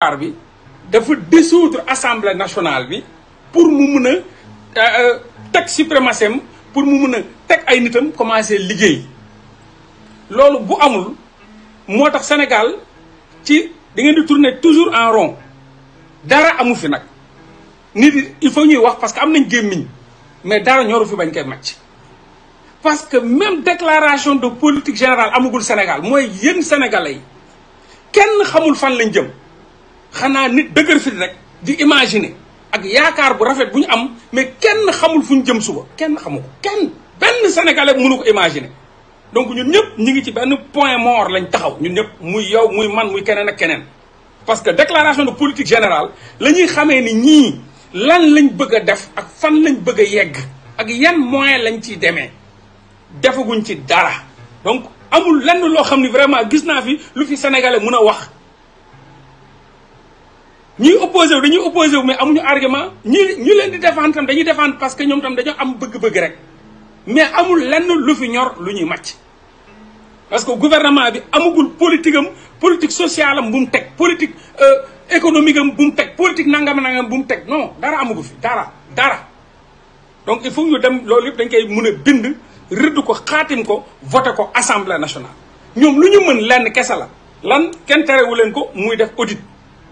ar bi dafa dissoudre assemblée nationale bi pour mu mun a euh, euh, teg suprématie pour mu mun a teg ay nitam commencer liggéey loolu bu amul moo tax Sénégal ci da ngeen di tourner toujours en rond dara amu fi nag nit il faut ñuy wax parce que am nañ gémmiñ mais dara ñoru fi bañ koy màcc parce que même déclaration de politique générale amagul Sénégal mooy yéen sénégalais yi kenn xamul fan lañ jëm xanaa nit dëgër fit rek di imaginer ak yaakaar bu rafet bu ñu am mais kenn xamul fu ñu jëm suba kenn xamu ko kenn benn sénégalais mënu ko imaginer donc ñun ñëpp ñu ngi ci benn point mort lañ taxaw ñun ñëpp muy yow muy man muy keneen ak keneen parce que déclaration de politique général la ñuy xamee ni ñii lan lañ bëgg a def ak fan lañ bëgg a yegg ak yan moyen lañ ciy demee defaguñ ci dara donc amul lenn loo xam ni vraiment gis naa fi lu fi sénégalais mun a wax ñuy opposé wu dañuy opposé mais amuñu argument ñu ñu leen di défendre tam dañuy défendre parce que ñoom tam dañoo am bëgg-bëgg rek mais amul lenn lu fi ñor lu ñuy màcc parce que gouvernement bi amagul politique am politique sociale am bu mu teg politique euh, économique am bu mu teg politique nangam-nangam bu mu teg non dara amagu fi dara dara donc il faut ñu dem loolu yëpp dañ koy mun a bind rëdd ko xaatim ko voté ko assemblée nationale ñoom lu ñu mën lenn kese la lan kenn terewu leen ko muy def audit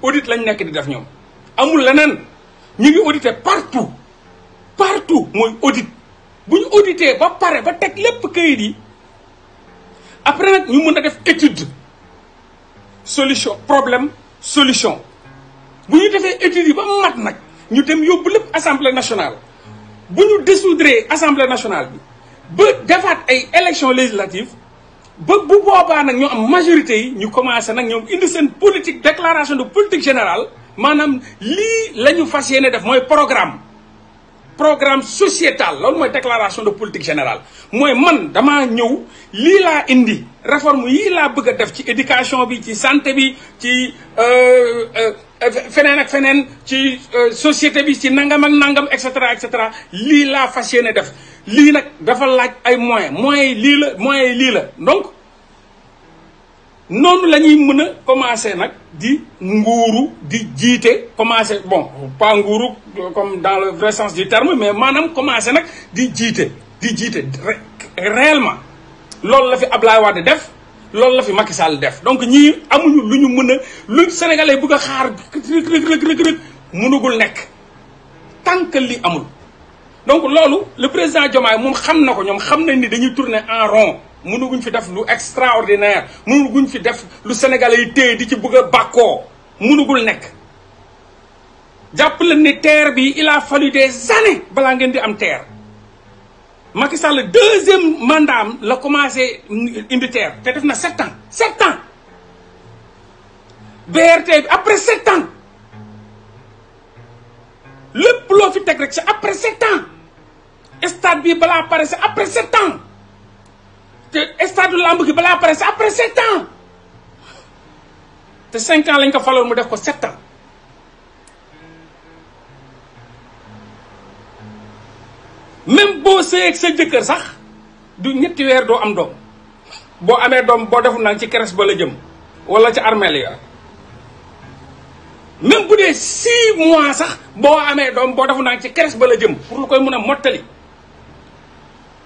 audit lañ nekk di def ñoom amul leneen ñu ngi audité partout partout mooy audit bu ñu audité ba pare ba teg lépp kayit yi après nag ñu mun a def étude solution problème solution bu ñu defee étude yi ba mat nag ñu dem yóbbu lépp assemblée nationale bu ñu dissoudre assemblée nationale bi ba defaat ay élection législative ba bu boobaa nag ñu am majorité yi ñu commencé nag ñoom indi seen politique déclaration de politique général maanaam lii la ñu fas yéene def mooy programme programme sociétal loolu mooy déclaration de politique général mooy man damaa ñëw lii laa indi réforme yii laa bëgg a def ci éducation bi ci santé bi ci euh, euh, Euh, feneen ak feneen ci euh, société bi ci nangamal nangam et cetera et cetera lii laa fas ne def lii nag dafa laaj ay moyen moyens lii la moyens lii la donc noonu la ñuy mën a commencé nag di nguuru di jiite commencé bon pas nguuru comme dans le vrai sens du terme mais maanaam commencé nag di jiite di jiite réellement loolu la fi ab Ablaye Wade def loolu la fi Macky Sall def donc ñii amuñu lu ñu mën a lu sénégalais bëgg a xaar rëk rëk rëk rëk nekk tant que lii amul donc loolu le président Diomaye moom xam na ko ñoom xam nañ ni dañuy tourner en ron mënuguñ fi def lu extraordinaire mënuguñ fi def lu sénégalais yi téye di ci bëgg a bàkkoo mënugul nekk jàpp leen ni terre bi il a fallu des années balaa ngeen di am terre Macky Sall deuxième mandat am la commencé indi terre te def na sept ans sept ans BRT bi après sept ans lépp loo fi teg rek c'est après sept ans stade bi balaa pare c'est après sept ans te stade du lamb gi balaa pare c'est après sept ans te cinq ans lañ ko faloon mu def ko sept ans. même boo sëyeeg sa jëkkër sax du ñetti weer doo am doom boo amee doom boo deful nag ci keres ba la jëm wala ci armeel ya même bu dee six mois sax boo amee doom boo deful nag ci keres ba jëm pour lu koy mun a mottali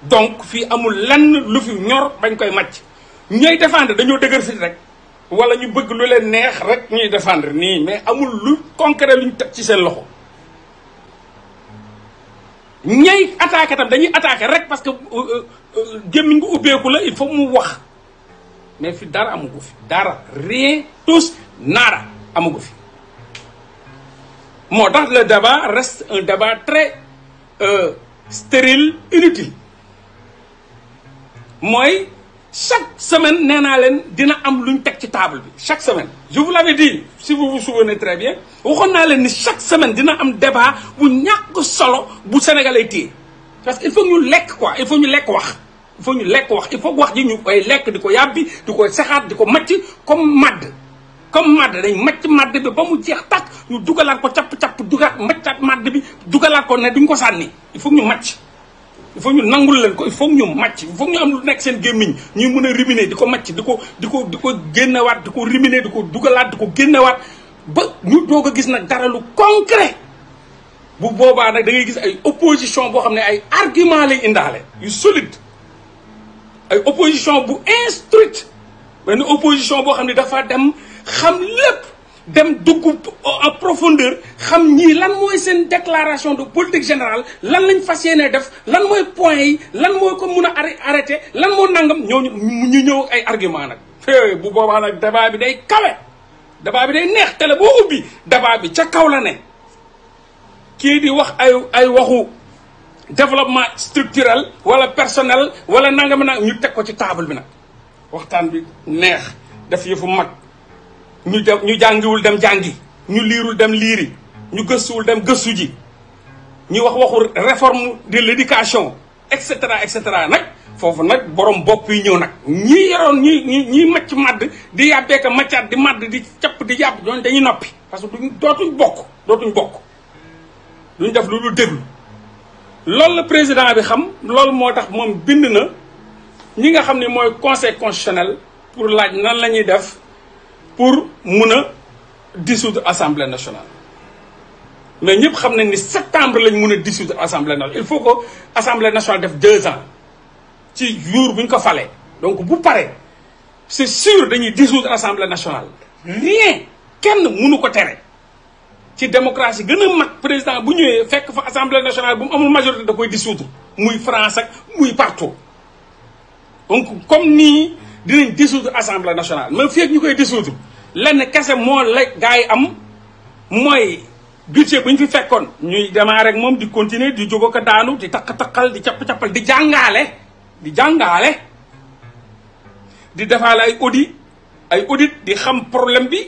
donc fii amul lan lu fi ñor bañ koy màcc ñooy défendre dañoo dëgër si rek wala ñu bëgg lu leen neex rek ñuy défendre nii mais amul lu concret ñu teg ci seen loxo ñay attaqué tam dañuy attaqué rek parce que euh, euh, euh, gémmiñ bu ubbeeku la il faut mu wax mais fi dara amugu fi dara rien tous nada amugu fi moo tax le débat reste un débat très euh, stérile inutile mooy chaque semaine nee naa leen dina am lu ñu teg ci table bi chaque semaine je vous l'avais dit si vous vous souvenez très bien waxoon naa leen ni chaque semaine dina am débat bu ñàkk solo bu sénégalais téye parce que il faut ñu lekk ko il faut ñu lekk wax il faut ñu lekk wax il faut wax ji ñu koy lekk di ko yàbbi di ko saxaat di ko macc comme madd comme madd dañ macc madd bi ba mu jeex tàkk ñu dugalaat ko capp-capp dugaat maccaat madd bi dugalaat ko ne duñ ko sànni il faut ñu macc il ñu nangul leen ko il faut ñu màcc foog ñu am lu nekk seen gémmiñ ñuy mun a ruminer di ko màcc di ko di ko di ko génnewaat di ko ruminer di ko dugalaat di ko génnewaat ba ñu doog a gis nag dara lu concret bu boobaa nag da ngay gis ay opposition boo xam ne ay argument lay indaale yu solide ay opposition bu instruite benn opposition boo xam ne dafa dem xam lépp dem dugg en profondeur xam ñii lan mooy seen déclaration de politique générale lan lañ fas yéene def lan mooy point yi lan mooy ko mun a arrêté lan moo nangam ñooñu ñu ñëw ay argument nag bu boobaa nag débat bi day kawe débat bi day neex télé boo ubbi débat bi ca kaw la ne kii di wax ay ay waxu développement structurel wala personnel wala nangam nag ñu teg ko ci table bi nag waxtaan bi neex def yëfu mag ñu dem ñu jàngiwul dem jàngi ñu liirul dem liiri ñu gëstuwul dem gëstu ji ñu wax waxu réforme de l'éducation et cetera et cetera nag foofu nag borom bopp yi ñëw nag ñi yoroon ñi ñi ñiy macc màdd di yàbbeeka maccaat di màdd di capp di yàpp ñooñu dañuy noppi parce que duñ dootuñ bokk dootuñ bokk duñ def lu dul déglu loolu la président bi xam loolu moo tax moom bind na ñi nga xam ne mooy conseil constitutionnel pour laaj nan la ñuy def pour mun a dissoudre assemblée nationale mais ñëpp xam nañ ni septembre lañ mun a dissoudre assemblée nationale il faut que assemblée nationale def deux ans ci jour bu ñu ko falee donc bu pare c'est sûr dañuy dissoudre assemblée nationale rien kenn munu ko tere ci démocratie gën a mag président bu ñëwee fekk fa assemblée nationale bu mu amul majorité da koy dissoudre muy France ak muy partout donc comme nii dinañ dissoudre assemblée nationale mais fekk ñu koy dissoudre lenn kese moo la gars yi am mooy budget bu ñu fi fekkoon ñuy démarrer rek moom di continuer di jóg ko daanu di takk takkal di capp cappal di jàngaale di jàngaale di defaale ay audit ay audit di xam problème bi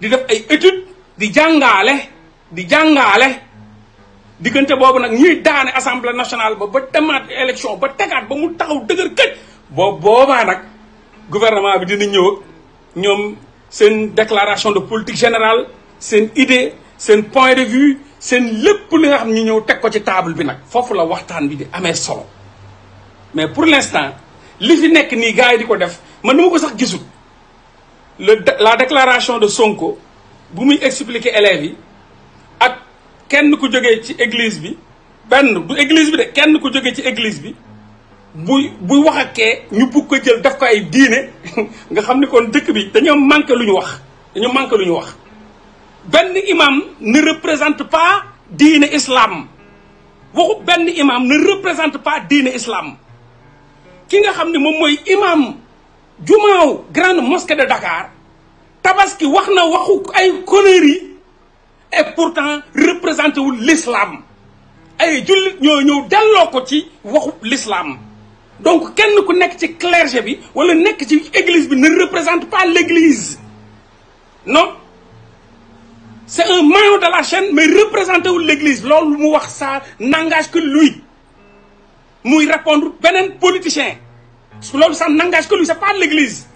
di def ay étude di jàngaale di jàngaale diggante boobu nag ñuy daane assemblée nationale ba ba demaat élection ba tegaat ba mu taxaw dëgër këj boo boobaa nag gouvernement bi dina ñëw ñoom seen déclaration de politique générale seen idée seen point de vue seen lépp li nga xam ñu ñëw teg ko ci table bi nag foofu la waxtaan bi di amee solo mais pour l'instant li fi nekk nii gars yi di ko def man dama ko sax gisul le la déclaration de Sonko bu muy expliquer élève yi ak kenn ku jógee ci église bi benn du église bi de kenn ku jógee ci église bi buy buy wax ak ñu bugg ko jël daf ko ay diine nga xam ni kon dëkk bi dañoo manqué lu ñu wax dañoo manqué lu ñu wax benn imam ne représente pas diine islam waxu benn imam ne représente pas diine islam ki nga xam ni moom mooy imam jumaaw grande mosquée de Dakar tabaski wax na waxu ay conneries et pourtant représenté wul l'islam ay jullit ñoo ñëw delloo ko ci waxu lislaam donc kenn ku nekk ci clergé bi wala nekk ci église bi ne représente pas l'église non c'est un maillon de la chaîne mais représenté wul l'église loolu mu wax ça n'engage que lui muy répondre beneen politicien loolu ça n'engage que lui c'est pas l'église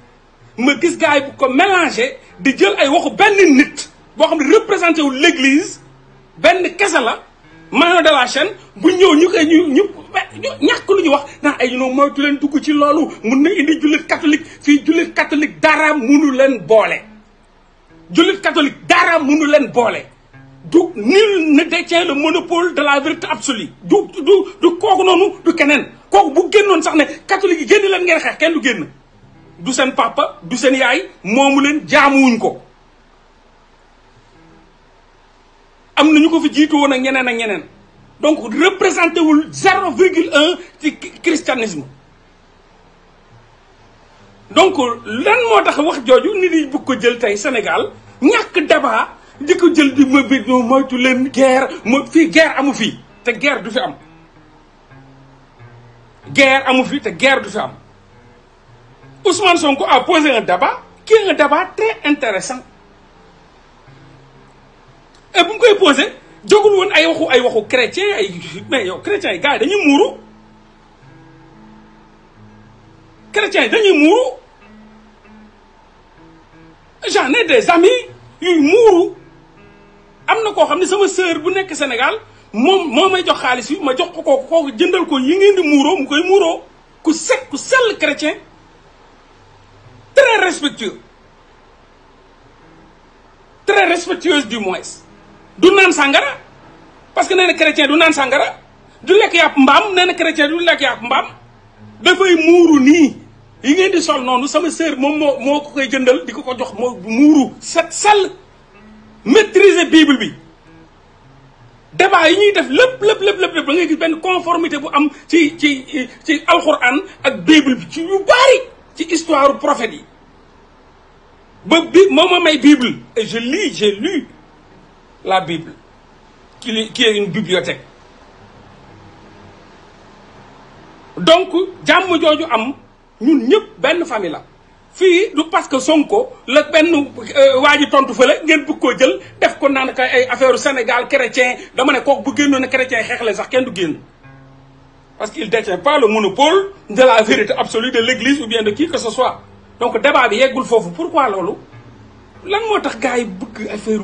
ma gis gars yi bu ko mélangé di jël ay waxu benn nit boo xam ne représenté wul l'église benn kese la maillon de la chaîne bu ñëw ñu koy ñu ñu ñàkk lu ñu wax naan ay mooy moytu leen dugg ci loolu mun na indi jullit catholique fii jullit catholique dara munu leen boole. jullit catholique dara munu leen boole du nul ne détient le monopole de la vérité absolue du du kooku noonu du keneen kooku bu génnoon sax ne catholique yi génn leen ngeen xeex kenn du génn du seen papa du seen yaay moomu leen jaamuwuñ ko. am na ñu ko fi jiitu woon ak ñeneen ak ñeneen donc représenté wul zéro virgule un ci christianisme donc lan moo tax wax jooju nit yi bëgg ko jël tey Sénégal ñàkk débat di ko jël di ma bi moytu leen guerre mo fii guerre amu fi te guerre du fi am guerre amu fi te guerre du fi am Ousmane Sonko a posé un débat qui est un débat très intéressant et eh, bu mu koy posé jógul woon ay waxu ay waxu chrétien ay mais yow chrétien yi gars yi dañuy muuru chrétien yi dañuy muuru j'en des amis yuy muuru am na koo xam ne sama sœur bu nekk Sénégal moom moo may jox xaalis bi ma jox ko kooku kooku jëndal ko yi ngeen di muuroo mu koy muuroo ku set ku sell chrétien très respectueux très respectueuse du moins du naan sàngara parce que nee na chrétien du naan sàngara du lekk yàpp mbaam nee na chrétien du lekk yàpp mbaam dafay muuru nii yi ngeen di sol noonu sama sœur moom moo moo ko koy jëndal di ko ko jox moo muuru set sell maîtriser bible bi débat yi ñuy def lépp lépp lépp lépp da ngay gis benn conformité bu am ci ci ci alxuraan ak bible bi ci yu bari ci histoire prophète yi ba bi moo ma may bible et je lis j'ai lu la Bible, ki est une bibliothèque. Donc, jàmm jooju am ñun ñëpp benn famille la fii du parce que Sonko la benn euh, waa ji tontu fële ngeen bugg koo jël def ko naan ka ay affaire Sénégal chrétien dama ne kooku bu génnoon ne chrétien xeexle sax kenn du génn. parce qu'il détient pas le monopole de la vérité absolue de l'église ou bien de qui que ce soit donc débat yeggul foofu pourquoi loolu lan moo tax gars yi bëgg affaire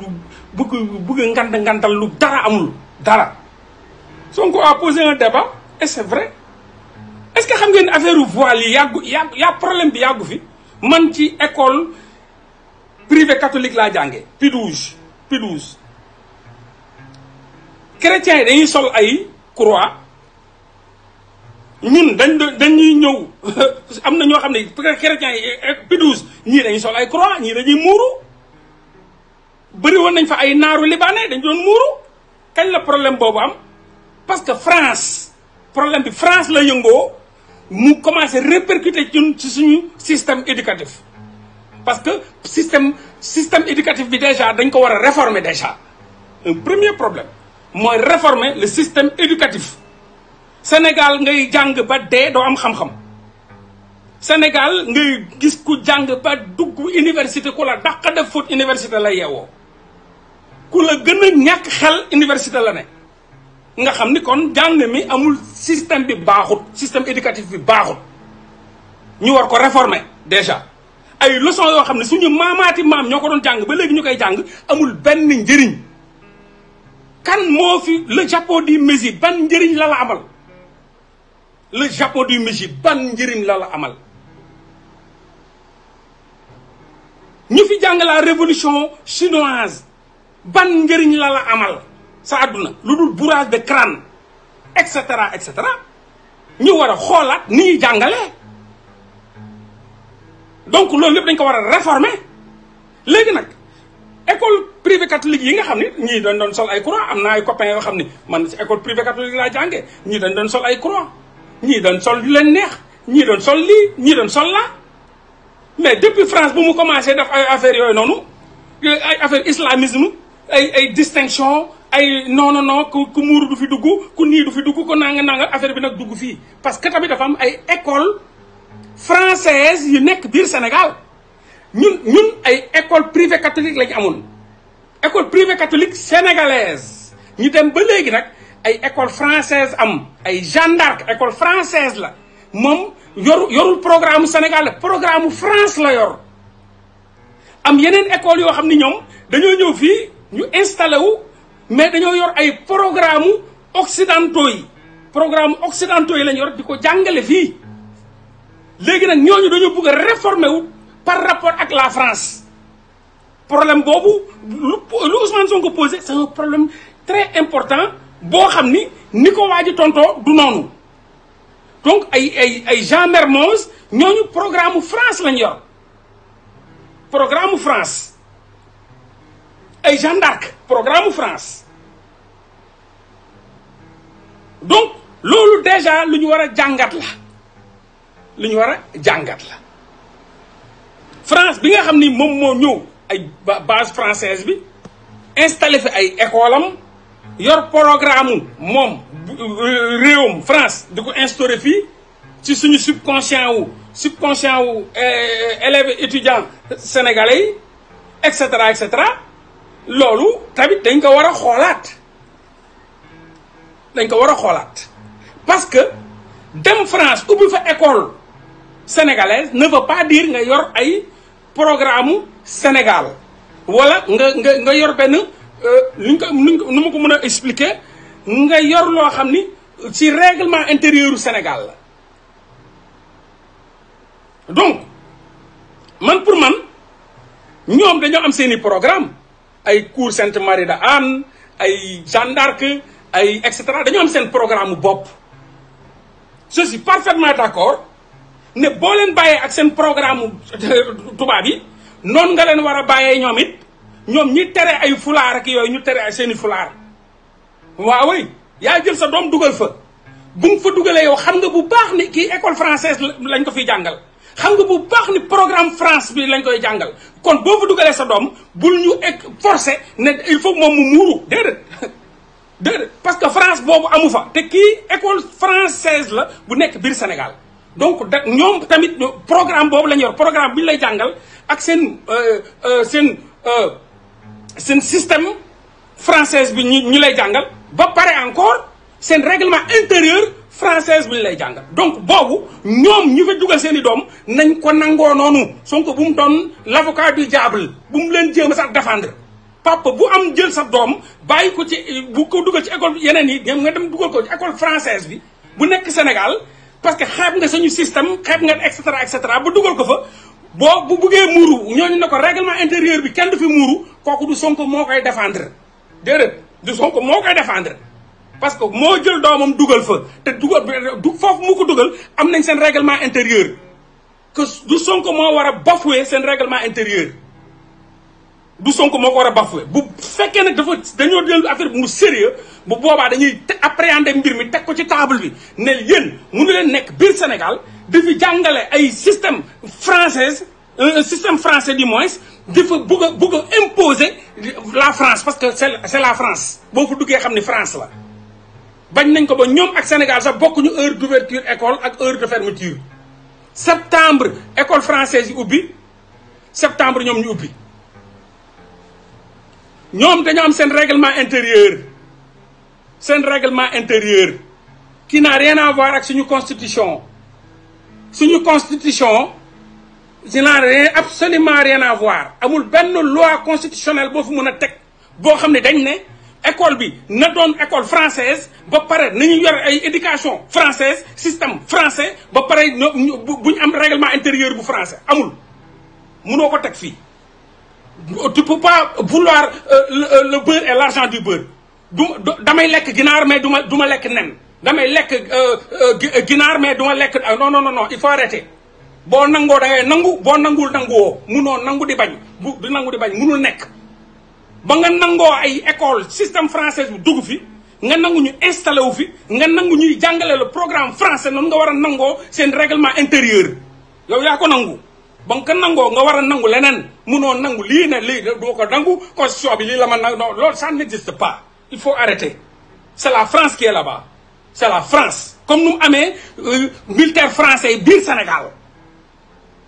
bëgg bëgg ngand ngandal lu dara amul dara Sonko a posé un débat et c'est vrai est-ce que xam ngeen affaire voile yi yàggu yàgg yaa problème bi yàggu fi man ci école privée catholique laa jànge Pidouge Pidouge chrétiens yi dañuy sol ay croix ñun dañ dañuy ñëw am na ñoo xam ne chrétiens yi eh, Pidouge ñii dañuy sol ay croix ñii dañuy muuru bëri woon nañ fa ay naaru libanais dañ doon muuru kañ la problème boobu am parce que France problème bi France la yëngoo mu commencé répercuter ñun ci suñu système éducatif parce que système système éducatif bi déjà dañ ko war a réformer déjà premier problème mooy réformer le système éducatif Sénégal ngay jàng ba dee doo am xam-xam Sénégal ngay gis ku jàng ba dugg université ku la dàq def faute université la yeewoo ku la gën a ñàkk xel université la ne nga xam ni kon jàng mi amul système bi baaxut système éducatif bi baaxut ñu war ko réformer déjà ay leçon yoo xam ne suñu maamaati maam ñoo ko doon jàng ba léegi ñu koy jàng amul benn njëriñ kan moo fi le Japon du Meiji ban njëriñ la la amal le Japon du Meiji ban njëriñ la la amal ñu fi jàng la révolution chinoise ban njëriñ la la amal sa àdduna lu dul bourrage de crâne et cetera et cetera ñu war a xoolaat ni ñuy jàngalee donc loolu lépp dañ ko war a réformer léegi nag école privée catholique yi nga xam ne ñii dañ doon sol ay croix am na ay copains yoo xam ne man si école privée catholique laa jàngee ñii dañ doon sol ay croix ñii doon sol lu leen neex ñii doon sol lii ñii doon sol la mais depuis France bu mu commencé def ay affaire yooyu noonu ay affaire islamisme ay ay distinction ay non non non ku ku muuru du fi dugg ku nii du fi dugg ko nanga nanga affaire bi nag dugg fii parce que tamit dafa am ay école française yu nekk biir Sénégal ñun ñun ay école privée catholique la ñu amoon école privée catholique sénégalaise ñu dem ba léegi nag ay école française am ay Jeanne d'Arc école française la moom yoru yorul programme Sénégal programme France la yor am yeneen école yoo xam ni ñoom dañoo ñëw fii ñu installé wu mais dañoo yor ay programme occidentaux yi programme occidentaux yi lañ yor di ko jàngale fii léegi nag ñooñu dañoo bëgg a par rapport ak la France problème boobu lu Ousmane Sonko posé c'est un problème très important boo xam ni ni ko waa ji tontoo du noonu donc ay ay ay Jean Mermoz ñooñu programme France lañ yor programme France ay Jeanne d'Arc programme France donc loolu déjà lu ñu war a jàngat la lu ñu war a jàngat la France bi nga xam ni moom moo ñëw ay base française bi installé fi ay école am yor programme moom euh, réewam France di ko instauré fii ci suñu subconscient wu subconscient wu euh, élèves étudiants sénégalais yi et cetera et loolu tamit dañ ko war a xoolaat dañ ko war a xoolaat parce que dem France ubbi fa école sénégalaise ne veut pas dire nga yor ay programme Sénégal wala nga nga nga yor benn euh, luñ ko nu ma ko mën a expliquer nga yor loo xam ni si règlement intérieur u Sénégal la donc man pour man ñoom dañoo am seeni programme ay cour Sainte-Marie de Anne ay Jeanne ay et cetera dañu am seen programme bopp je suis parfaitement d'accord ne boo leen bàyyee ak seen programme tubaab yi noonu nga leen war a bàyyee ñoom it ñoom ñi tere ay fulaar ak yooyu ñu tere ay seeni fulaar waaw yaa jël sa doom dugal fa bu nga fa dugalee yow xam nga bu baax ni kii école française lañ ko fiy jàngal xam nga bu baax ni programme France bi lañ koy jàngal kon boo fa dugalee sa doom bul ñu egg forcé ne il faut moom mu muuru déedéet déedéet parce que France boobu amu fa te kii école française la bu nekk biir Sénégal donc da ñoom tamit programme boobu la ñu yor programme bi ñu lay jàngal ak seen euh, euh, seen euh, seen système française bi ñu ñu lay jàngal ba pare encore seen règlement intérieur française bu ñu lay jàngal donc boobu ñoom ñu fa dugal seen i doom nañ ko nangoo noonu sonk bu mu doon l'avocat du diable bu mu leen jéem a sax défendre papa bu am jël sa doom bàyyi ko ci bu ko dugal ci école yeneen yi dem nga dem dugal ko ci école bi bu nekk parce que xeeb nga suñu système xeeb nga et cetera et cetera ba dugal ko fa boo bu buggee muuru ñooñu ne ko règlement intérieur bi kenn du fi muuru kooku du Sonko moo koy défendre déedéet du Sonko moo koy défendre parce que moo jël doomam dugal fa te dugal du foofu mu ko dugal am nañ seen réglement intérieur que du Sonko moo war a bafoué seen règlement intérieur du Sonko moo ko war a bafoué bu fekkee nag dafa dañoo jël affaire bi mu sérieux bu boobaa dañuy appréhender mbir mi teg ko ci table bi ne mu mënu leen nekk biir Sénégal di jàngale ay système française euh, un système français di moins dafa bëgg a bëgg a la France parce que c'est la France boo fa xam ni France la bañ nañ ko ba ñoom ak Sénégal sax bokkuñu heure d'ouverture école ak heure de fermeture septembre école française yi ubbi septembre ñoom ñu ubbi ñoom dañoo am seen réglement intérieur seen règlement intérieur qui naa rien à voir ak suñu constitution suñu constitution qui naa rien absolument rien à amul benn loi constitutionnelle boo fi mën a teg boo xam ne dañ ne école bi na doon école française ba pare nañu yor ay éducation française système français ba pare bu ñu am règlement intérieur bu français amul mënoo ko teg fii tu peux pas vouloir euh, le beurre et l'argent du beurre du damay lekk ginaar mais duma du ma lekk nen damay lekk euh, euh, ginaar mais du ma lekk non non non il faut arrêter boo nangoo da nangu boo nangul nanguwoo munoo nangu di bañ bu di nangu di bañ munul nekk ba nga nangoo ay école système français bu dugg fi nga nangu ñu installé wu fi nga nangu ñuy jàngale le programme français noonu nga war a nangoo seen règlement intérieur yow yaa ko nangu ba nangoo nga war a nangu leneen munoo nangu lii ne lii doo ko nangu constitution bi lii la ma nangu non loolu ça n'existe pas il faut arrêter c'est la France qui est là-bas c'est la France comme nu mu amee euh, militaire français biir Sénégal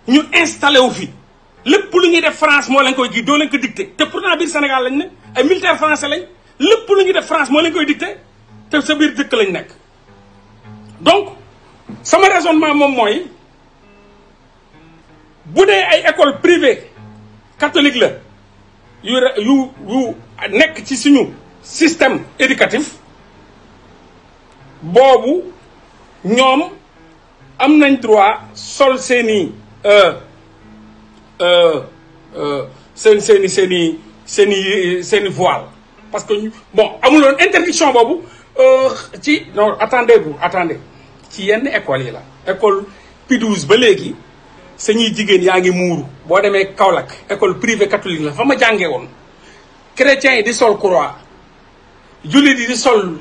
ñu installé wu fi lépp lu ñuy def France moo leen koy gi doo leen ko dicté te pourtant biir Sénégal lañ ne ay militaire français lañ lépp lu ñuy def France moo leen koy dicté te sa biir dëkk lañ nekk donc sama raisonnement moom mooy bu dee ay école privée catholique la yu yu yu nekk ci suñu système éducatif boobu ñoom am nañ droit sol seeni euh, Euh, euh, seen seeni i seen i seen i seen i voile parce que bon amuloon interdiction boobu euh, ci non attendez bu attendez ci yenn écoles yi la école Pidouze ba léegi sañuy jigéen yaa ngi muuru boo demee Kaolack école privée catholique la fa ma jàngee woon chrétiens yi di sol croix jullit yi di sol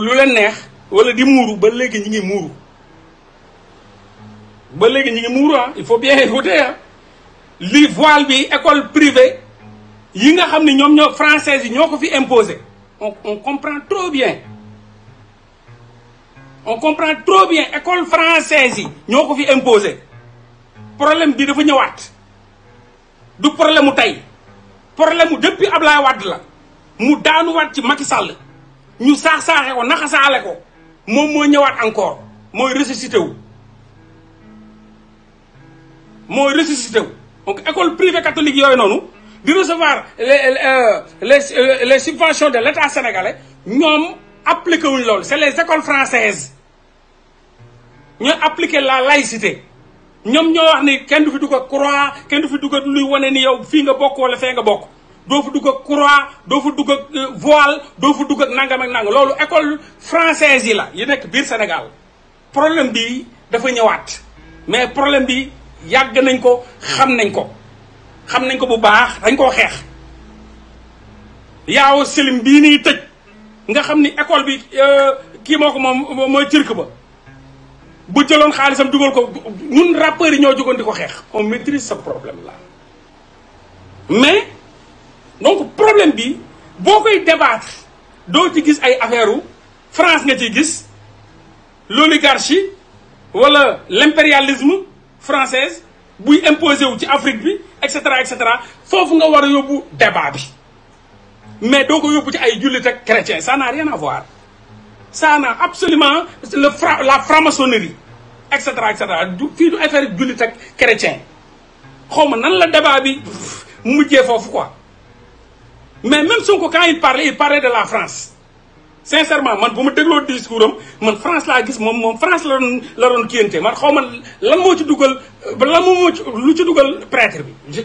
lu leen neex wala di muuru ba léegi ñi ngi muuru ba léegi ñi ngi muuru ah il faut bien écouter ah li voile bi école privée yi nga xam ne ñoom ñoo française yi ñoo ko fi imposé on on comprend trop bien on comprend trop bien école française yi ñoo ko fi imposé problème bi dafa ñëwaat du problème mu tey problème mu depuis Ablaye Wade la mu daanuwaat ci Macky Sall ñu saax saaxe ko naxasaale ko moom mooy ñëwaat encore mooy ressuscité wu mooy ressuscité wu donc école privée catholique yooyu noonu di recevoir les les euh, euh, les subventions de l' état sénégalais ñoom appliqué wuñ loolu c' est les écoles françaises ñooy appliqué la laïcité ñoom ñoo wax ni kenn du fi dugg a kenn du fi dugg luy wane ni yow fii nga bokk wala fee nga bokk doo fa dugg a doo fa dugg a euh, voile doo fa dugg ak nangam ak loolu école française yi la yi nekk biir Sénégal problème bi dafa ñëwaat mais problème bi. yàgg nañ ko xam nañ ko xam nañ ko bu baax dañ koo xeex yaaw selim bii nii tëj nga xam ni école bi euh, kii moo ko moom mooy cirque ba bu jëloon xaalisam dugal ko ñun rappeurs yi ñoo jógoon di ko xeex on maîtrise ce problème là mais donc problème bi boo koy débattre doo ci gis ay affaire u France nga ciy gis l'oligarchie wala l'impérialisme française buy imposé wu ci Afrique bi et cetera foofu nga war a yóbbu débat bi mais doo ko yóbbu ci ay jullit ak chrétien ça n'a rien à voir ça absolument le fra la franc-maçonnerie et cetera et du fii du affaire jullit ak chrétien xaw ma nan la débat bi mujjee foofu quoi mais même Sonko quand il parlait il parlait de la France sincèrement man bu ma dégloo discours am man France laa gis moom moom France la doon la doon kiyante man xaw ma lan moo ci dugal lan moo ci lu ci dugal prêtre bi je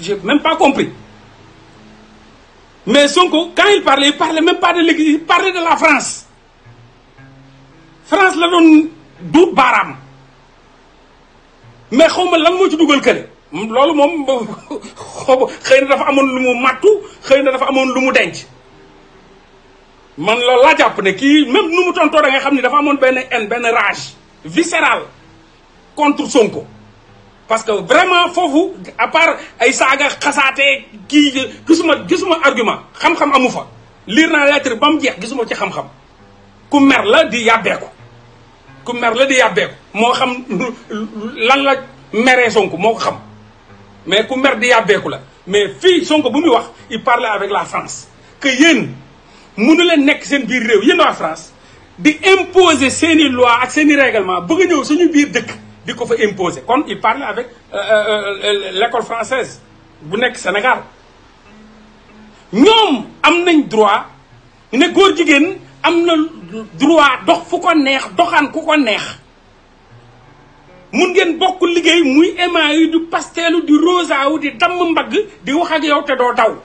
j'ai même pas compris mais Sonko quand il parlait il parlait même pas de l'église il parlait de la France France la doon duut baaraam mais xaw ma lan moo ci duggal kële loolu moom xëy na dafa amoon lu mu màttu xëy na dafa amoon lu mu denc man loolu laa jàpp ne kii même nu mu tontoo nga xam ni dafa amoon benn haine benn rage viscérale contre Sonko parce que vraiment foofu à part ay saaga xasaate kii gisuma gisuma argument xam-xam amu fa liir naa lettre ba jeex gisuma ci xam-xam ku mer la di yàbbeeku ku mer la di yàbbeeku moo xam lan la meree Sonko moo xam mais ku mer di yàbbeeku la mais fii Sonko bu muy wax il parlait avec la France que yéen mënu leen nekk seen biir réew yéen waa France di imposer seeni i loi ak seen i règlement bëgg a ñëw suñu biir dëkk di ko fa imposer kon il parle avec euh, euh, euh, l'école française bu nekk Sénégal ñoom am nañ droit ne góor jigéen am na droit dox fu ko neex doxaan ku ko neex mun ngeen bokk liggéey muy émail du pasteelu di rosa wu di damm mbagg di wax ak yow te doo daw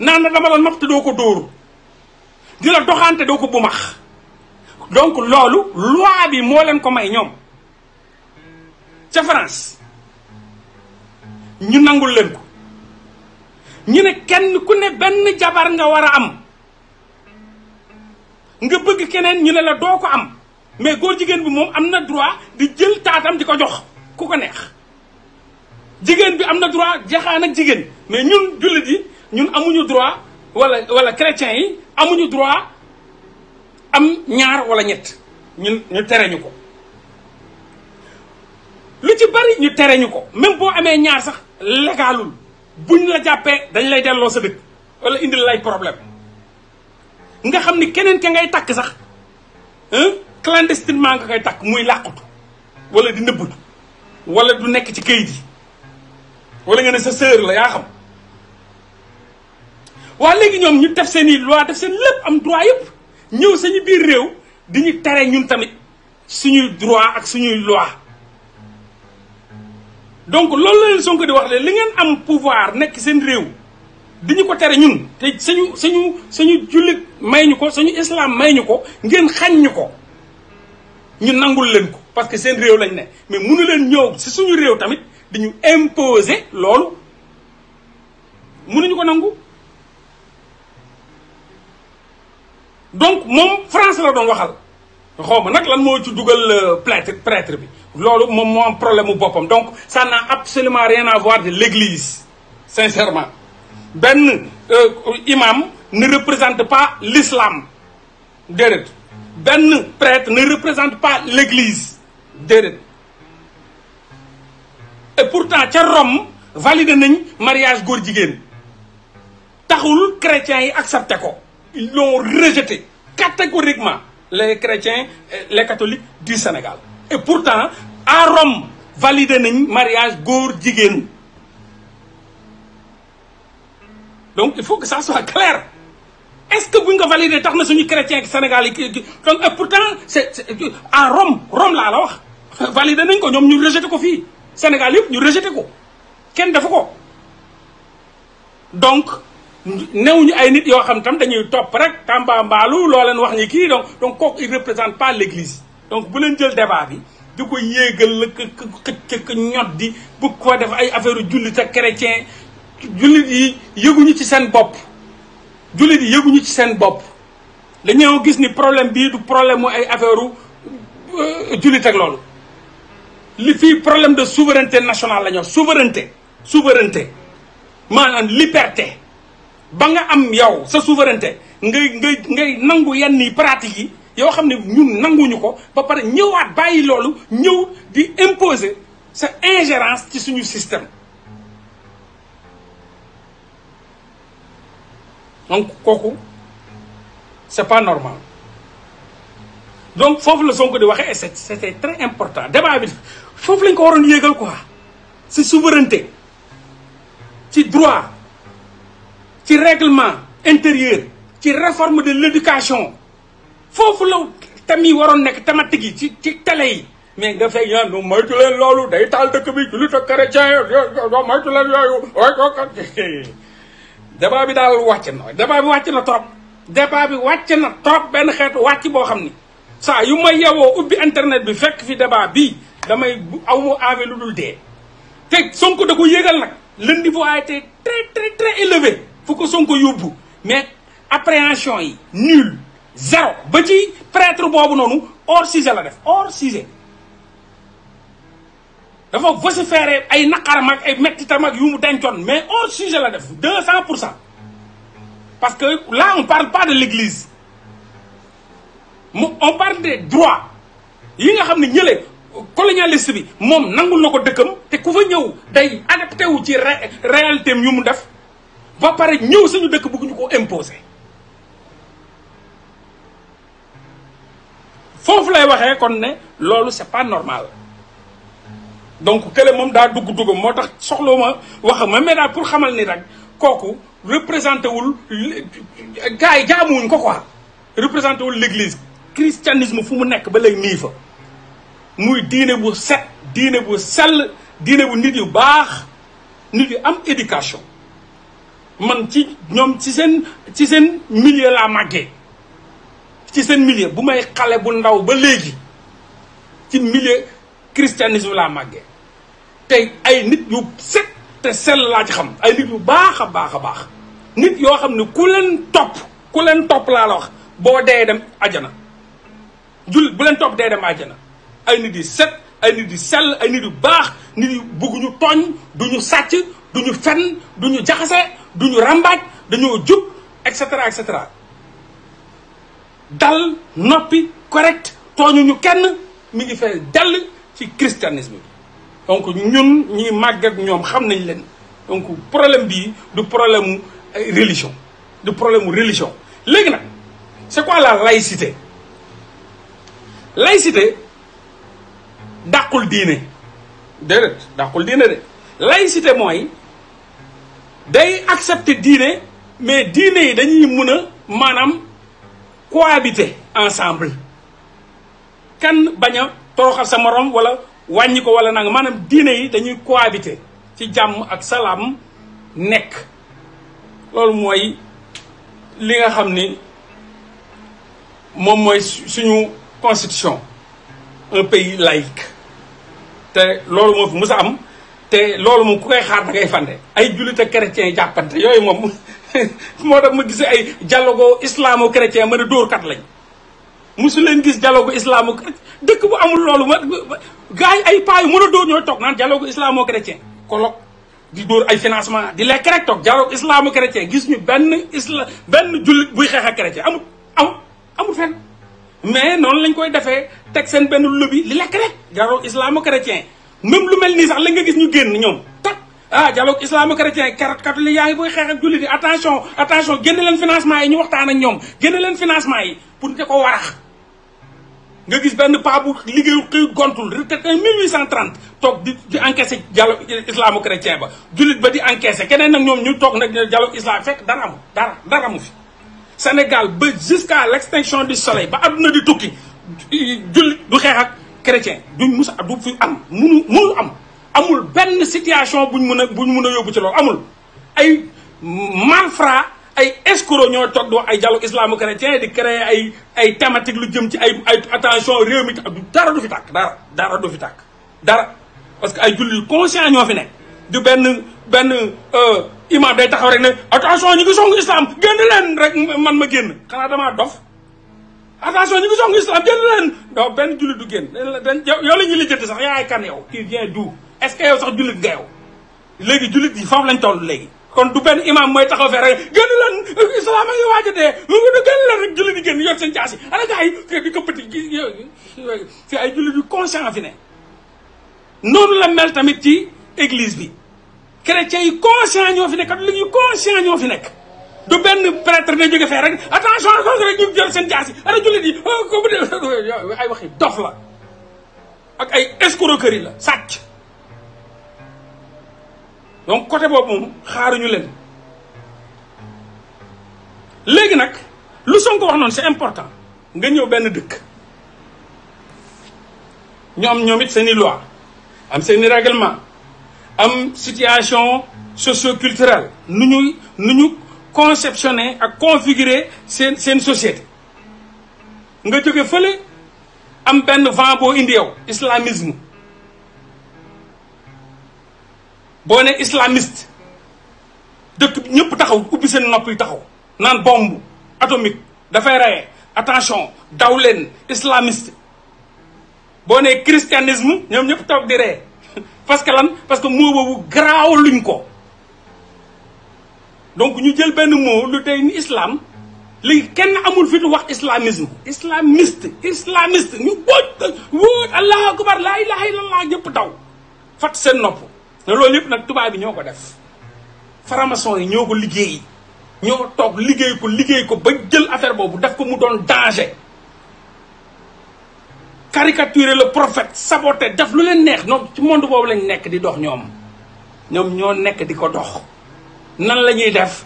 naan na dama la nopp te doo ko dóor di la doxante doo ko bumax donc loolu loi bi moo leen ko may ñoom ca France ñu nangul leen ko ñu ne kenn ku ne benn jabar nga war a am nga bëgg keneen ñu ne la doo ko am mais góor jigéen bi moom am na droit di jël taatam di ko jox ku ko neex jigéen bi am na droit jaxaan ak jigéen mais ñun jullit yi ñun amuñu droit walla wala chrétiens yi amuñu droit am ñaar wala ñett ñun ñu tere ñu ko. lu ci bari ñu tere ñu ko même boo amee ñaar sax bu ñu la jàppee dañ lay delloo sa dëkk wala indil lay problème nga xam ni keneen ka ngay takk sax clandestinement nga koy takk muy làqutu wala di nëbbatu wala du nekk ci kayit yi wala nga ne sa sœur la yaa xam. waa léegi ñoom ñu def seen i loi def seen lépp am droit yëpp ñëw sañu biir réew di ñu tere ñun tamit suñuy droit ak suñuy loi donc loolu la leen Sonko di wax leen li ngeen am pouvoir nekk seen réew di ñu ko tere ñun te sañu sañu sañu jullit may ñu ko sañu islam may ñu ko ngeen xañ ñu ko ñu nangul leen ko parce que seen réew lañ ne mais mënu leen ñëw si suñu réew tamit di ñu imposer loolu mënuñu ko nangu. donc moom France la doon waxal xaw ma nag lan moo ci dugal euh, prêtre prêtre bi loolu moom moo am problème mu boppam donc ça n'a absolument rien à voir de l'église sincèrement benn euh, imam ne représente pas lislaam déedéet benn prêtre ne représente pas l'église déedéet et pourtant ca Rome valide nañ mariage góor jigéen taxul chrétiens yi accepté ko ils l'ont rejeté catégoriquement le chrétiens euh, les catholiques du Sénégal et pourtant à Rome validé nañ mariage góor jigéen donc il faut que ça soit clair est-ce que bu ñu ko validé tax na suñu chrétien ki Sénégal yi donc et pourtant c'est à Rome Rome laa la wax validé nañ ko ñoom ñu rejeté ko fii Sénégal yëpp ñu rejeté ko kenn defu ko donc new ñu ay nit yoo xam tam dañuy topp rek tàmba mbaalu loo leen wax ñi kii donc donc kooku il représente pas l'église donc bu leen jël débat bi di ko yéegal la xëcc ka ñot di bëgg koo def ay affaire jullit ak chrétien jullit yi yëguñu ci seen bopp jullit yi yëguñu ci seen bopp dañoo gis ni problème bii du problème mu ay affaire euh, jullit ak loolu li fii problème de souveraineté nationale la ñu souveraineté souveraineté maanaam liberté ba nga am yow sa souveraineté ngay ngay ngay nangu yenn pratique yi yoo xam ne ñun nanguñu ko ba pare ñëwaat bàyyi loolu ñëw di imposer sa ingérence ci suñu système donc kooku c'est pas normal donc foofu la soo ko di waxee et c'était très important débat bi foofu lañ ko waroon yéegal quoi c'est souveraineté ci droit ci règlement intérieur ci réforme de l'éducation foofu la tam yi waroon nekk thématique yi ci ci télé yi mais nga fay ñaan du moytu leen loolu day taal dëkk bi lu ak chrétien do moytu leen yooyu way débat bi daal wacc na débat bi wàcc na trop débat bi wàcc na trop benn xeetu wàcc boo xam ni saa yu ma yewoo ubbi internet bi fekk fi débat bi damay aw mu envie lu dul dee te Sonko da ko yégal nag le niveau a été très très très élevé fu ko Sonko yóbbu mais appréhension yi nul zéro ba ci prêtre boobu noonu hors sujet la def hors sujet dafa vociféré ay naqaram ak ay mettitam ak yu mu dencoon mais hors sujet la def deux cent pour cent parce que là on parle pas de l'église mu on parle des droits yi nga xam ne ñële colonialiste bi moom nangul na ko dëkkam te ku fa ñëw day adapté wu ci réalité yu mu def ba pare ñëw suñu dëkk bëgguñu ko imposer foofu lay waxee kon ne loolu c'est pas normal donc kële moom daa dugg dugam moo tax soxloo ma wax ma mais pour xamal ni rek kooku représenté wul gars yi jaamuwuñ ko ko représenté wul l'église christianisme fu mu nekk ba léegi nii fa muy diine bu set diine bu sell diine bu nit yu baax nit yu am éducation man ci ñoom ci seen ci seen milieu laa màggee ci seen millier bu may xale bu ndaw ba léegi ci millier christianisme laa màggee tey ay nit yu set te sell laa ci xam ay nit yu baax a baax a baax nit yoo xam ne ku leen topp ku leen topp laa la wax boo dee dem ajana jul bu leen topp dee dem ajana ay nit yu set ay nit yu sell ay nit yu baax nit yu bugg ñu tooñ du sàcc duñu fen duñu du jaxase du ñu ràmbaaj dañoo jub et cetera et cetera dal noppi correct ñu kenn mi ngi fee dell ci christianisme bi donc ñun ñi màgg ak ñoom xam nañ leen donc problème bii du problème euh, religion du problème religion léegi nag c'est quoi la laisité laïcité dàqul diine déedéet dàqul diine de laïcité mooy day accepter diine mais diine yi dañuy mun a maanaam cohabiter ensemble kan bañ a toroxal sa morom wala wàññi ko wala nanga maanaam diine yi dañuy cohabiter ci jàmm ak salaam nekk loolu mooy li nga xam ni moom mooy suñu constitution un pays laïque te loolu moo fi mus a am te loolu moom ku koy xaar da ngay fande ay jullit ak chrétien jàppante yooyu moom moo tax ma gis ay dialogue islamo chrétien ma ne dóorkat lañ musu leen gis dialogue islamo dëkk bu amul loolu ma gars yi ay paa yu mën a dóor ñooy toog naan dialogue islamo chrétien colloque di dóor ay financement di lekk rek toog dialogue islamo chrétien gis ñu benn isla benn jullit buy xeex a chrétien amul amul amul fenn mais noonu lañ koy defee teg seen benn lobby li lekk rek dialogue islamo chrétien même lu mel nii sax la nga gis ñu génn ñoom tak ah dialogue islamo-chrétien car catholique yaa ngi koy xeex ak jullit yi attention attention génn leen financement yi ñu waxtaan ak ñoom génn leen financement yi pour ñu ko warax nga gis benn paa bu liggéeyu xëy gontul retraité 1830 toog di di encaissé dialogue islamo-chrétien ba jullit ba di encaissé keneen nag ñoom ñu toog nag dialogue islam fekk dara amu dara dara amu fi Sénégal ba jusqu'à l'extinction du soleil ba adduna di tukki jullit du xeex ak chrétien duñ mus du fi am munu munu am amul benn situation buñ mën a buñ mën a yóbbu ci loolu amul ay malfrat ay escrocs ñoo toog di wax ay dialogue islamo-chrétien di créer ay ay thématique lu jëm ci ay ay attention réew mi dara du fi tàkk dara dara du fi tàkk dara parce que ay jullit conscient ñoo fi nekk du benn benn euh, imam day taxaw rek ne attention ñu ngi song islam génn leen rek man ma génn xanaa damaa dof attention ñu ngi song islam génn leen doo benn jullit du génn dañ yow la ñuy lijjanti sax yaay kan yow kii vient d'où est que yow sax jullit nga yow léegi jullit yi foofu lañ toll léegi kon du benn imam mooy taxaw fee rek génn leen islam a ngi waaj a dee du génn leen rek jullit yi génn yor seen jaasi ana fi ay jullit yu conscient fi ne noonu la mel tamit ci église bi chrétiens yi conscient ñoo fi nekk catholique yu conscient ñoo fi nekk du benn prêtre na jóge fee changement rek ñu jël seen jaas yi ana jullit yi ko bu dee ay waxi dof la ak ay escroquerie la sàcc donc côté boobu moom xaaruñu leen léegi nag lu Sonko wax noonu c'est important nga ñëw benn dëkk ñu am ñoom it seen i loi am seen i règlement am situation socio-culturelle nu ñuy nu ñu conceptionner ak configurer seen seen société nga jóge fële am benn vent boo indi yow islamisme boo ne islamiste dëkk bi ñëpp taxaw ubbi seen nopp yi taxaw naan bombe atomique dafay reye attention daw leen islamiste boo ne christianisme ñoom ñëpp toog di ree parce que lan parce que moo boobu garaaw luñ ko donc ñu jël benn moo lu tey ni islam léegi kenn amul fitu wax islamisme islamiste islamiste ñu booj wóot allahu akbar laa ilaha illallah ñëpp daw fat seen nopp ne loolu yëpp nag tubaab yi ñoo ko def faramason yi ñoo ko liggéey ñoo toog liggéey ko liggéey ko ba jël affaire boobu daf ko mu doon danger caricaturer la profet saboter def lu leen neex ñoom ci monde boobu lañ nekk di dox ñoom ñoom ñoo nekk di ko dox nan la ñuy def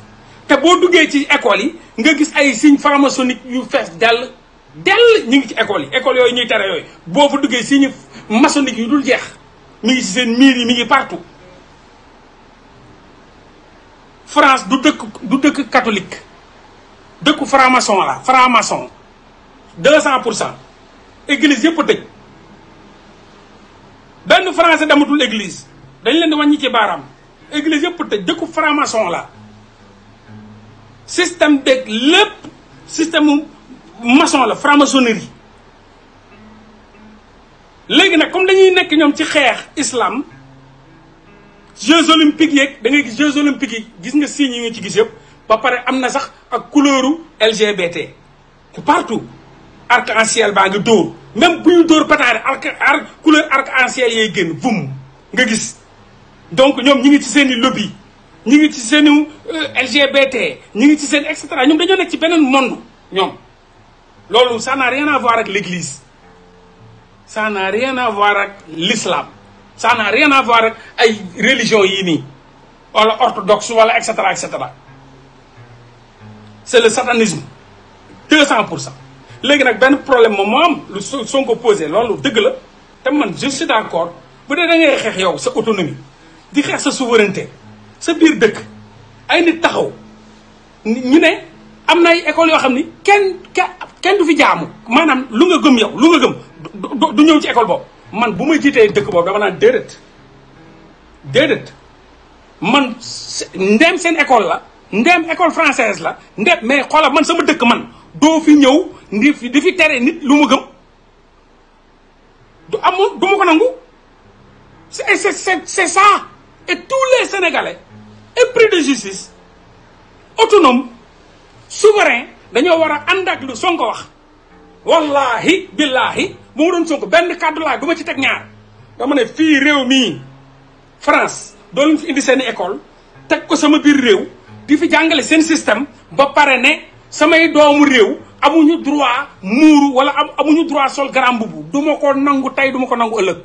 te boo duggee ci école yi nga gis ay signe franc-maçonnique yu fees dell dell ñu ngi ci école yi école yooyu ñuy tere yooyu boo fa duggee signe maçonnique yu dul jeex mi ngi ci seen miir yi mi ngi partout France du dëkk du dëkk katolik dëkku faramason maçon la franc deux cent pour cent église yëpp a tëj benn français damatul église dañ leen di wàññi ci baaraam église yëpp te dëkku franc-maçon la système beeg lépp système mason la franc-maçonnerie léegi nag comme dañuy nekk ñoom ci xeex islam jeux olympiques yeeg da ngay gis jeux olympiques yi gis nga signes yi nga ci gis yëpp ba pare am na sax ak couleuru LGBT partout arc en ciel baa ngi dóor même bu ñu dóor pataare arc ar couleur arc en ciel yay génn vum nga gis donc ñoom ñi ngi ci seen i lobby ñi ngi ci seen euh, LGBT ñi ngi ci seen et cetera ñoom dañoo nekk ci beneen monde ñoom loolu ça n'a rien à ak l'église ça n'a rien à voir ak l'islam ça rien à ak ay religion yii nii wala orthodoxe wala et cetera et cetera c'est le satanisme deux cent pour cent léegi nag benn problème moom moo am son Sonko posé loolu dëgg la te man je suis d'accord bu dee da xeex yow sa autonomie di xeex sa souveraineté sa biir dëkk ay nit taxaw ñu ne am na ay écoles yoo xam ni kenn kenn du fi jaamu maanaam lu nga gëm yow lu nga gëm du ñëw ci école boobu man bu may jiitee dëkk boobu dama naan déedéet déedéet man ndeem seen école la ndeem école française la ndeem mais xoolal man sama dëkk man doo fi ñëw ndi fi di fi tere nit lu mu gëm du amul du ma ko nangu c'est c'est c'est ça et tous les Sénégalais épris de justice autonome souverain dañoo war a ànd lu Sonko wax wallahi billahi bu ma doon Sonko benn kàddu laa du ma ci teg ñaar dama ne fii réew mii France doo leen fi indi seen école teg ko sama biir réew di fi jàngale seen système ba pare ne samay doomu réew amuñu droit muuru wala amuñu droit sol grand mbubu du ma ko nangu tey du ma ko nangu ëllëg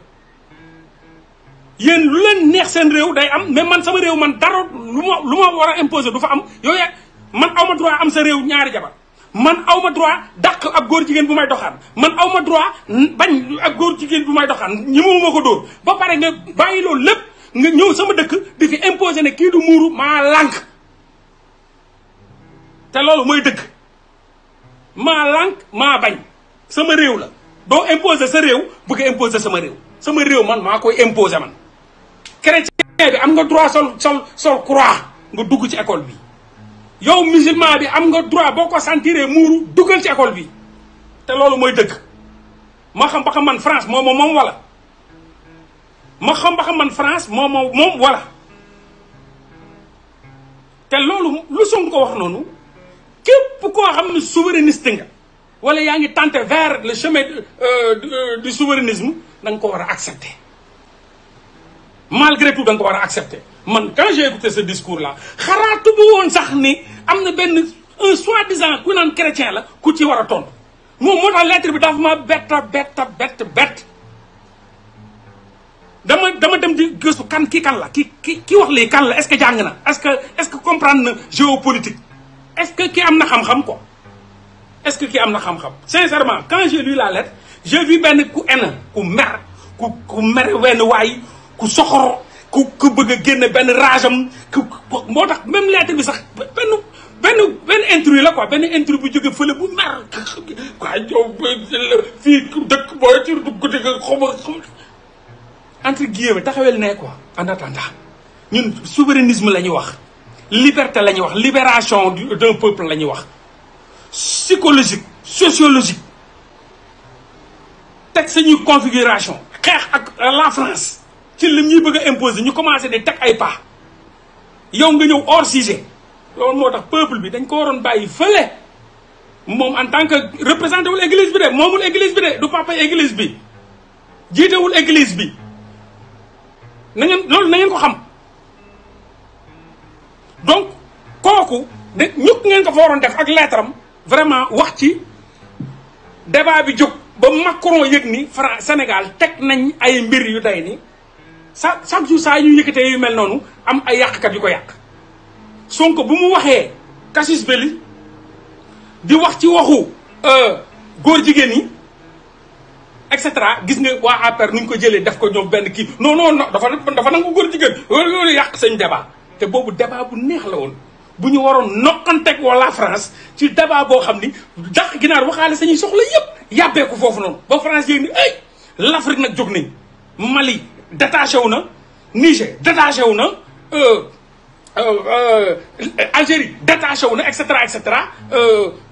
yéen lu leen neex seen réew day am mais man sama réew man dara lu ma lu ma war a imposer du fa am yooyu man aw ma droit am sa réew ñaari jabar man aw ma droit daq ab góor jigéen bu may doxaan man aw ma droit bañ ab góor jigéen bu may doxaan ñi ma ko dóor ba pare nga bàyyi loolu lépp nga ñëw sama dëkk di fi imposer ne kii du muuru maa lànk te loolu mooy dëgg maa lànk maa bañ sama réew la doo imposer sa réew bëgg imposer sama réew sama réew man maa koy imposer man chrétien bi am nga droit sol sol sol croix nga dugg ci école bi yow musulman bi am nga droit boo ko sentiree muuru duggal ci école bi te loolu mooy dëgg ma xam ba xam man France moom moom wala ma xam ba xam man France moom moom wala te loolu lu ko wax noonu képp koo xam ne souverainiste nga wala yaa ngi tenter vers le chemin euh, euh, du souverainisme da nga ko war a accepter. malgré tout da nga ko a accepter man quand j'ai écouté ce discours là xalaatu bu woon sax ni am na benn un soi-disant ku naan chrétien la ku ci war a tontu moom moo tax lettre bi dafa ma betta betta bett bett dama dama dem di kan kii kan la ki ki ki wax lii kan la est-ce que jàng na est-ce que est-ce que comprendre na géopolitique est-ce que ki am na xam-xam quoi est-ce que ki am na xam-xam sincèrement quand j'ai lu la lettre j'ai vu benn ku en ku mer ku mer wenn ku soxor ku ku bëgg a génne benn rageam ku moo tax même lettre bi sax benn benn benn intrus la quoi benn intrus bu jóge fële bu mer quoi yow fii dëkk booy ci guddi nga xoma entre guillemets taxawel ne quoi en attendant ñun souverainisme la ñuy wax liberté la ñuy wax libération d'un peuple la ñuy wax psychologique sociologique teg sañuy configuration xeex ak la France ci lim ñuy bëgg a ñu commencé di teg ay pas yow nga ñëw hors sujet loolu moo tax peuple bi dañ ko waroon bàyyi fële moom en tant que représenté wul église bi de moomul église bi de du papa église bi jiitewul église bi na loolu na ko xam donc kooku de ñukk ngeen ko fa waroon def ak lettre am vraiment wax ci débat bi jóg ba Macron yëg ni France Sénégal teg nañ ay mbir yu day ni chaque chaque jour saa yu yëkkatee yu mel noonu am ay yàqkat yu ko yàq Sonko bu mu waxee Cassius Belli di wax ci waxu euh, góor jigéen yi et cetera gis nga waa nu nuñ ko jëlee def ko ñoom benn kii non non non dafa dafa nangu góor jigéen loolu yàq seen débat te boobu débat bu neex la woon bu ñu waroon noqanteeg wala France ci débat boo xam ni dàq ginaar waxaale sañuy soxla yëpp yàbbeeku foofu noonu ba France yéen ni ay l'Afrique nag jóg nañ Mali détaché wu na Niger détaché wu na euh, euh, euh, Algérie détaché wu na et cetera et cetera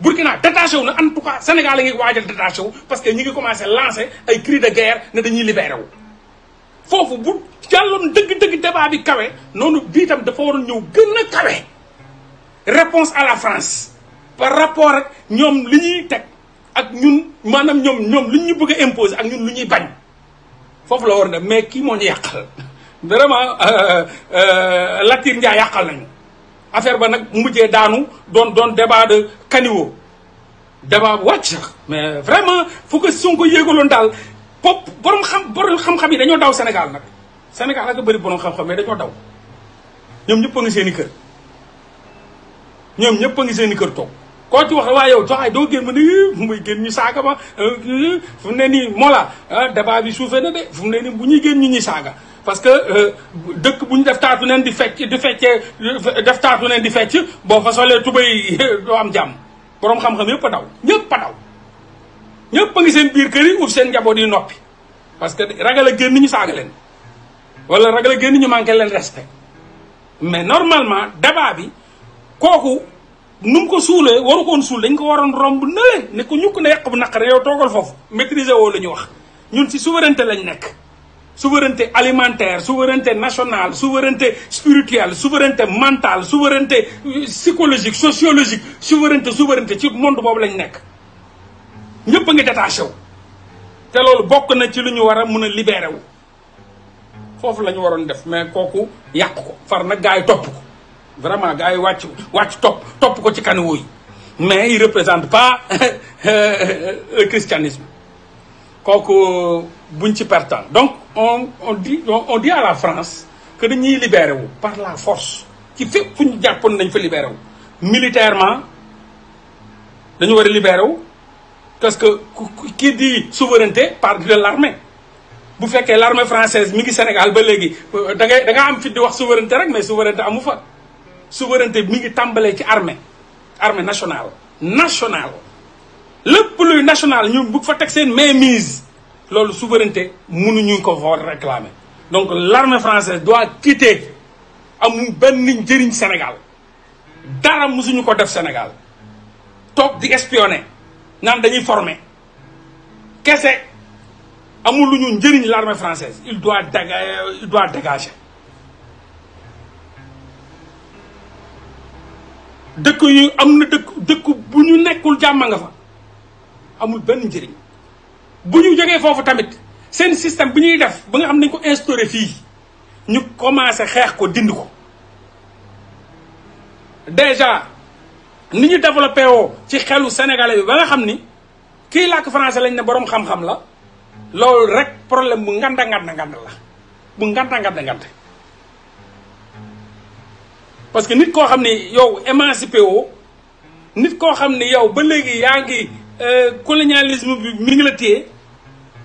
Burkina détaché wu na en tout cas Sénégal la ngi waajal détaché parce que ñu ngi commencé lancer ay cri de guerre ne dañuy libéré wu foofu bu jàlloon dëgg-dëgg débat bi kawe noonu bii tam dafa waroon ñëw gën a kawe réponse à la France par rapport ak ñoom lu ñuy teg ak ñun maanaam ñoom ñoom lu ñu bëgg a imposé ak ñun lu ñuy bañ foofu la war ne mais kii moo ñu yàqal vraiment euh, euh, Latir Ndiaye yàqal nañu affaire ba nag mujjee daanu doon doon débat de caniveau débat wàcc sax mais vraiment fu ko Sonko yéegaloon daal pop borom xam borom xam-xam yi dañoo daw Sénégal nag Sénégal ak a bëri borom xam-xam mais dañoo daw ñoom ñëpp a ngi kër ñoom ñëpp a ngi seen kër toog koo ci wax waa yow joxaay doo génn ma ne fu muy génn ñu saaga ma euh, fu mu ne nii mola ah, débat bi suufee na de fu mu ne nii bu ñuy génn ñu ñuy saaga parce que euh, dëkk bu ñu def taatu neen di fecc di feccee def taatu neen di fecc boo fa solee tubay doo am jàmm boroom xam-xam yëpp a daw ñëpp a daw ñëpp a ngi seen biir kër yi ut seen njaboot yi noppi parce que ragal a génn ñu saaga leen wala ragal a génn ñu manqué leen respect mais normalement débat bi kooku nu mu ko suulee waru koon suul dañ ko waroon romb nële ne ko ñukk na yàq bu naqare yow toogal foofu maîtriser woo la ñu wax ñun si souveraineté lañu nekk souveraineté alimentaire souveraineté nationale souveraineté spirituelle souveraineté mentale souveraineté euh, psychologique sociologique souveraineté souveraineté ci monde boobu lañu nekk ñëpp a ngi détaché wu te loolu bokk na ci lu ñu war a mun a libéré wu foofu la ñu waroon def mais kooku yàq ko far nag gars yi topp ko vraiment gaa yi wàcc wàcc topp topp ko ci kaniwu yi mais il représente pas le christianisme kooku buñ ci pertant donc on on dit on à la France que dañuy libéré wu par la force ci fépp fu ñu jàppoon nañ fa libéré wu militairement dañu war a wu parce que kii di souveraineté par la l'armée bu fekkee l'armée française mi ngi Sénégal ba léegi euh, da ngay da nga am fit di wax souveraineté rek mais souveraineté amu fa souveraineté mu ngi tàmbalee ci armée armée nationale nationale lépp luy national ñu bugg fa teg seen mainmise loolu souveraineté mënuñu ko fa réclamer donc l'armée française doit quitter amul benn njëriñ Sénégal dara musuñu ko def Sénégal toog di espionner naan dañuy former kese amul lu ñu njëriñ l'armée française il doit déga il doit dégager dëkk yu am na dëkk dëkk bu ñu nekkul jàmm nga fa amul benn njëriñ bu ñu jógee foofu tamit seen système bi ñuy def ba nga xam ne ko instauré fii ñu commencé xeex ko dind ko déjà ni ñu développé woo ci xelu sénégalais bi ba nga xam ni kii làkk français lañ ne boroom xam-xam la loolu rek problème bu nganda nganda nganda la bu nganda nganda nganda parce que nit koo xam ni yow émancipé woo nit koo xam ni yow ba léegi yaa ngi euh, colonialisme bi mi la téye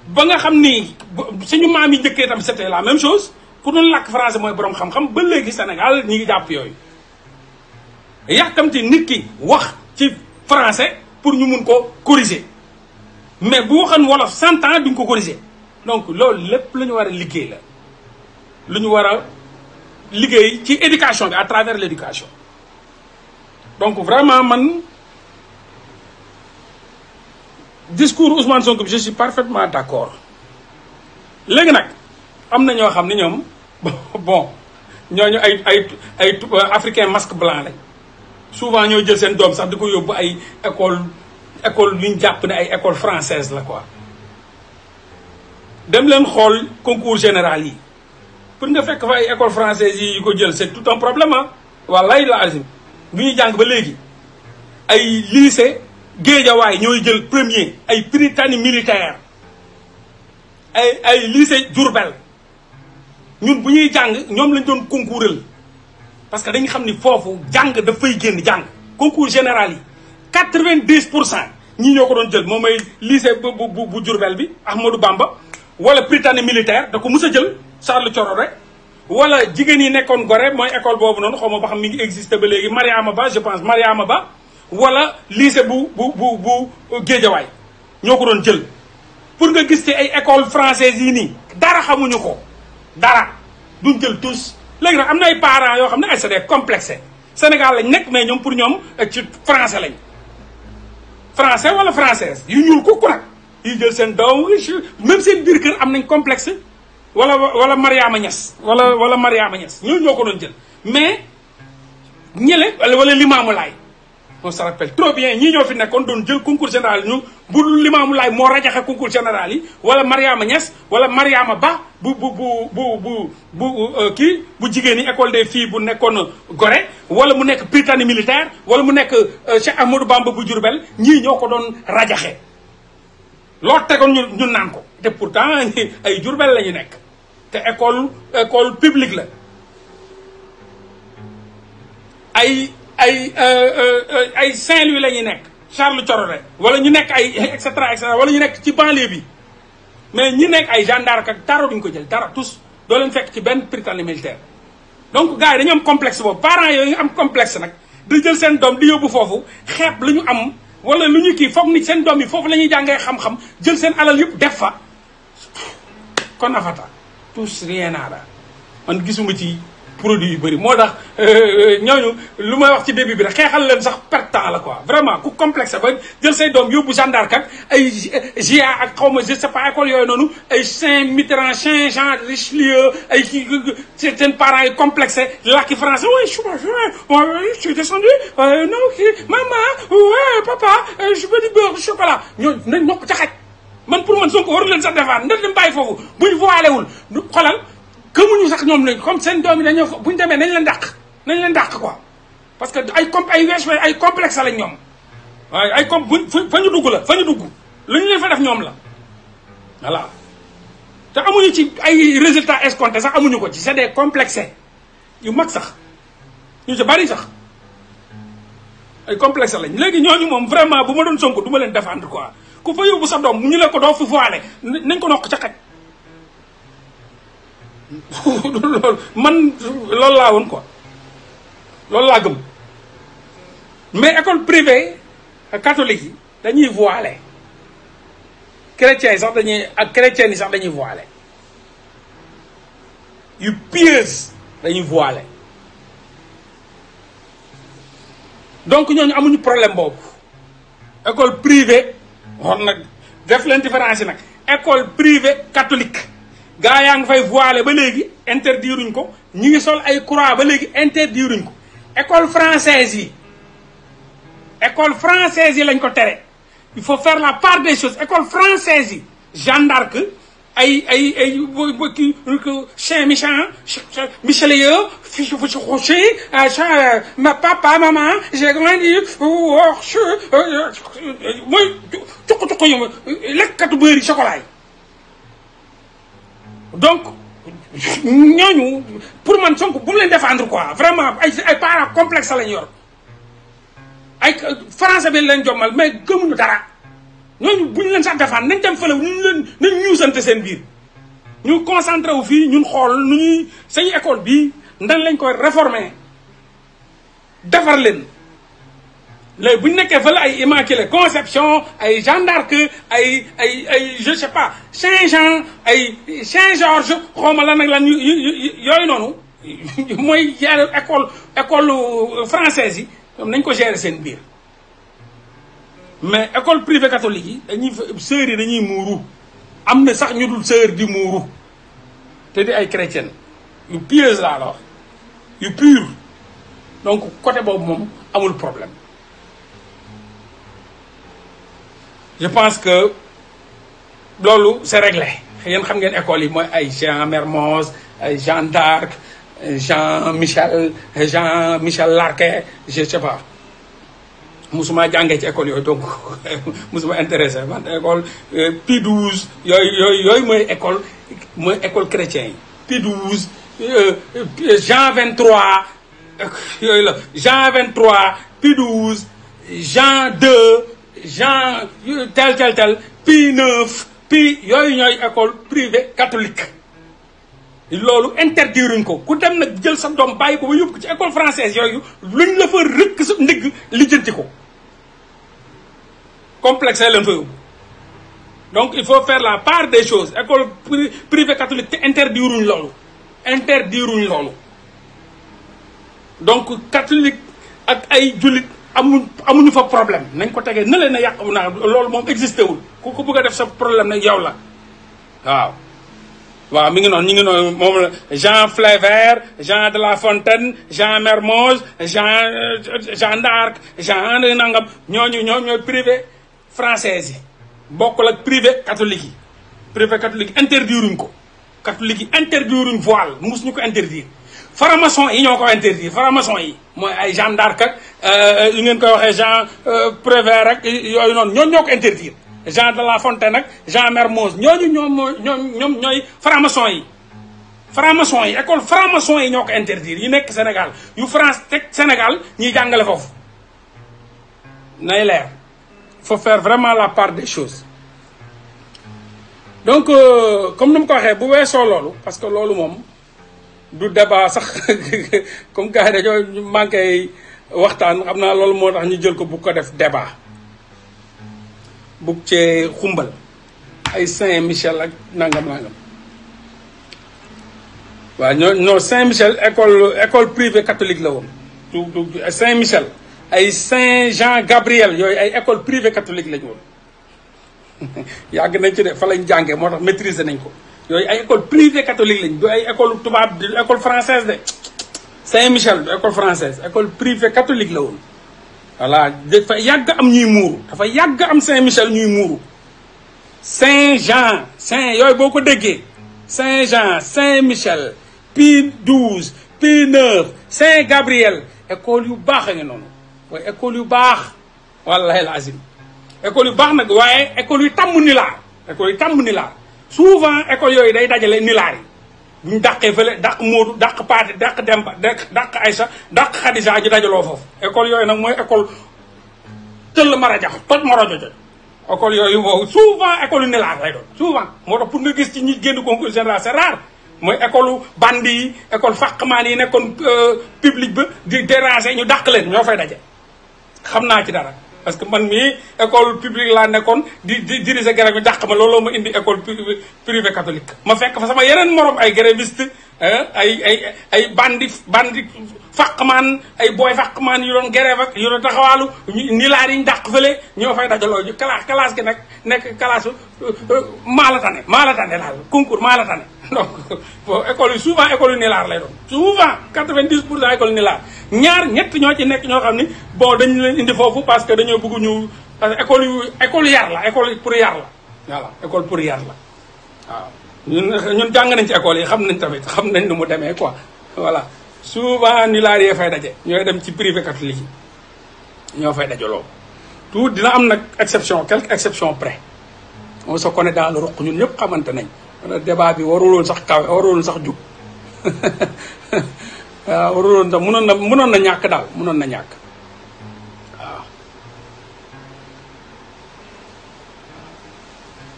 ba nga xam ni suñu maam yi njëkkee tam c'était la même chose ku doon làkk français mooy borom xam-xam ba léegi Sénégal ñi ngi jàpp yooyu yàkkamti nit ki wax ci français pour ñu mun ko corriger mais bu waxoon wolof cent ans duñ ko corriger donc loolu lépp lu ñu war a liggéey la lu ñu war a liggéey ci éducation bi à travers l' donc vraiment man discours Ousmane Sonko bi je suis parfaitement d' accord léegi nag am na ñoo xam ne ñoom bon ñooñu ay ay ay euh, africain masque blanc lañ souvent ñoo jël seen doom sax di ko yóbbu ay école école yu ñu jàpp ne ay école française la quoi dem leen xool concours général yi pour nga fekk fa ay école française yi ko jël c'est tout un problème ah wallaay la azim bu ñuy jàng ba léegi ay lycée géejawaay ñooy jël premier ay prytanée militaire ay ay lycée Diourbel ñun bu ñuy jàng ñoom lañ doon concoursal parce que dañu xam ni foofu jàng dafay génn jàng concours général yi quatre-vingt-dix pour cent ñii ñoo ko doon jël moom mooy lycée bu bu bu Diourbel bi Ahmadou Bamba wala prytanée militaire da ko mus a jël Charles Thioro rek wala jigéen yi nekkoon Gorée mooy école boobu noonu xaw ma ba xam mi ngi existé ba léegi Mariama Ba je pense Mariama Ba wala lycée bu bu bu bu Géejawaay ñoo ko doon jël pour nga gis ci ay école française yi nii dara xamuñu ko dara duñ jël tous léegi nag am na ay parents yoo xam ne ay c'est des complexés Sénégal lañ nekk mais ñoom pour ñoom euh, ci français lañ français wala française yu ñuul kukku nag yu jël seen doom même seen biir kër am nañ complexe wala wala Mariama Niass wala wala Mariama Niass ñooñu ñoo ko doon jël mais ñële wala Limaamu Laay on se rappelle trop bien ñii ñoo fi nekkoon doon jël concours général ñu bu Limaamu Laay moo rajaxe concours général yi wala Mariama Niass wala Mariama Ba bu bu bu bu bu bu euh, kii bu jigéen ñi école de fii bu nekkoon Gorée wala mu nekk Prytanée militaire wala mu nekk euh, Cheikh Ahmadou Bamba bu Diourbel ñii ñoo ko doon rajaxe loolu tegoon ñu ñun naan ko te pourtant ay Jurbel la ñu nekk te école école publique la ay ay euh, euh, ay Saint-Louis la ñuy nekk Charles Thiorès wala ñu nekk ay et cetera et cetera ñu nekk ci banlieue bi mais ñi nekk ay gendarme ak dara duñ ko jël dara tous doo leen fekk ci benn prytanée militaire donc gars yi dañu am complexe boobu parents yooyu am complexe nag di jël seen doom di yóbbu foofu xeeb lu ñu am wala lu ñu kii foog ni seen doom yi foofu la ñuy jàngee xam-xam jël seen alal yëpp def fa kon konafata tous rien nada man gisuma ci produit yu bëri moo tax euh, ñooñu lu may wax ci début bi rek xeexal leen sax perte temps la quoi vraiment ku complexe ba jël say doom yóbbu gendarme kat ay GIA ak xaw ma je sais pas école yooyu noonu ay Saint Mitterrand Saint Jean Richelieu ay kii seen parents yi complexe làkki français oui je suis euh, je suis descendu euh, non kii maman ouais papa je veux du beurre chocolat ñooñu nañ ñoo ko ca xaj man pour man Sonko waru leen sax defaan ndax dem bàyyi foofu buñ voilé wul xolal gëmuñu sax ñoom lañ comme seen doom yi dañoo buñ demee nañ leen dàq nañ leen dàq ko parce que ay comp ay wees ay complexe lañ ñoom waaye ay comp fa ñu dugg la fa dugg lu ñu leen ñoom la voilà te amuñu ci ay résultats escomptés sax amuñu ko ci c'est des complexés yu mag sax ñu ci bari sax ay complexe lañ léegi ñooñu moom vraiment bu ma doon Sonko du ma leen défendre quoi ku fa yóbbu sa doom ñu ne ko doo fi voilé nañ ko nokk ca xaj loolu man loolu laa woon ko loolu laa gëm mais école privée catholique yi dañuy voile chrétiens yi sax dañuy ak chrétiens yi sax dañuy voilé yu pieuse dañuy voilé donc ñooñu amuñu problème boobu école privée kon nag def leen différence yi nag école privée catholique gaa yaa ngi fay voilé ba léegi interdiruñ ko ñu ngi sol ay croix ba léegi interdiruñ ko école française yi école française yi lañ ko tere il faut faire la part des choses école française yi Jeanne d'Arc ay ay ay kii Saint Michel Michel fii ah, ma papa maman j'ai grandi euh, euh, mooy cuq-cuq yu ma lekkatu beurre chocolat yi donc ñooñu pour man Sonko bu mu leen défendre vraiment ay ay parents complexe lañ yor ay français bi lañ jommal mais gëmuñu dara. ñooñu bu ñu leen sax defaan nañ dem fële ñu leen nañ ñuusante seen biir ñu concentré wu fii ñun xool nu ñuy sañu école bii ndax lañ ko réformer defar leen léegi bu nekkee fële ay immaculée conception ay Jeanne ay ay ay je sais pas Saint-Jean ay Saint-Georges xawma lan nag lañ yooyu noonu mooy yàlla école école française yi ñoom nañ ko gérer seen biir. mais école privée catholique yi dañuy sœurs yi dañuy muuru am na sax ñu dul sœur di muuru te di ay chrétienne yu pieuse laa la wax yu pure donc côté boobu moom amul problème je pense que loolu c'est réglé yéen xam ngeen école yi mooy ay Jean Mermoz ay Jeanne d'Arc Jean Michel Jean Michel Larquet je sais pas musuma jàngee ci école yooyu donc musuma intéressé man école euh, P12 yooyu yooyu yooyu mooy école mooy école chrétien yi P12 euh, euh, Jean 23 yooyu la Jean 23 P12 Jean 2 Jean tel tel tel P9 P yooyu ñooy école privée catholique loolu interdiruñ ko ku dem nag jël sa doom bàyyi ko ba yóbbu ko ci école française yooyu luñ la fa rëkk sa ndigg lijjanti ko complexe leen fa donc il faut faire la part des choses école privée catholique te interdiruñ loolu interdiruñ loolu donc catholique ak ay jullit amuñ amuñu fa problème nañ ko tegee na leen a yàq naa loolu moom existé wul ku ko bëgg a def sa problème nag yow la waaw waaw mi ngi noonu ñu ngi noonu moom la Jean Flévert Jean de la Fontaine Jean Mermoz Jean euh, Jean d'Arc Jean nangam ñooñu ñoo ñooy privé française yi bokkul ak privé catholique yi privé catholique interdiruñ ko catholique yi interdiruñ voile mus ñu ko interdire franc-maçon yi ñoo ko interdire franc-maçon yi mooy ay Jean d'Arc ak euh, euh, ngeen koy waxee Jean Prévert ak yooyu noonu ñooñu ñoo ko interdire Jean de La Fontaine ak Jean Mermoz ñooñu ñoom ñoom ñoom ñooy franc yi. franc-maçon yi école franc-maçon yi ñoo ko interdire yi nekk Sénégal yu France teg Sénégal ñuy jàngale foofu nay leer il faut vraiment la part des choses donc euh, comme ni mu ko waxee bu weesoo loolu parce que loolu moom du débat sax comme gars yi dañoo manqué waxtaan xam naa loolu moo tax ñu jël ko bu ko def débat bug cee xumbal ay Saint Michel ak nangam nangam waaw ñoo noo Saint Michel école école privée catholique la woon du du Saint Michel ay Saint Jean Gabriel yooyu ay école privée catholique lañu woon yàgg nañ ci de fa lañ jànge moo tax maîtriser nañ ko yooyu ay école privée catholique lañ du ay école tubaab du école française de Saint Michel du école française école privée catholique la woon voilà dafa yàgg am ñuy muuru dafa yàgg am Saint Michel ñuy muuru Saint Jean Saint yooyu boo ko déggee Saint Jean Saint Michel pi douze Pie neuf Saint Gabriel école yu baax a noonu mooy école yu baax wallahi lazim école yu baax nag waaye école yu tàmm ni laa école yu tàmm ni laa souvent école yooyu day dajale ni laa yi bu ñu dàqee fële dàq Modou dàq Paate dàq Demba dàq Aysa dàq Xadija ñu dajaloo foofu école yooyu nag mooy école tëll marajax toj marajo joj école yooyu boobu souvent école yu nelaar lay doon souvent moo tax pour nga gis ci ñi génn concours général c'est rare mooy école bandi yi école fàqmaan yi nekkoon euh, public ba di déranger ñu dàq leen ñoo fay daje xam naa ci dara parce que man mii école publique laa nekkoon di di sa grève bi dàq ma looloo ma indi école privée catholique. ma fekk fa sama yeneen morom ay gréviste ay ay ay bandi bandi fàqmaan ay booy fàqmaan yu doon grève ak yu doon taxawaalu ni laa di dàq fële ñoo fay dajaloo ñu classe classe gi nag nekk classe euh, euh, maala tane maala concours maala donc bon école yi souvent école yu nilaar lay doon souvent quatre-vingt-dix pour cent école yu nilaar ñaar ñett ñoo ci nekk ñoo xam ni bon dañu leen indi foofu parce que dañoo bëgg ñu parce que école yu école yar la école pour yar la école pour yar la waaw ñun ñun jàng nañ ci école yi xam nañ tamit xam nañ nu mu demee quoi voilà souvent nilaar yee fay daje ñooy dem ci privé catholique yi ñoo fay dajaloo tout dina am nag exception quelque exception près on se connaît dans le ruq ñun ñëpp xamante nañ na débat bi waruloon sax kawe waruloon sax jug waaw waruloon sax mënoon na mënoon na ñàkk daal mënoon na ñàkk waaw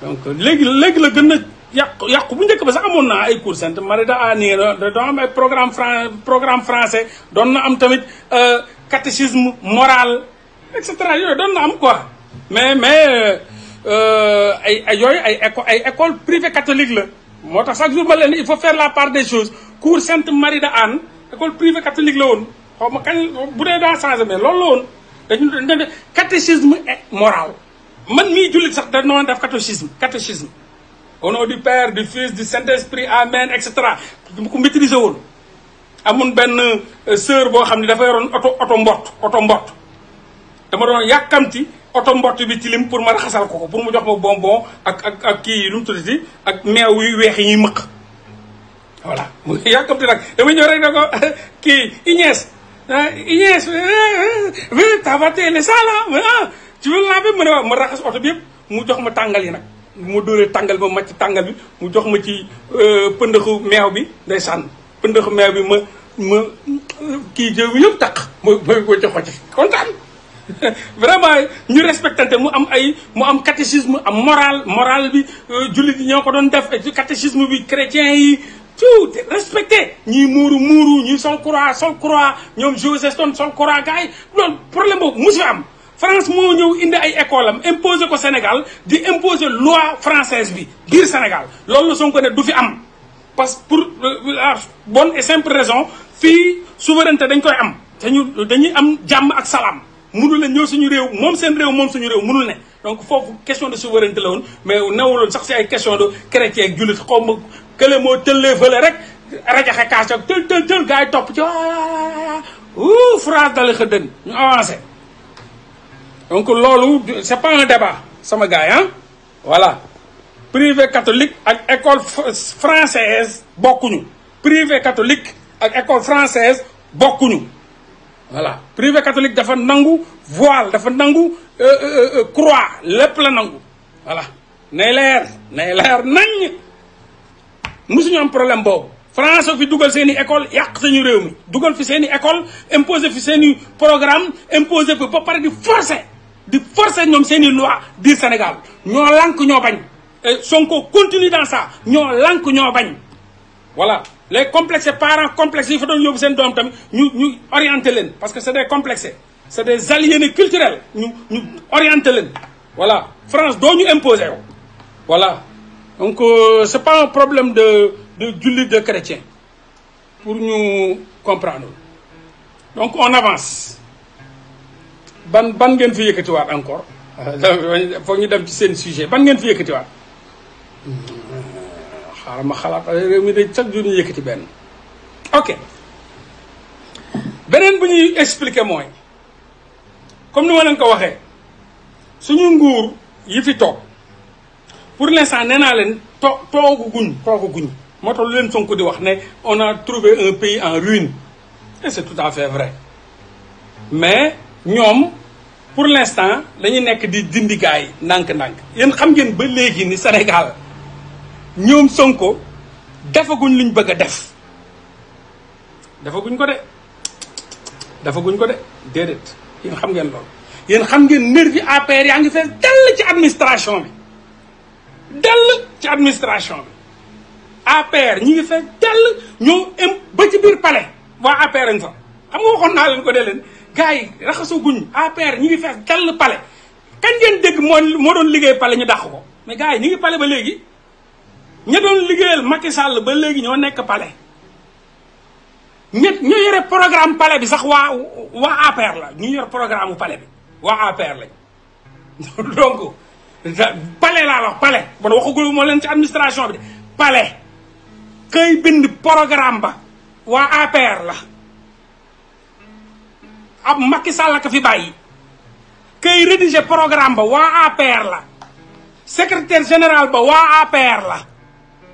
donc léegi léegi la gën a yàqu yàqu bu njëkk ba sax amoon na ay cours sant mari da a nii doon am ay programme francais programme français doon na am tamit euh, catéchisme moral et cetera yooyu na am quoi mais mais euh, Euh, ay ay yooyu ay éco ay école privée catholique la moo tax chaque jour ma leen il faut faire la part des choses cours Sainte Marie de Anne école privée catholique la woon xaw ma kañ bu dee daa changé mais loolu la woon dañu dañu def catéchisme et moral man mii jullit sax dañu doon def catéchisme catéchisme au nom du Père du Fils du Saint-Esprit amen et cetera mu ko maîtriser woon amun benn euh, sœur boo xam ne dafa yoroon oto oto mbott oto mbott dama doon yàkkamti oto mbott bi tilim pour ma raxasal ko ko pour mu jox ma bonbon ak ak ak kii yi lu mu tuddati ak meew yu weex yi ñuy mëq voilà mu yàkkamti nag dama ñëw rek ne ko kii Ignace ci wàllu laa bi mu ma raxas bi yëpp mu jox ma tàngal yi nag mu dóoree tàngal ba ma ci tàngal bi mu jox ma ci euh, pëndëxu meew bi day sànn pëndëxu meew bi ma ma kii jëw yëpp taq ma ma jox ko ci kontaan vraiment ñu respectante mu am ay mu am catéchisme am moral morale bi euh, jullit yi ñoo ko doon def catéchisme bi chrétien yi tout respecté ñuy muuru muuru ñuy sol croix sol croix ñoom Joseph Stone sol croix gars yi loolu problème boobu musu am France moo ñëw indi ay école am imposé ko Sénégal di imposé loi française bi biir Sénégal loolu la Sonko ne du fi am parce que pour euh, la bonne et simple raison fii souveraineté dañ koy am te ñu dañuy am jàmm ak salaam mënul ne ñëw suñu réew moom seen réew moom suñu réew mënul ne donc foofu question de souveraineté la woon mais newuloon sax si ay question de chrétien jullit xaw ma kële moo tëllee fële rek rajaxe kaas ak tël tël tël gars topp ci wuu France dala xë ñu avancé donc loolu c'est pas un débat sama gars yi ah voilà privé catholique ak école française bokkuñu privé catholique ak école française bokkuñu voilà privé catholique dafa nangu voile dafa nangu euh, euh, euh, croix lépp la nangu voilà nay leer nay leer nañ musuñu am problème boobu France fi dugal seen i école yàq sañu réew mi dugal fi seen i école imposé fi seen i programme imposé fi ba pare di forcer di forcer ñoom seen i loi biir Sénégal ñoo lànk ñoo bañ Sonko continue dans ça ñoo lànk ñoo bañ voilà les complexés parents complexés yi fa doon yóbbu seen doom tamit ñu ñu orienté leen parce que c'est des complexés c'est des aliénés culturels ñu ñu orienté leen voilà France doo ñu imposé yow voilà donc euh, c'est pas un problème de de jullit de chrétien pour ñu comprendre donc on avance ban ban ngeen fi yëkkatiwaat encore ah, foog ñu dem ci seen sujet ban ngeen fi yëkkatiwaat hmm. xaaral ma xalaat réew mi de chaque jour ñu yëkkati benn ok beneen bu ñuy expliquer mooy comme ni ma leen ko waxee suñu nguur yi fi toog pour l'instant nee naa leen to toogu guñ toogu guñ moo tax lu leen Sonko di wax ne on a trouvé un pays en ruine et c'est tout à fait vrai mais ñoom pour l'instant dañuy nekk di dindikaay gaay ndànk-ndànk yéen xam ngeen ba léegi ni Sénégal ñoom Sonko dafaguñ luñ bëgg a def dafaguñ ko de dafaguñ ko de déedéet yéen xam ngeen loolu yéen xam ngeen nervi APR yaa ngi fees dell ci administration bi dell ci administration bi APR ñi ngi fees dell ñoo im ba ci biir palais waa APR a ngi fa xam nga waxoon naa leen ko dee leen gars yi raxasu guñ APR ñi ngi feex dell pale kañ ngeen dégg moo moo doon liggéey pale ñu dàq ko mais gars yi ñi ngi palais ba léegi ña doon liggéeyal Macky Sall ba léegi ñoo nekk pale ñett ñu yore programme palais bi sax waa waa APR la ñu yor programme palais bi waa APR lañ donc palais laa wax palais bon waxagul moo leen ci administration bi de palais kay ba waa APR la ab Macky la ka fi bàyyi kay rédiger programme ba waa APR la secretaire général ba waa APR la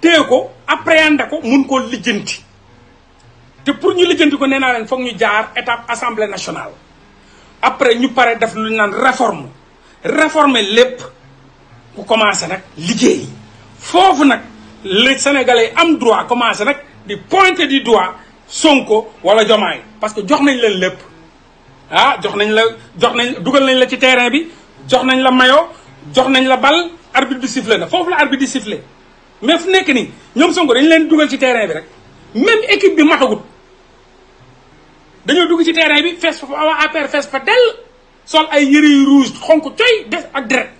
te ko appréhender ko mun koo lijjanti te pour ñu lijjanti ko nee naa leen foog ñu jaar étape assemblée nationale après ñu pare def lu naan réforme réformer lépp ku commencé nag liggéey foofu nag les sénégalais am droit commencé nag di pointer du droit Sonko wala Jomaay parce que jox nañ leen lépp ah jox nañ la jox nañ dugal nañ la ci terrain bi jox nañ la mayo jox nañ la bal arbitre bi sifflé na foofu la arbitre bi sifflé mais fu nekk nii ñoom Sonko dañ leen dugal ci terrain bi rek même équipe bi matagut dañoo dugg ci terrain bi fees fa waa APR fees fa dell sol ay yëre yu rouge xonk coy des ak deret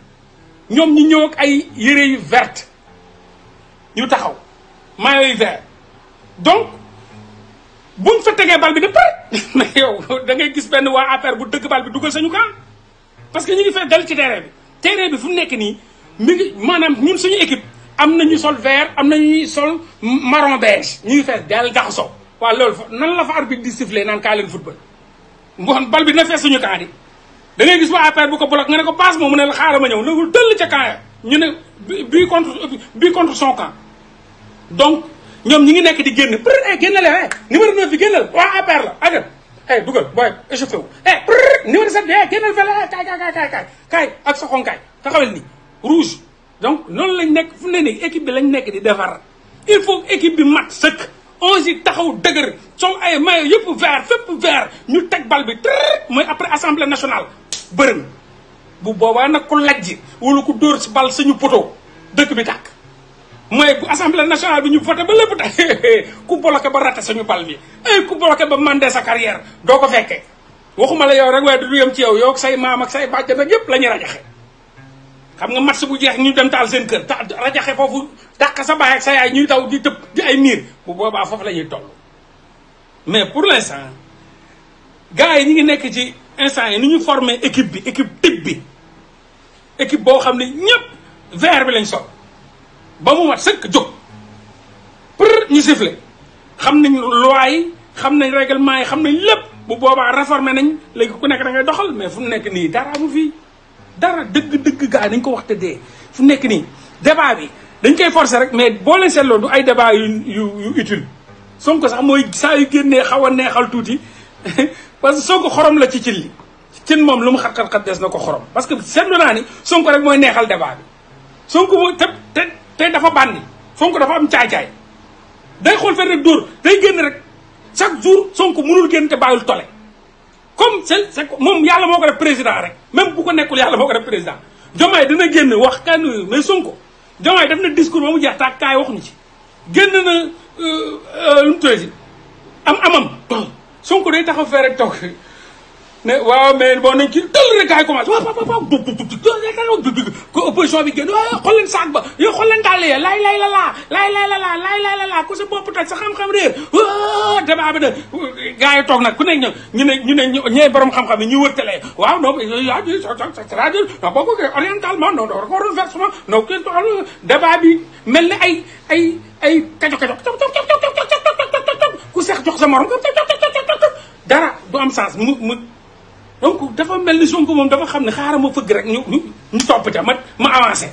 ñoom ñu ñëw ak ay yëre yu vert ñu taxaw maillot yu vert donc buñ fa tegee bal bi de pare mais yow da ngay gis benn waa APR bu dëgg bal bi dugal sañu camp parce que ñu ngi fees dell ci terrain bi terrain bi fu mu nekk nii mi ngi maanaam ñun suñu équipe am na ñu sol vert am na ñu sol marron beige ñuy fees dell jaxasoo waaw loolu fa nan la fa bi di siffler naan kaa leen football bal bi na fees suñu camp yi da gis waa APR bu ko bloc nga ne ko passe moom mu ne la xaaral ma ñëw nagul dëll ca camp ñu ne bii contre bii contre son camp donc ñoom ñu ngi nekk di génn prr eh génnale eh numéro 9 bi génnal waa APR la agat eh dugal booy échauffé wu eh prr numéro 7 bi eh génnal fële eh, kaay kaay kaay ak sa xonkaay taxawal donc noonu lañ nekk fu ne équipe bi lañu nekk di defar il faut équipe bi mat sëkk onze yi taxaw dëgër sol ay maillot yëpp vert fépp vert ñu teg bal bi tërë mooy après assemblée nationale bërëm bu boobaa nag ku lajji wala ku dóor si bal suñu poto dëkk bi tàkk mooy bu assemblée nationale bi ñu voté ba lépp tey ku bloqué ba raté suñu bal bi ay eh, ku bloqué ba mandé sa carrière doo ko fekkee waxuma la yow rek waaye du yem ci yow yow say maam ak say bàjjan ak yëpp la ñuy rajaxe xam nga match bu jeex ñu dem taal seen kër ta rajaxe foofu dàq sa baay ak sa yaay ñuy taw di tëb di ay miir bu boobaa foofu la ñuy toll mais pour l' instant gars yi ñu ngi nekk ci instant yi nu ñu formé équipe bi équipe type bi équipe boo xam ne ñëpp vert bi lañ sol ba mu mat sëkk jóg për ñu sifflé xam nañ loi yi xam nañ règlement yi xam nañ lépp bu boobaa réformé nañ léegi ku nekk da ngay doxal mais fu mu nekk nii dara mu fii dara dëgg-dëgg gaa yi nañ ko wax te fu nekk nii débat bi dañ koy forcer rek mais boo leen seetloo du ay débat yu yu yu utile Sonko sax mooy saa yu génnee xaw a neexal tuuti parce que Sonko xorom la ci cin li cin lu mu xat xat xat des ko xorom parce que seetlu naa ni Sonko rek mooy neexal débat bi Sonko mooy te te dafa bànni Sonko dafa am caay-caay day xool fenn rek dóor day génn rek chaque jour Sonko mënul génn te bàyyul tole comme se c'est moom yàlla moo ko def président rek même bu ko nekkul yàlla moo ko def président Diomaye dina génn wax kan mais ko Diomaye def na discours ba mu jeex taag kaay waxuñu ci génn na euh, euh, lu mu tëjee am amam Sonko day taxaw fee rek ne waaw mais bon nañ ci tëll rek ay commencé waaw waaw waaw ko opposition bi génn waaw xool leen saak ba yow xool leen dàll ya laay laay la laa laay laay la laa laay laay la laa ku sa bopp toj sa xam-xam réer damaa ba de gars yi toog nag ku nekk ñu ne ñu ne ñee borom xam-xam yi ñu wërtalee waaw non yaa ji c'est-à-dire non boo ko kii orientalement non non renversement non kii débat bi mel ni ay ay ay kajo kajo ku seex jox sa morom dara du am sens mu mu donc dafa mel ni Sonko moom dafa xam ne xaaral ma fëgg rek ñu ñu ñu topp ca ma ma avancé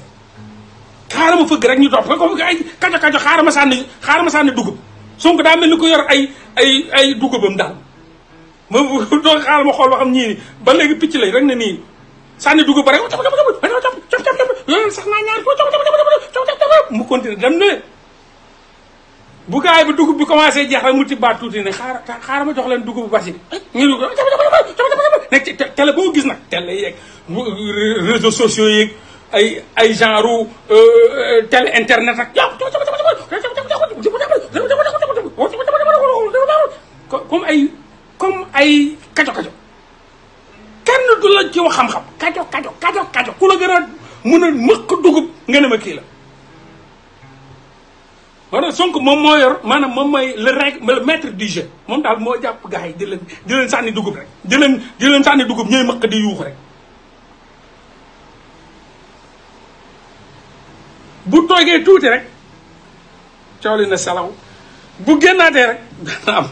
xaaral ma fëgg rek ñu topp ko ay kajo kajo xaaral ma sànni xaaral ma sànni dugub Sonko daa mel ni ko yor ay ay ay dugubam daal ma doon xaaral ma xool ba xam ñii ba léegi picc lay rek na nii sànni dugub ba rek cop cop cop cop cop cop cop cop cop cop cop bu gaay bi dugub bi commencé jeex rek mu tibbaat tuuti ne xaar xaar ma jox leen dugubu basi bi ñu dugg nekk ci boo gis nag télé yeeg réseaux sociaux yeeg ay ay genre télé internet ak comme ay comme ay kajo kajo kenn du la ci wax xam-xam kajo kajo kajo kajo ku la gën a mën a mëq dugub nga ne ma kii la wala Sonko moom moo yor maanaam moom mooy le règle le maître du moom daal moo jàpp gars yi di leen sànni dugub rek di leen sànni dugub ñooy mëq di yuux rek bu toogee tuuti rek coow na salaw bu génnaatee rek dana am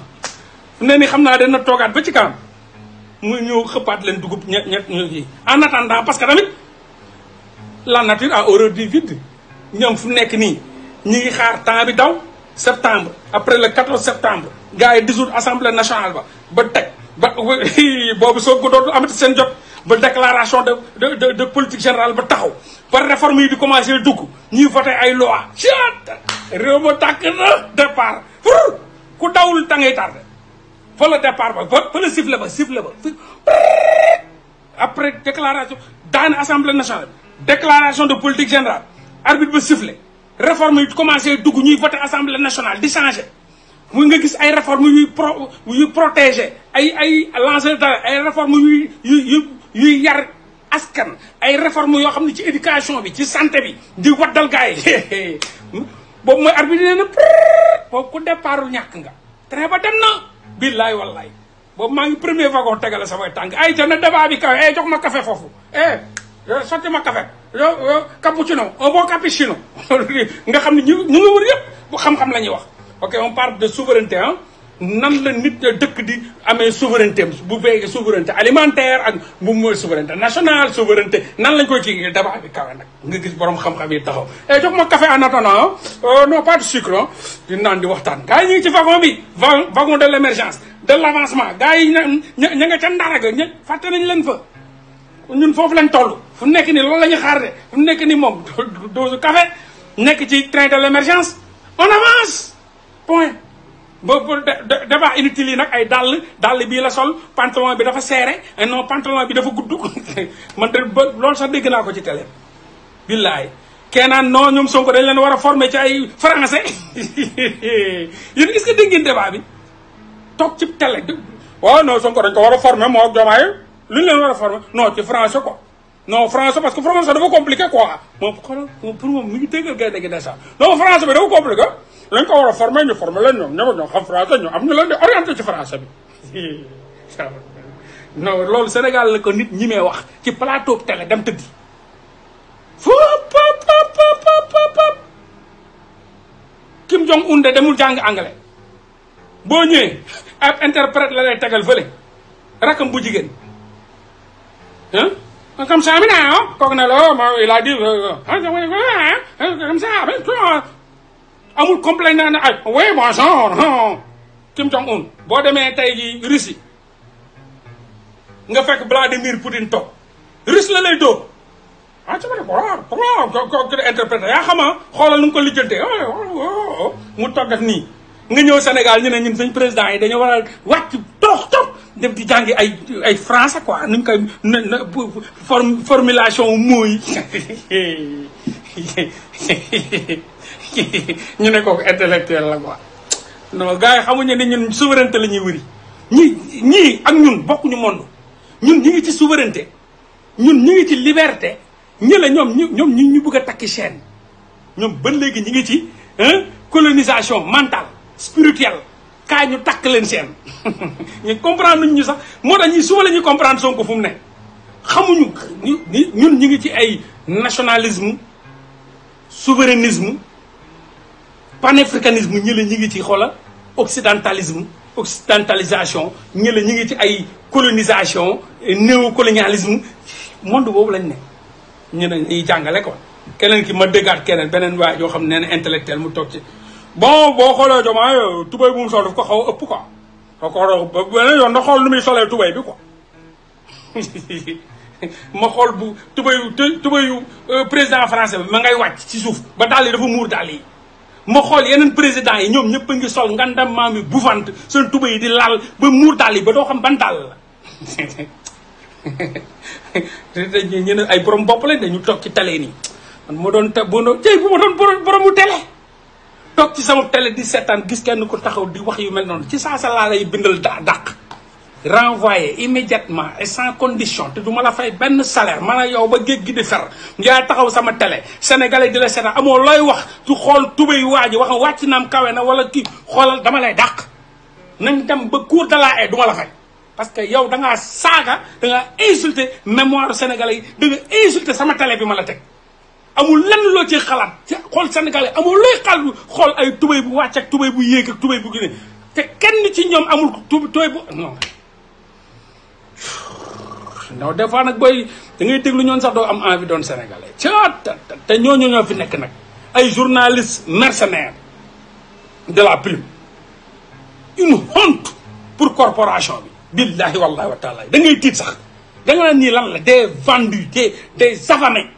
ne ni xam naa na toogaat ba ci kanam mu ñëw xëppaat leen dugub ñett ñett ñu yi en attendant parce que tamit la nature a horreur du vide ñoom fu nekk nii ñi ngi xaar temps bi daw septembre après le 14 septembre gars yi dissout assemblée nationale ba ba teg ba boobu soo ko dootu amati seen jot ba déclaration de de de politique générale ba taxaw ba réforme yi di commencé dugg ñuy voté ay loi ciat réew ma tàkk na départ pour ku dawul da ngay tardé la départ ba fa la sifflet ba sifflet ba après déclaration daane assemblée nationale déclaration de politique générale arbitre ba sifflet réforme yi commencé dugg ñuy voté assemblée nationale di changé mu nga gis ay réforme yuy pro yuy protéger ay ay lanceur d'alerte ay réforme yuy yuy yuy yar askan ay réforme yoo xam ne ci éducation bi ci santé bi di waddal gars yi boobu mooy arbitre nee na boobu ku départul ñàkk nga train ba dem na billaay wallaay boobu maa ngi premier wagon tegale samay tànk ay ca na débat bi kawe eh, jox ma café foofu eh. yow sotti ma café yow yow cappuccino un bon cappuccino nga xam ne ñu ñu nga wër yëpp bu xam-xam lañuy wax ok on parle de souveraineté nan la nit dëkk di amee souveraineté bu fekkee souveraineté alimentaire ak bu mooy souveraineté national souveraineté nan lañ koy ci débat bi kawe nag nga gis borom xam-xam yi taxaw e jox ma café en attendant euh, non pas de sucre di naan di waxtaan gars yi ñu ci wagon bi wagon de l' émergence de l' avancement gars yi ña ña nga ca ndaraga ña fàtte nañ leen fa ñun foofu lañ toll fu nekk nii loolu la ñu xaar de fu nekk ni moom dose café nekk ci train de l'émergence on avance point boobu débat inutile yi nag ay dàll dàll bii la sol pantalon bi dafa serré ay eh, non pantalon bi dafa gudd man de ba loolu sax dégg naa ko ci télé billaay keenaan non ñoom Sonko dañ leen war a former ci ay français yéen est-ce que dégg ngeen bi toog ci télé waaw non Sonko dañ ko war a former moo ak Diomaye lu ñu leen war a former non ci français quoi non parce que français dafa compliqué quoi moom pour moom mi ngi déggal gaynde gi déjà non français bi dafa compliqué lañ ko war a former ñu former leen ñoom ñoo ñoo xam français ñoom am ñu leen di orienté ci français bi non loolu Sénégal la ko nit ñi mee wax ci plateau télé dem tëddi fop pop demul jàng anglais ñëwee ab interprète la lay tegal bu jigéen Cầm sao thế nào? Con này là mà lại đi cầm sao biết chưa? Ông muốn complain là ai? Quế bỏ sao? Kim Jong Un, boo demee tey jii Russie nga fekk Vladimir Poutine toog Russie la lay dóor ah ci ma ne ko ko interprété yaa xam xoolal mu ko lijjantee mu toggat nii. nga ñëw Sénégal ñu ne ñun sañ président yi dañoo war a wàcc trop trop dem di jàngi ay ay français quoi nuñ koy form formulation mooy ñu ne kooku intellectuel la quoi non gars yi xamuñu ne ñun souveraineté la ñuy wëri ñi ak ñun bokkuñu monde ñun ñu ngi ci souveraineté ñun ñu ngi ci liberté ñi la ñoom ñu ñoom ñu ñu a takki chaîne ñoom ba léegi ñu ngi ci colonisation mantal spirituel kaay ñu takk leen seen ñu comprendre ñu sax moo tax ñi suba la ñuy comprendre Sonko ko mu ne xamuñu ñun ñu ngi ci ay nationalisme souverainisme panafricanisme ñi la ñu ngi ci xoola occidentalisme occidentalisation ñi la ñu ngi ci ay colonisation néocolonialisme monde boobu lañ ne ñu ne ñuy jàngale ko keneen ki ma déggaat keneen beneen waay yoo xam ne na intellectuel mu toog ci bon boo xoolee Diomaye tubéy bu mu sol daf ko xaw ëpp quoi da ko xaw a yoon na xool nu muy solee tubéy bi quoi ma xool bu tubéyu tubéyu euh, président français bi ma ngay wàcc ci suuf ba dàll yi dafa muur dàll yi ma xool yeneen président yi ñoom ñëpp a ngi sol ngandam maam yi buvante seen tubéy yi di laal ba muur dàll yi ba doo xam ban dàll la ñu ne ay borom bopp lañ dañu toog ci télé nii man ma doon te bu doon tey bu ma doon borom boromu télé toog ci sama télé di seetaan gis kenn ku taxaw di wax yu mel noonu ci saa sa laa lay bindal da dàq renvoyé immédiatement et sans condition te du ma la fay benn salaire man a yow ba géej gi di fer yaa taxaw sama télé sénégalais di la seetaan amoo looy wax tu xool tubéy waa ji wax wàcc naam kawe na wala kii xoolal dama lay dàq nañ dem ba cour de la haie la fay parce que yow da ngaa saaga da ngaa insulté mémoire sénégalais yi da nga insulté sama télé bi ma la teg amul lenn loo ci xalaat xool Sénégal amul looy xalaat xool ay tubéy bu wàcc ak tubéy bu yéeg ak tubéy bu gine te kenn ci ñoom amul tubéy bu non ndaw des fois nag booy dangay ngay déglu ñoon sax doo am envie doon sénégalais caata te ñooñu ñoo fi nekk nag ay journalistes mercenaires de la plume une honte pour corporation bi billahi wallahi wa taala da ngay tiit sax da nii lan la des vendus des des affamés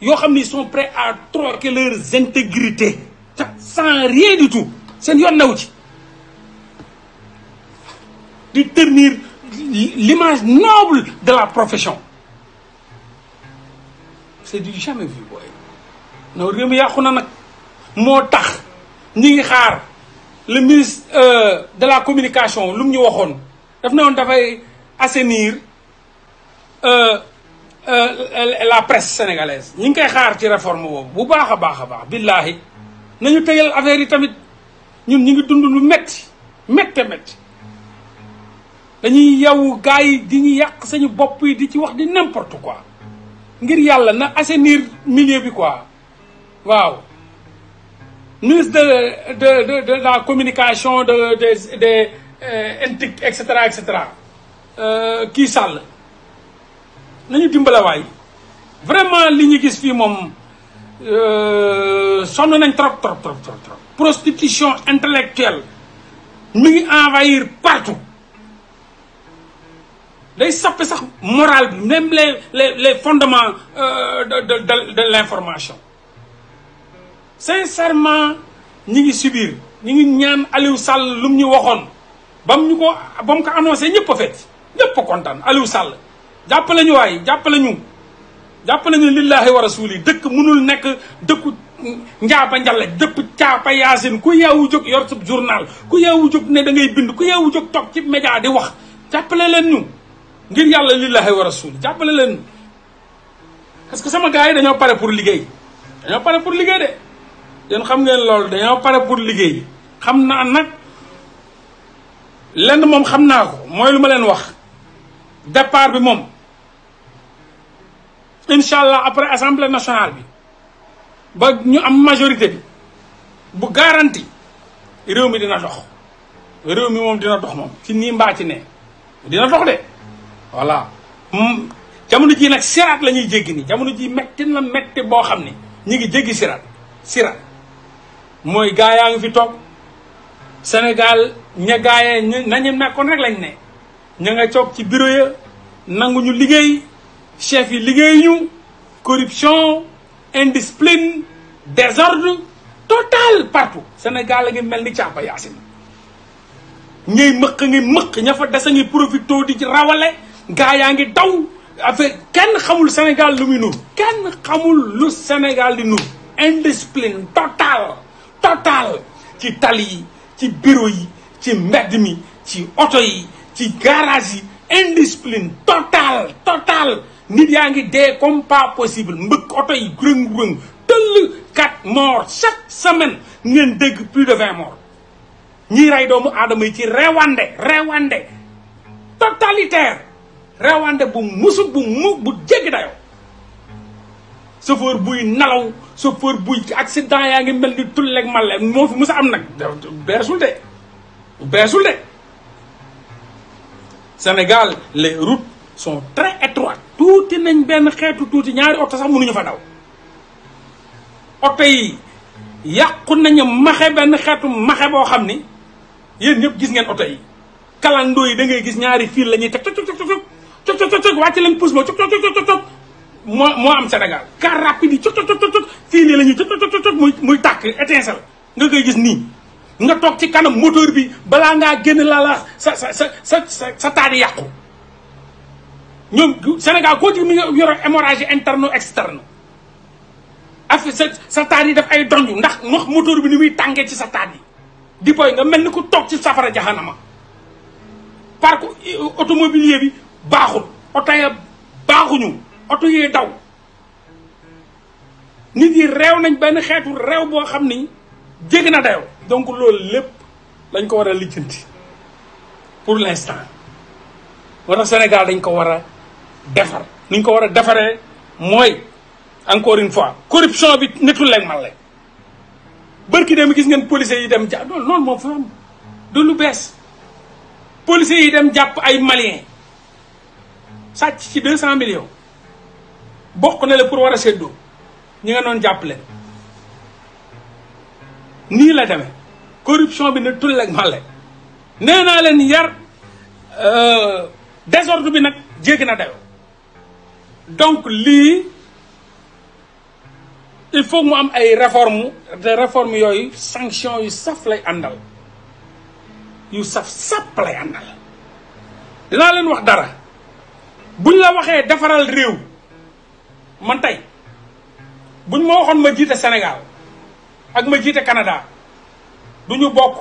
yoo xam ni ils sont prêts trois troquer leurs intégrité te sans rien du tout seen yoon naw ci di ternir l'image noble de la profession c'est du jamais vu booy non réew mi yàqu na nag moo tax ñi ngi xaar le ministre euh, de la communication lu mu ñu waxoon def ne woon dafay assainir euh, Euh, euh, la presse sénégalaise ñu ngi koy xaar ci réforme boobu bu baax a baax a baax billaahi nañu tegal affaire yi tamit ñun ñu ngi dund lu metti métte métti dañuy yow gars yi di ñu yàq sañu bopp yi di ci wax di n'importe quoi ngir yàlla na assainir milieu bi quoi waaw ministre de de de de la communication de des des euh, intic et cetera et cetera kii Sall nañu dimbalawaay vraiment li ñu gis fii moom euh, sonn nañ trop trop trop trop. prostitution intellectuelle mi ngi envahir partout day sappe sax morale bi même les les les fondements euh, de de de de l'information sincèrement ñi ngi subir ñi ngi ñaan Aliou Sall lu mu ñu waxoon bam ñu ko bam ko annoncé ñëpp a fecc ñëpp a kontaan Aliou Sall. jàppale ñu waay jàppale ñu jàppale ñu lillahi wa rasuli dëkk mënul nekk dëkku njaaba njalla dëpp caapa yaasin ku yeewu jóg yor sub journal ku yeewu jóg ne dangay bind ku yeewu jóg toog ci média di wax jàppale leen ñu ngir yàlla lillahi wa rasul jàppale leen parce que sama gars yi dañoo pare pour liggéey dañoo pare pour liggéey de yéen xam ngeen loolu dañoo pare pour liggéey xam naa nag lenn moom xam naa mooy lu ma leen wax départ bi moom incha allah après assemblée nationale bi ba ñu am majorité bi bu garanti réew mi dina dox réew mi moom dina dox moom ci nii mbaa ci ne dina dox de voilà mm, jamono ji nag siraat la ñuy jéggi nii jamono ji metti na metti boo xam ne ñu ngi jéggi siraat siraat mooy gaa yaa ngi fi toog Sénégal ña gaayee nañu nekkoon rek lañ ne ña nga toog ci bureau ya nanguñu liggéey chef yi liggéeyuñu corruption indiscipline désordre total partout Sénégal a ngi mel ni càppa yaasin ngay mëq ngi mëq ña fa des a ngi profité di ci rawale gaa yaa ngi daw affaire kenn xamul Sénégal lu muy nur kenn xamul lu Sénégal di nur indiscipline total total ci tali yi ci bureau yi ci mbedd mi ci oto yi ci garage yi indiscipline total total nit yaa ngi dee comme pas possible mbëkk oto yi rëng-rëng tëll quatre morts chaque semaine ngeen dégg plus de vingt morts ñiy rey doomu aadama yi ci rewande rewande totalitaire rewande bu musut bu mu bu jéggi dayoo chauffeur buy nalaw chauffeur buy accident yaa ngi mel ni tulleeg male moo fi musa am nag beesul de beesul de Sénégal les routes sont très étroites tuuti nañ benn xeetu tuuti ñaari oto sax mënuñu fa daw oto yi yàqu nañu maxe benn xeetu maxe boo xam ni yéen ñëpp gis ngeen oto yi kalandoo yi da ngay gis ñaari fiil la ñuy teg cog cog cog cog cog cog cog wàcc leen pousse ma moo moo am Sénégal car rapide yi cog cog cog cog muy muy tàkk étincelle nga koy gis nii nga toog ci kanam moteur bi balaa ngaa génn laa la sa sa sa sa sa taat yàqu ñoom Sénégal koo ci mi nga yoro hémorragie interne externe affaire sa sa yi daf ay donju ndax ndox moteur bi ni muy tàngee ci sa yi di boy nga mel ni ku toog ci safara jaxanama parc euh, automobilier bi baaxul oto baaxuñu oto yee daw nit yi réew nañ benn xeetu réew boo xam ni jégg na dayoo donc loolu lépp lañ ko war a lijjanti pour l'instant wala Sénégal dañ ko war a defar ni ñu ko war a defaree mooy encore une fois corruption bi netul leeg man le bërki dem gis ngeen policiers yi dem jàpp loolu noonu moom fa du lu bees policiers yi dem jàpp ay maliens sàcc ci deux cent millions bokk na la pour war a séddoo ñi nga doon jàppale nii la demee corruption bi ne tulle ak màlle nee naa leen yar euh, désordre bi nag jéggi na dayoo donc lii il faut mu am ay reform te réforme yooyu sanction yu saf lay àndal yu saf sàpp lay àndal dinaa leen wax dara buñ la waxee defaral réew man tey buñ ma waxoon ma jiite Sénégal ak ma jiite Canada du ñu bokk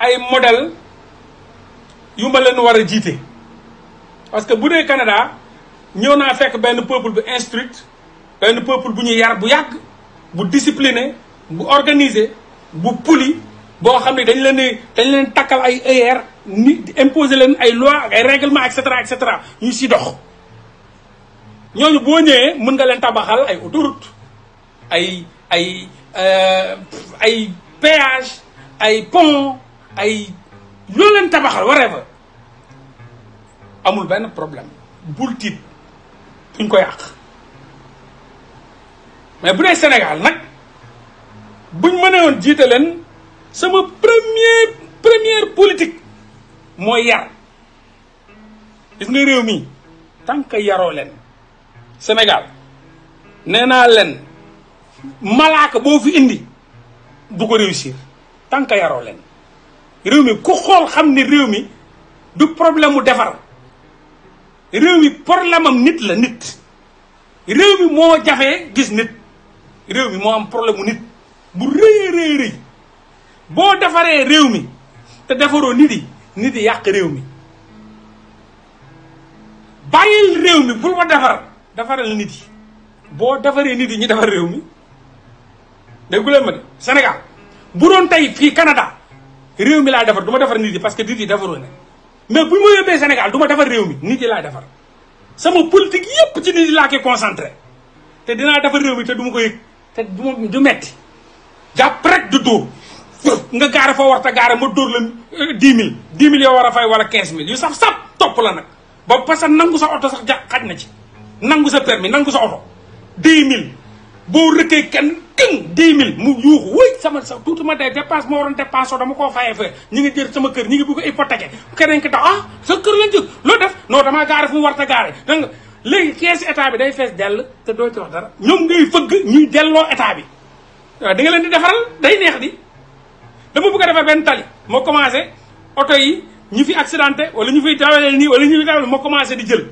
ay modèle yu ma leen war a jiite parce que bu dee Canada ñëw naa fekk benn peuple bu instruite benn peuple bu ñu yar bu yàgg bu discipliné bu organiser bu poli boo xam ne dañ leen dañ leen takkal ay ER ni imposer leen ay loi ak ay règlement et ñu si dox ñooñu boo ñëwee mun nga leen tabaxal ay autoroute ay ay euh, ay péage ay pont ay loo leen tabaxal waree fa amul benn problème bul tiit ñu ko yàq mais bu dee Sénégal nag buñ mënee woon jiite leen sama première première politique mooy yar gis nga réew mi tant yaroo leen Sénégal nee naa leen malaaka boo fi indi bu ko réussir tant que yaroo leen réew mi ku xool xam ni réew mi du problème mu defar réew mi problème am nit la nit réew mi moo jafee gis nit réew mi moo am problème mu nit bu rëy rëy rëy boo defaree réew mi te defaroo nit yi nit yi yàq réew mi bàyyil réew mi bul ma defar defaral nit yi boo defaree nit yi ñu defar réew mi déggu leen ma de Sénégal bu doon tey fii Canada réew mi laa defar du ma defar nit yi parce que nit yi defaroo ne mais bu ñu ma yóbbee Sénégal du ma defar réew mi nit yi laa defar sama politique yépp ci nit yi laa koy concentré te dinaa defar réew mi te du ma ko yëg te du ma du metti jàpp rek du dóor nga gaare foo war ta ma dóor la euh, dix mille dix mille yoo war a fay wala quinze mille yu saf-saf topp la nag ba parce que nangu sa oto sax ja xaj na ci nangu sa permis nangu sa oto dix mille boo rëkkee kenn gën dix mu yuuxu wéy sama sax tuuti ma day dépense moo waroon dépense dama koo fayee fa ñu ngi jël sama kër ñu ngi bëgg a hypothéquer keneen ki tax ah sa kër lañ jóg loo def non damaa gaare fu mu war ta gaare dégg nga léegi état bi day fees dell te doo ci wax ñoom ngay fëgg ñuy delloo état bi waaw di nga leen di defaral day neex di dama bëgg a defar benn tali moo commencé oto yi ñu fi accidenté wala ñu fiy dawaleel nii wala ñu fi dawaleel moo commencé di jël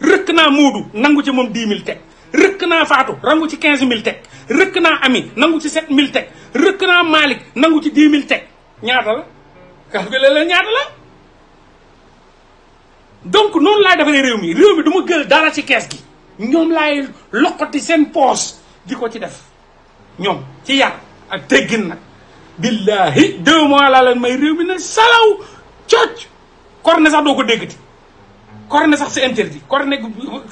rëkk naa moodu nangu ci moom dix mille teg rëkk naa faatu rangu ci quinze mille teg rëkk naa ami nangu ci sept mille teg rëkk naa Malick nangu ci dix mille teg ñaata la calculer la ñaata la donc noonu laay defaree réew mi réew mi du ma gël dara ci kees gi ñoom laay loqati seen poos di ko ci def ñoom ci yar ak teggin nag billahi deux mois laa may réew mi ne salaw cooc corne sax doo ko déggati corne sax c'est interdit corne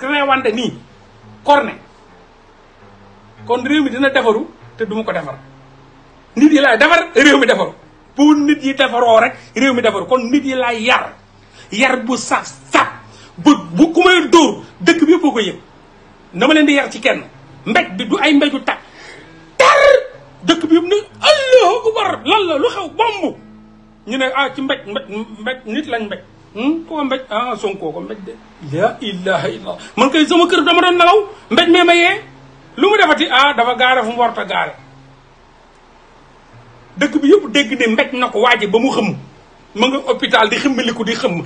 reewande nii corné kon réew mi dina defaru te du ma ko defar nit yi laay defar réew mi defaru bu nit yi defaroo rek réew mi defaru kon nit yi laay yar yar bu saf saf bu bu ku may dóor dëkk bi yëpp ko yëg dama leen di yar ci kenn mbéj bi du ay mbéju tak tar dëkk bi yëpp ne allahu akbar lan la lu xew bomb ñu ne ah ci mbéj mbéj mbéj nit lañ mbéj Hmm? koo mbéj ah de la ilaha illallah man kay sama kër dama doon nalaw mbéj mee ma yee lu mu defati ah dafa gaare fu mu warta gaare dëkk bi yëpp dégg ne mbéj na ko waaje ba mu xëm ma nga hôpital di xëmmaliku di xëm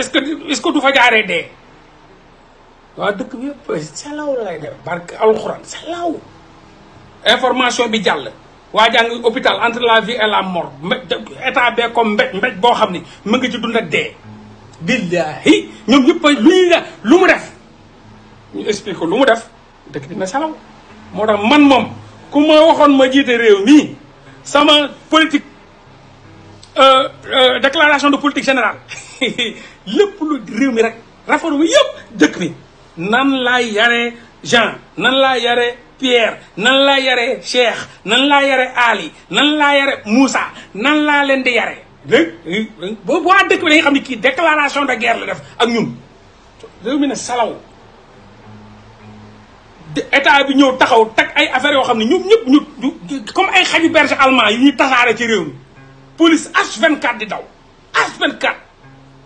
est-ce que est-ce que du fa dee waaw dëkk bi yëpp salaw la lay def barke alxuraan salaw information bi jàll waa jaa ngi hôpital entre la vie et la mort état bee comme mbéj mbéj boo xam ni mu ngi ci dee billahi ñoom ñëpp a lu ñuy lu mu def ñu explique lu mu def dëkk bi na moo tax man moom ku ma waxoon ma jiite réew mii sama politique euh, euh, déclaration de politique générale lépp lu réew mi rek réforme yëpp dëkk bi nan laa yare Jean nan laa yaree Pierre nan laa yaree Cheikh nan laa yaree Ali nan laa yaree Moussa nan laa leen di yaree léegi boobu waa dëkk bi dañuy xam ne kii déclaration de guerre la def ak ñun réew mi ne salaw état bi ñëw taxaw teg ay affaires yoo xam ne ñu ñëpp ñu comme ay xaju berge allemand yi ñu tasaare ci réew mi police vingt 24 di daw H24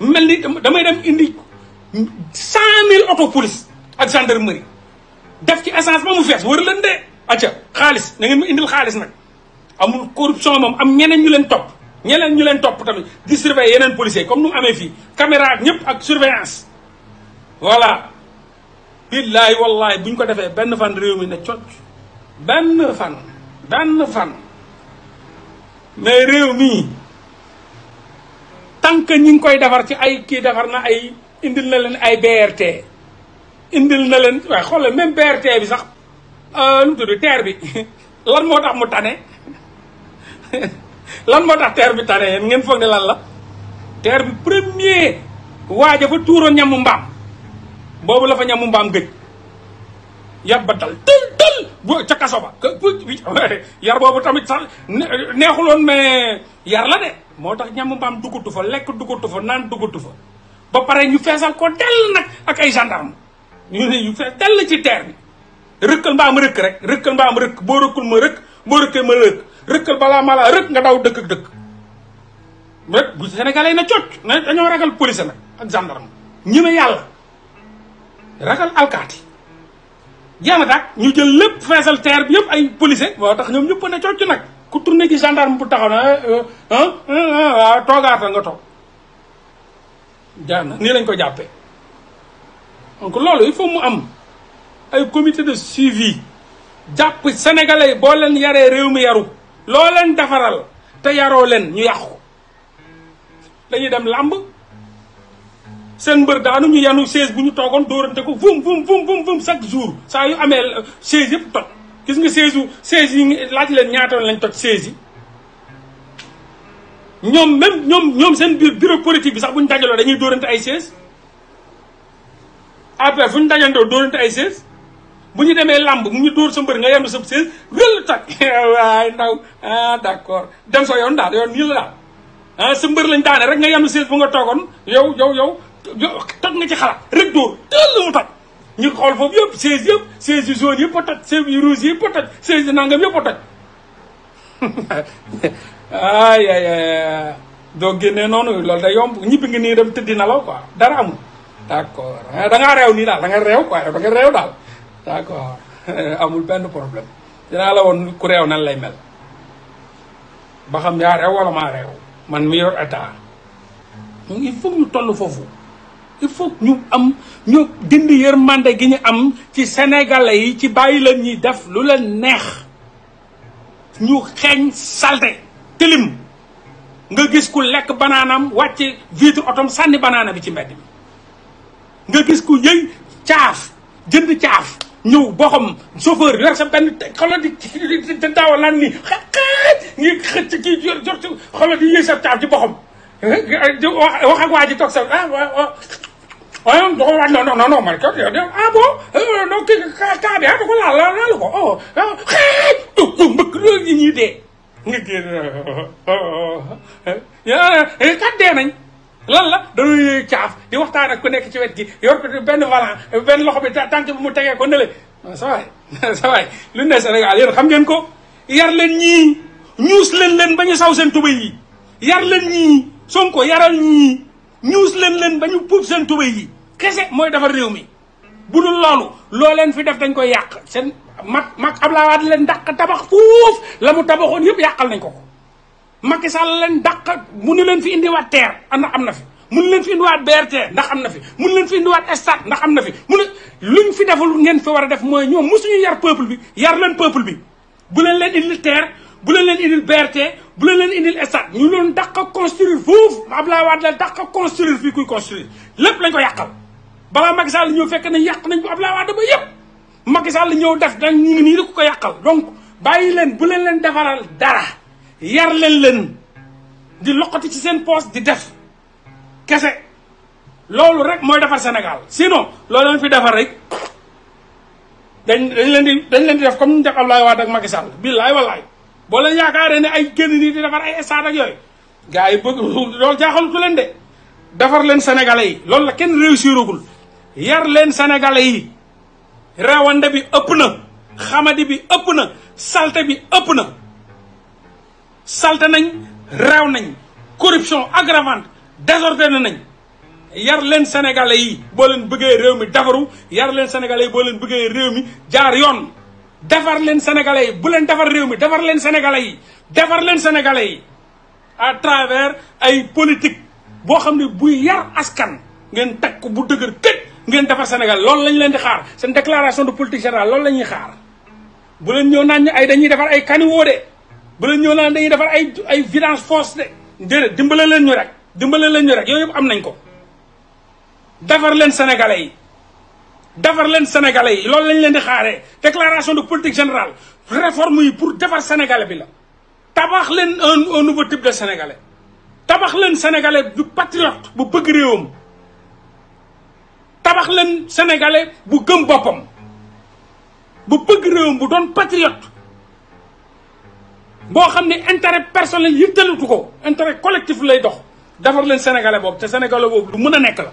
mel ni damay dem indi cent mille auto police ak gendarmerie def ci essence ba mu fees wër leen de acca xaalis na mu indil xaalis nag amul corruption moom am ñeneen ñu leen topp ñeneen ñu leen topp tamit di surveiller yeneen policiers comme nu mu amee fii caméra ak ñëpp ak surveillance voilà billaahi wallaahi bu ñu ko defee benn fan réew mi ne cocc benn fan benn fan mais réew mii tant que ñi ngi koy defar ci ay kii defar na ay indil na leen ay BRT indil na leen waaye xoolal même BRT bi sax lu euh, mu tudd bi lan moo tax mu tane lan moo tax terre bi tane yéen ngeen foog ne lan la terre bi premier waaja fa tuuroon ñamu mbaam boobu la fa ñamu mbaam gëj yar ba dal tël tël bu ca kaso ba yar boobu tamit sax neexuloon mais yar la de moo tax ñamu mbaam dugutu fa lekk dugutu fa naan dugutu fa ba pare ñu feesal ko dell nag ak ay gendarme ñu ne ñu fees dell ci terre bi rëkkal mbaam rëkk rek rëkkal mbaam rëkk boo rëkkul ma rëkk boo rëkkee ma rëkk rëkkal balaa ma laa rëkk nga daw dëkk ak dëkk rek bu sénégalais yi na cocc dañoo ragal police nag ak gendarme ñeme yàlla ragal alkaati jaana daag ñu jël lépp feesal terre bi yëpp ay policier moo tax ñoom ñëpp ne cocc nag ku tourné gi gendarme bu taxaw na eh, eh, eh, waaw toogaatal nga toog jaana nii lañ ko jàppee donc loolu il faut mu am ay comité de suivi jàpp sénégalais boo leen yaree réew mi yaru loo leen defaral te yaroo leen ñu yàqu dañuy dem làmb seen mbër daanu ñu yanu chaise bu ñu toogoon dóorante ko vum vum vum vum chaque jour saa yu amee chaise yëpp toj gis nga chaise yu chaise laaj leen ñaatoon lañ toj chaise yi ñoom même ñoom ñoom seen biir bureau politique bi sax bu ñu dajaloo dañuy dóorante ay chaise après fu ñu dajantoo dóorante ay chaise bu ñu demee làmb mu ñu dóor sa mbër nga yendu sa sées wéll tag waay ndaw ah d'accord dem soo yoon daal yoon nii la daal ah sa mbër lañ daane rek nga yendu sées bu nga toogoon yow yow yow tag nga ci xalaat rek dóor tëll mu tag ñu xool foofu yëpp sées yëpp sées yu jaune yëpp a toj sées yu yëpp a toj sées yu nangam yëpp a toj ay doo génnee noonu loolu day yomb ñibbi nga nii dem tëddi na la quoi dara amul d'accord ah, da ngaa réew nii daal da nga réew quoi da daal d'accord amul benn problème dinaa la woon ku réew nan lay mel ba xam yaa réew wala maa réew man mi yor état il faut ñu toll foofu il faut ñu am ñu dindi yërmande gi ñu am ci sénégalais yi ci bàyyi leen ñuy def lu leen neex ñu xeeñ salte tilim nga gis ku lekk banaanam wàcc vitre otom sànni banaana bi ci mbedd mi nga gis ku yëy caaf jënd caaf ñëw boo xam yor sa benn xoolal di di daaw naan nii xa xaaj ngi yor jot xoolal di yëy sa ci boppam. Eh, eh, wax ak waa toog sa ah waaw waaw ko waaj non non non man kat ah bon eh, non kii bi ah da ko laal laal ko oh ah xaaj oh, oh, mbëkk loolu ñuy dee. nga génn oh, kat dee nañ. lan la dañuy caaf di waxtaan ak ku nekk ci wet gi yor benn volant benn loxo bi tànk bi mu tegee ko ne la sa waay sa lu ne Sénégal yéen xam ngeen ko yar leen ñii ñuus leen leen ba ñu saw seen tubay yi yar leen ñii Sonko yaral ñii ñuus leen leen ba ñu puub seen tubay yi kese mooy defar réew mi bu dul loolu loo leen fi def dañ koy yàq seen mag mag Abdoulaye Wade leen ndax tabax fuuf la mu tabaxoon yëpp yàqal nañ ko Macky Sall leen mu mënu leen fi indiwaat terre ndax am na fi mënu leen fi indiwaat BRT ndax am na fi mënu leen fi indiwaat stade ndax am na fi mu mënu luñ fi deful ngeen fi war a def mooy ñoom mosuñu yar peuple bi yar leen peuple bi bu leen leen indil terre bu leen leen indil BRT bu leen leen indil stade ñu leen dàq a construire foofu ab Wade la dàq a construire fii kuy construire lépp lañ ko yàqal balaa Macky Sall ñëw fekk nañ yàq nañ ko Abdoulaye Wade ba yëpp Macky Sall ñëw def dañ ñu ngi nii la ko ko yàqal donc bàyyi leen bu leen leen defaral dara yar leen leen di loqati ci seen poste di def kese loolu rek mooy defar Sénégal sinon loolu leen fi defar rek dañ dañ leen di dañ leen di def comme ñu def wa Wade ak Macky Sall billaay wallaay boo leen yaakaaree ne ay génn nii di defar ay stade ak yooyu gars yi bëgg loolu jaaxalutu leen de defar leen sénégalais yi loolu la kenn réussiragul yar leen sénégalais yi rewande bi ëpp na xamadi bi ëpp na salte bi ëpp na salte nañ réew nañ corruption aggravante désordonné nañ yar leen sénégalais yi boo leen bëggee réew mi defaru yar leen sénégalais yi boo leen bëggee réew mi jaar yoon defar leen sénégalais yi bu leen defar réew mi defar leen sénégalais yi defar leen sénégalais yi à travers ay politique boo xam ne buy yar askan ngeen takk bu dëgër kët ngeen defar Sénégal loolu lañ leen di xaar seen déclaration de politique générale loolu lañuy xaar bu leen ñëw naan ñu ay dañuy defar ay kaniwoo de bu leen ñëw naan dañuy defar ay ay vidange force de déedéet dimbale leen ñu rek dimbale leen ñu rek yooyu yëpp am nañ ko defar leen sénégalais yi defar leen sénégalais yi lool lañ leen di xaaree déclaration de politique générale réforme yi pour defar sénégalais bi la tabax leen un un nouveau type de sénégalais tabax leen sénégalais bu patriote bu bëgg réewam tabax leen sénégalais bu gëm boppam bu bëgg réewam bu doon patriote boo xam ne intérêt personnel yittalatu ko intérêt collectif lay dox defar leen sénégalais boobu te sénégalais boobu lu mën a nekk la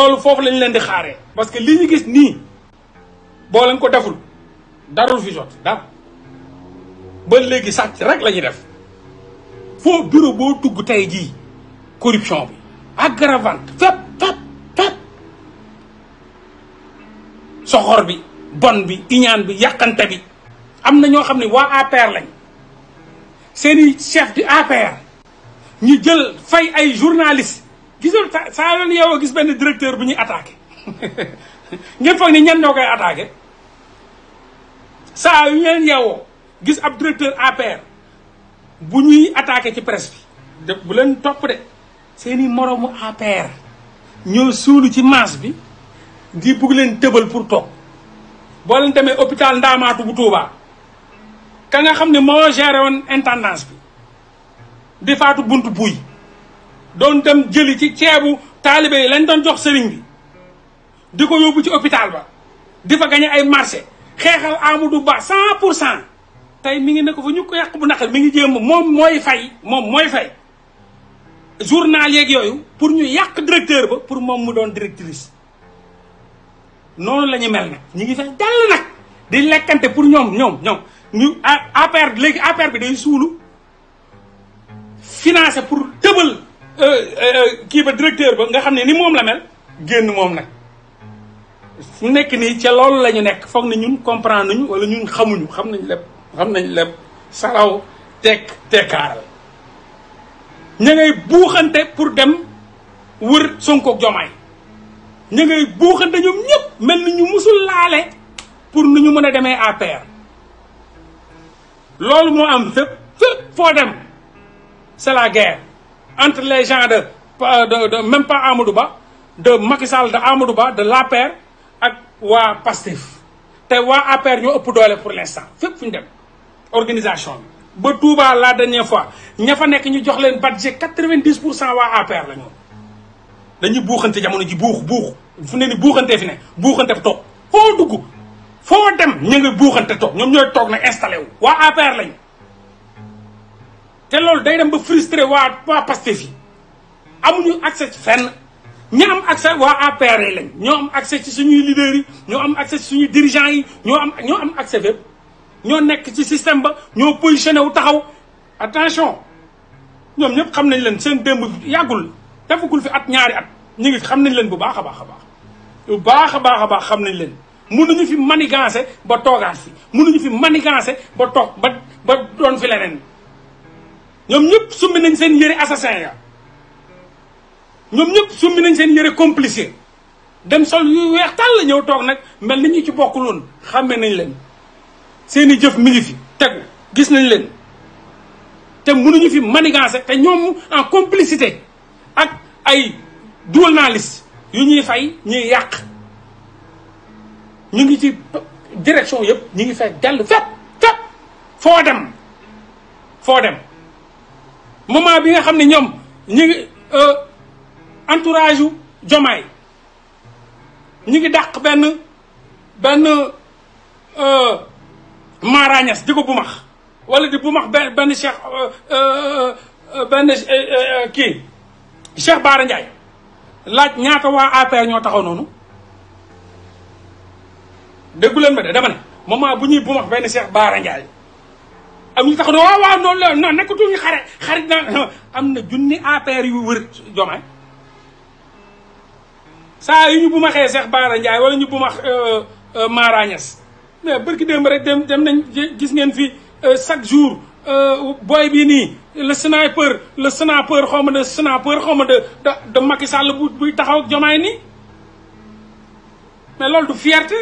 loolu foofu lañ leen di xaaree parce que li ñu gis nii boo leen ko deful darul fi jot ba léegi sàcc rek la def foo bureau boo tugg tey jii corruption bi aggravante fépp fépp fépp soxor bi bon bi iñaan bi yàqante bi am na ñoo xam ne waa APR lañ seeni chef du APR ñu jël fay ay journaliste gisul saa yoon yow gis benn directeur bu ñuy attaqué ngeen foog ni ñan saa yu leen yeewoo gis ab directeur APR bu ñuy attaqué ci presse bi de bu leen topp de seeni moroomu APR ñoo suulu ci masse bi di bugg leen tëbal pour toog boo leen demee hôpital Ndaamaatu bu Tuubaa ka nga xam ne moo géré intendance bi di faatu buntu buy doon dem jëli ci ceebu taalibe yi lañ doon jox sëriñ bi di ko yóbbu ci hôpital ba di fa gañe ay marché xeexal Amadou baax cent pour cent tey mi ngi nekk ko fa ñu ko yàq bu naqar mi ngi jéem moom mooy fay moom mooy fay journal yeeg yooyu pour ñu yàq directeur ba pour moom mu doon directrice noonu la ñu mel nag ñu ngi fex dal nag di lekkante pour ñoom ñoom ñoom ñu APR léegi APR bi day suulu financé pour tëbal euh, euh, euh, kii ba directeur ba nga xam ne ni moom la mel génn moom nag fu nekk nii ca loolu la ñu nekk foog na ñun comprendre nañu wala ñun xamuñu xam nañ lépp xam nañ lépp salaw tek tekkaaral ña ngay buuxante pour dem wër Sonko ak Jomaay ña ngay buuxante ñoom ñëpp mel ni ñu musul laale pour nu ñu mën a demee APR loolu moo am fépp fépp foo dem c'est la guerre entre les gens de de de même pas Amadou Ba de Macky Sall de Amadou Ba de l'APR ak waa PASTEF te waa APR ñoo ëpp doole pour les l'instant fépp fu ñu dem organisation bi. ba Touba la dernière fois ña fa nekk ñu jox leen budget quatre vingt pour cent waa APR la ñu dañuy buuxante jamono ji buux buux fu ne ni buuxantee fi ne buuxante fi toog foo dugg foo dem ña nga buuxante toog ñoom ñooy toog nag installé wu waa APR lañ te loolu day dem ba frustré waa waa Pastef yi amuñu accès ci fenn ñi am accès waa APR yi lañ ñoo am accès ci suñuy leaders yi ñoo am accès ci suñuy dirigeants yi ñoo am ñoo am accès ñoo nekk ci système ba ñoo positionné wu taxaw attention ñoom ñëpp xam nañ leen seen démb yàggul defagul fi at ñaari at ñu ngi xam nañ leen bu baax a baax a baax a baax baax xam nañ leen mënuñu fi manigancé ba toogaat fi mënuñu fi manigancé ba toog ba ba doon fi leneen ñoom ñëpp summi nañ seen yëre assassin ya ñoom ñëpp summi nañ seen yëre complice dem sol yu weex la ñëw toog nag mel ni ñu ci bokkul woon xàmme nañ leen seeni jëf mi ngi fi tegu gis nañ leen te mënuñu fi manigancé te ñoom en complicité ak ay journaliste yu ñuy fay ñuy yàq ñu ngi ci direction yëpp ñu ngi fekk dell fépp fépp foo dem foo dem moment bi nga xam ni ñoom ñu ngi euh, entourage yu jomaay ñu ngi dàq benn benn euh, maarañas di ko bu max wala di bu max benn benn cheikh euh, benn kii Cheikh Baara Ndiaye laaj ñaata waa APR ñoo taxaw noonu déggu leen ma de dama moment bu ñuy bu benn Cheikh Baara Ndiaye am ñu tax ne waaw waaw noonu la non nekkatul ñu xare xarit na am na junni APR yu wër Diomaye saa yu ñu bu maxee Cheikh Baara Ndiaye ñu bu max euh, euh, Mara Niass mais barki démb rek dem nañ gis ngeen fi euh, chaque jour booy bii nii le sniper le sniper xaw ma sniper xaw ma de de sàll Sall buy taxaw ak Diomaye nii mais loolu du fierté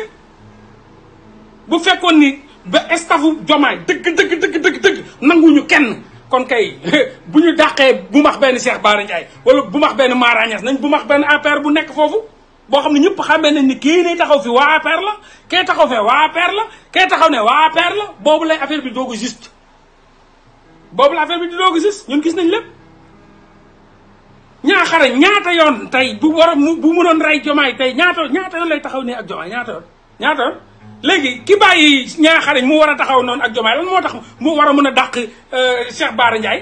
bu fekkoon ni ba estafu jomaay dëgg dëgg dëgg dëgg dëgg nanguñu kenn kon kay bu ñu daqee bu max benn Cheikh Bara Ndiaye wala bu max benn Mara Niass nañ bu max benn APR bu nekk foofu boo xam ne ñëpp xamee nañ ni kii ne taxaw fi waa APR la kee taxaw fee waa APR la kee taxaw ne waa APR la boobu lay affaire bi doog a juste boobu la affaire bi di doog a juste ñun gis nañ lépp ñaaxare ñaata yoon tey bu war a bu mënoon rey jomaay tey ñaata ñaata yoon lay taxaw nii ak jomaay ñaata yoon léegi ki bàyyi ñaaxariñ mu war a taxaw noonu ak jomaay lan moo tax mu war a mën a dàq euh, Cheikh Baara Ndiaye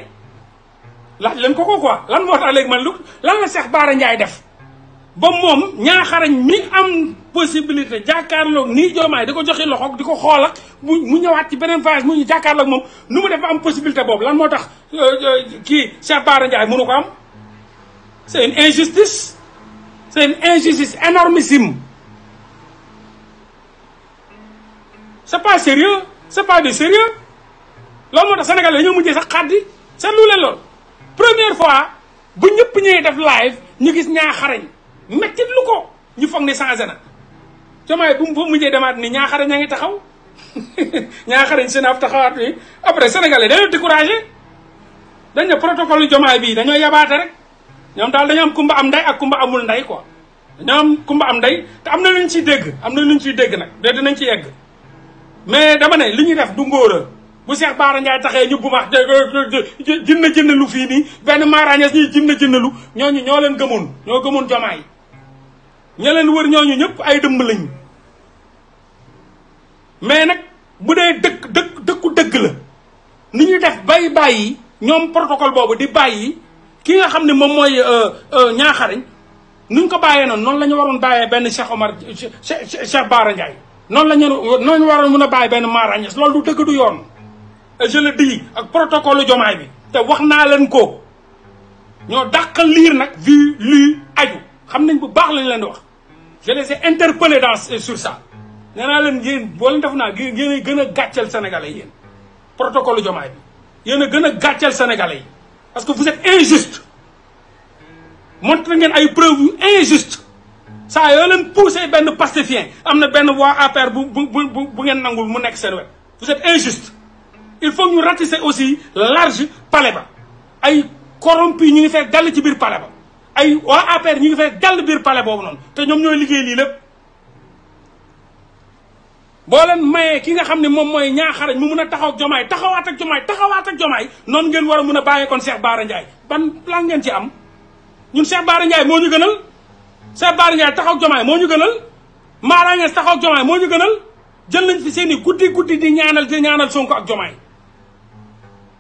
laaj leen ko ko quoi lan moo tax léegi man lu lan la Cheikh Baara Ndiaye def ba moom ñaaxarañ mi am possibilité jàkkaarloog nii joomaay di ko joxe loxo di ko xoola mu mu ñëwaat ci beneen voyage mu ñu jàkkaarloog moom nu mu def am possibilité boobu lan moo tax euh, euh, kii Cheikh Baara Ndiaye mënu ko am c'est une injustice c'est une injustice énormissime c'est pas sérieux c'est pas de sérieux loolu moo tax Sénégal dañoo mujjee sax xaddi seetlu leen loolu première fois bu ñëpp ñëwee def live ñu gis ñaa xarañ lu ko ñu foog ni changé na jomaay bu mu mujjee demaat ni ñaa xarañ a ngi taxaw ñaa xarañ senaaf taxawaat ni après sénégalais dañoo découragé dañ ne protocole jomaay bii dañoo yabaate rek ñoom daal dañoo am kumba am nday ak kumba amul nday ko dañoo am kumba am nday te am na luñ si dégg am na luñ ciy dégg nag de dinañ ci yegg mais dama ne li ñuy def du ngóora bu Cheikh Baara Ndiaye taxee ñu bu max jënd lu fii nii benn maaraañas ñi jënd jënd lu ñu ñoo leen gëmoon ñoo gëmoon jomaay ña leen wër ñooñu ñëpp ay dëmb lañu mais nag bu dee dëkk dëkk dëkku dëgg la ni ñuy def bay bàyyi ñoom protocole boobu di bàyyi ki nga xam ne moom mooy ñaaxariñ euh, euh, nuñ ko bàyyee noonu noonu la ñu waroon bàyyee benn Cheikh Omar Cheikh Baara Ndiaye noonu la ñu noonu waroon mun a bàyyi benn maarañes loolu du dëgg du yoon et je le dis ak protocole jomaay bi te wax naa leen ko ñoo dàq liir nag vu lu aju xam nañ bu baax lañ leen di wax je les ai interpellés dans euh, sur ça nee naa leen yéen boo leen def naa yéen a gën a gàcceel sénégalais yéen protocole jomaay bi yéen a gën a gàcceel sénégalais yi parce que vous êtes injuste montre ngeen ay preuve yu injuste saa yoo leen poussé benn pastefien am na benn voix APR bu bu bu bu ngeen nangul mu nekk seen wet vous êtes injuste il faut ñu ratisser aussi large palais ba ay corrompu ñu ngi fekk dal ci biir palais ba ay waa APR ñu ngi fekk dal biir palais boobu noonu te ñoom ñooy liggéey lii lépp boo leen mayee ki nga xam ne moom mooy ñaaxarañ mu mun a taxaw ak jomaay taxawaat ak jomaay taxawaat ak jomaay noonu ngeen war a mun a bàyyeekoon Cheikh baara njaay ban plan ngeen ci am ñun Cheikh Bara Ndiaye moo ñu gënal Cheikh Bara Ndiaye taxaw jomaay moo ñu gënal Mara Niass taxaw jomaay moo ñu gënal jël nañ fi seen i guddi guddi di ñaanal di ñaanal Sonko ak jomaay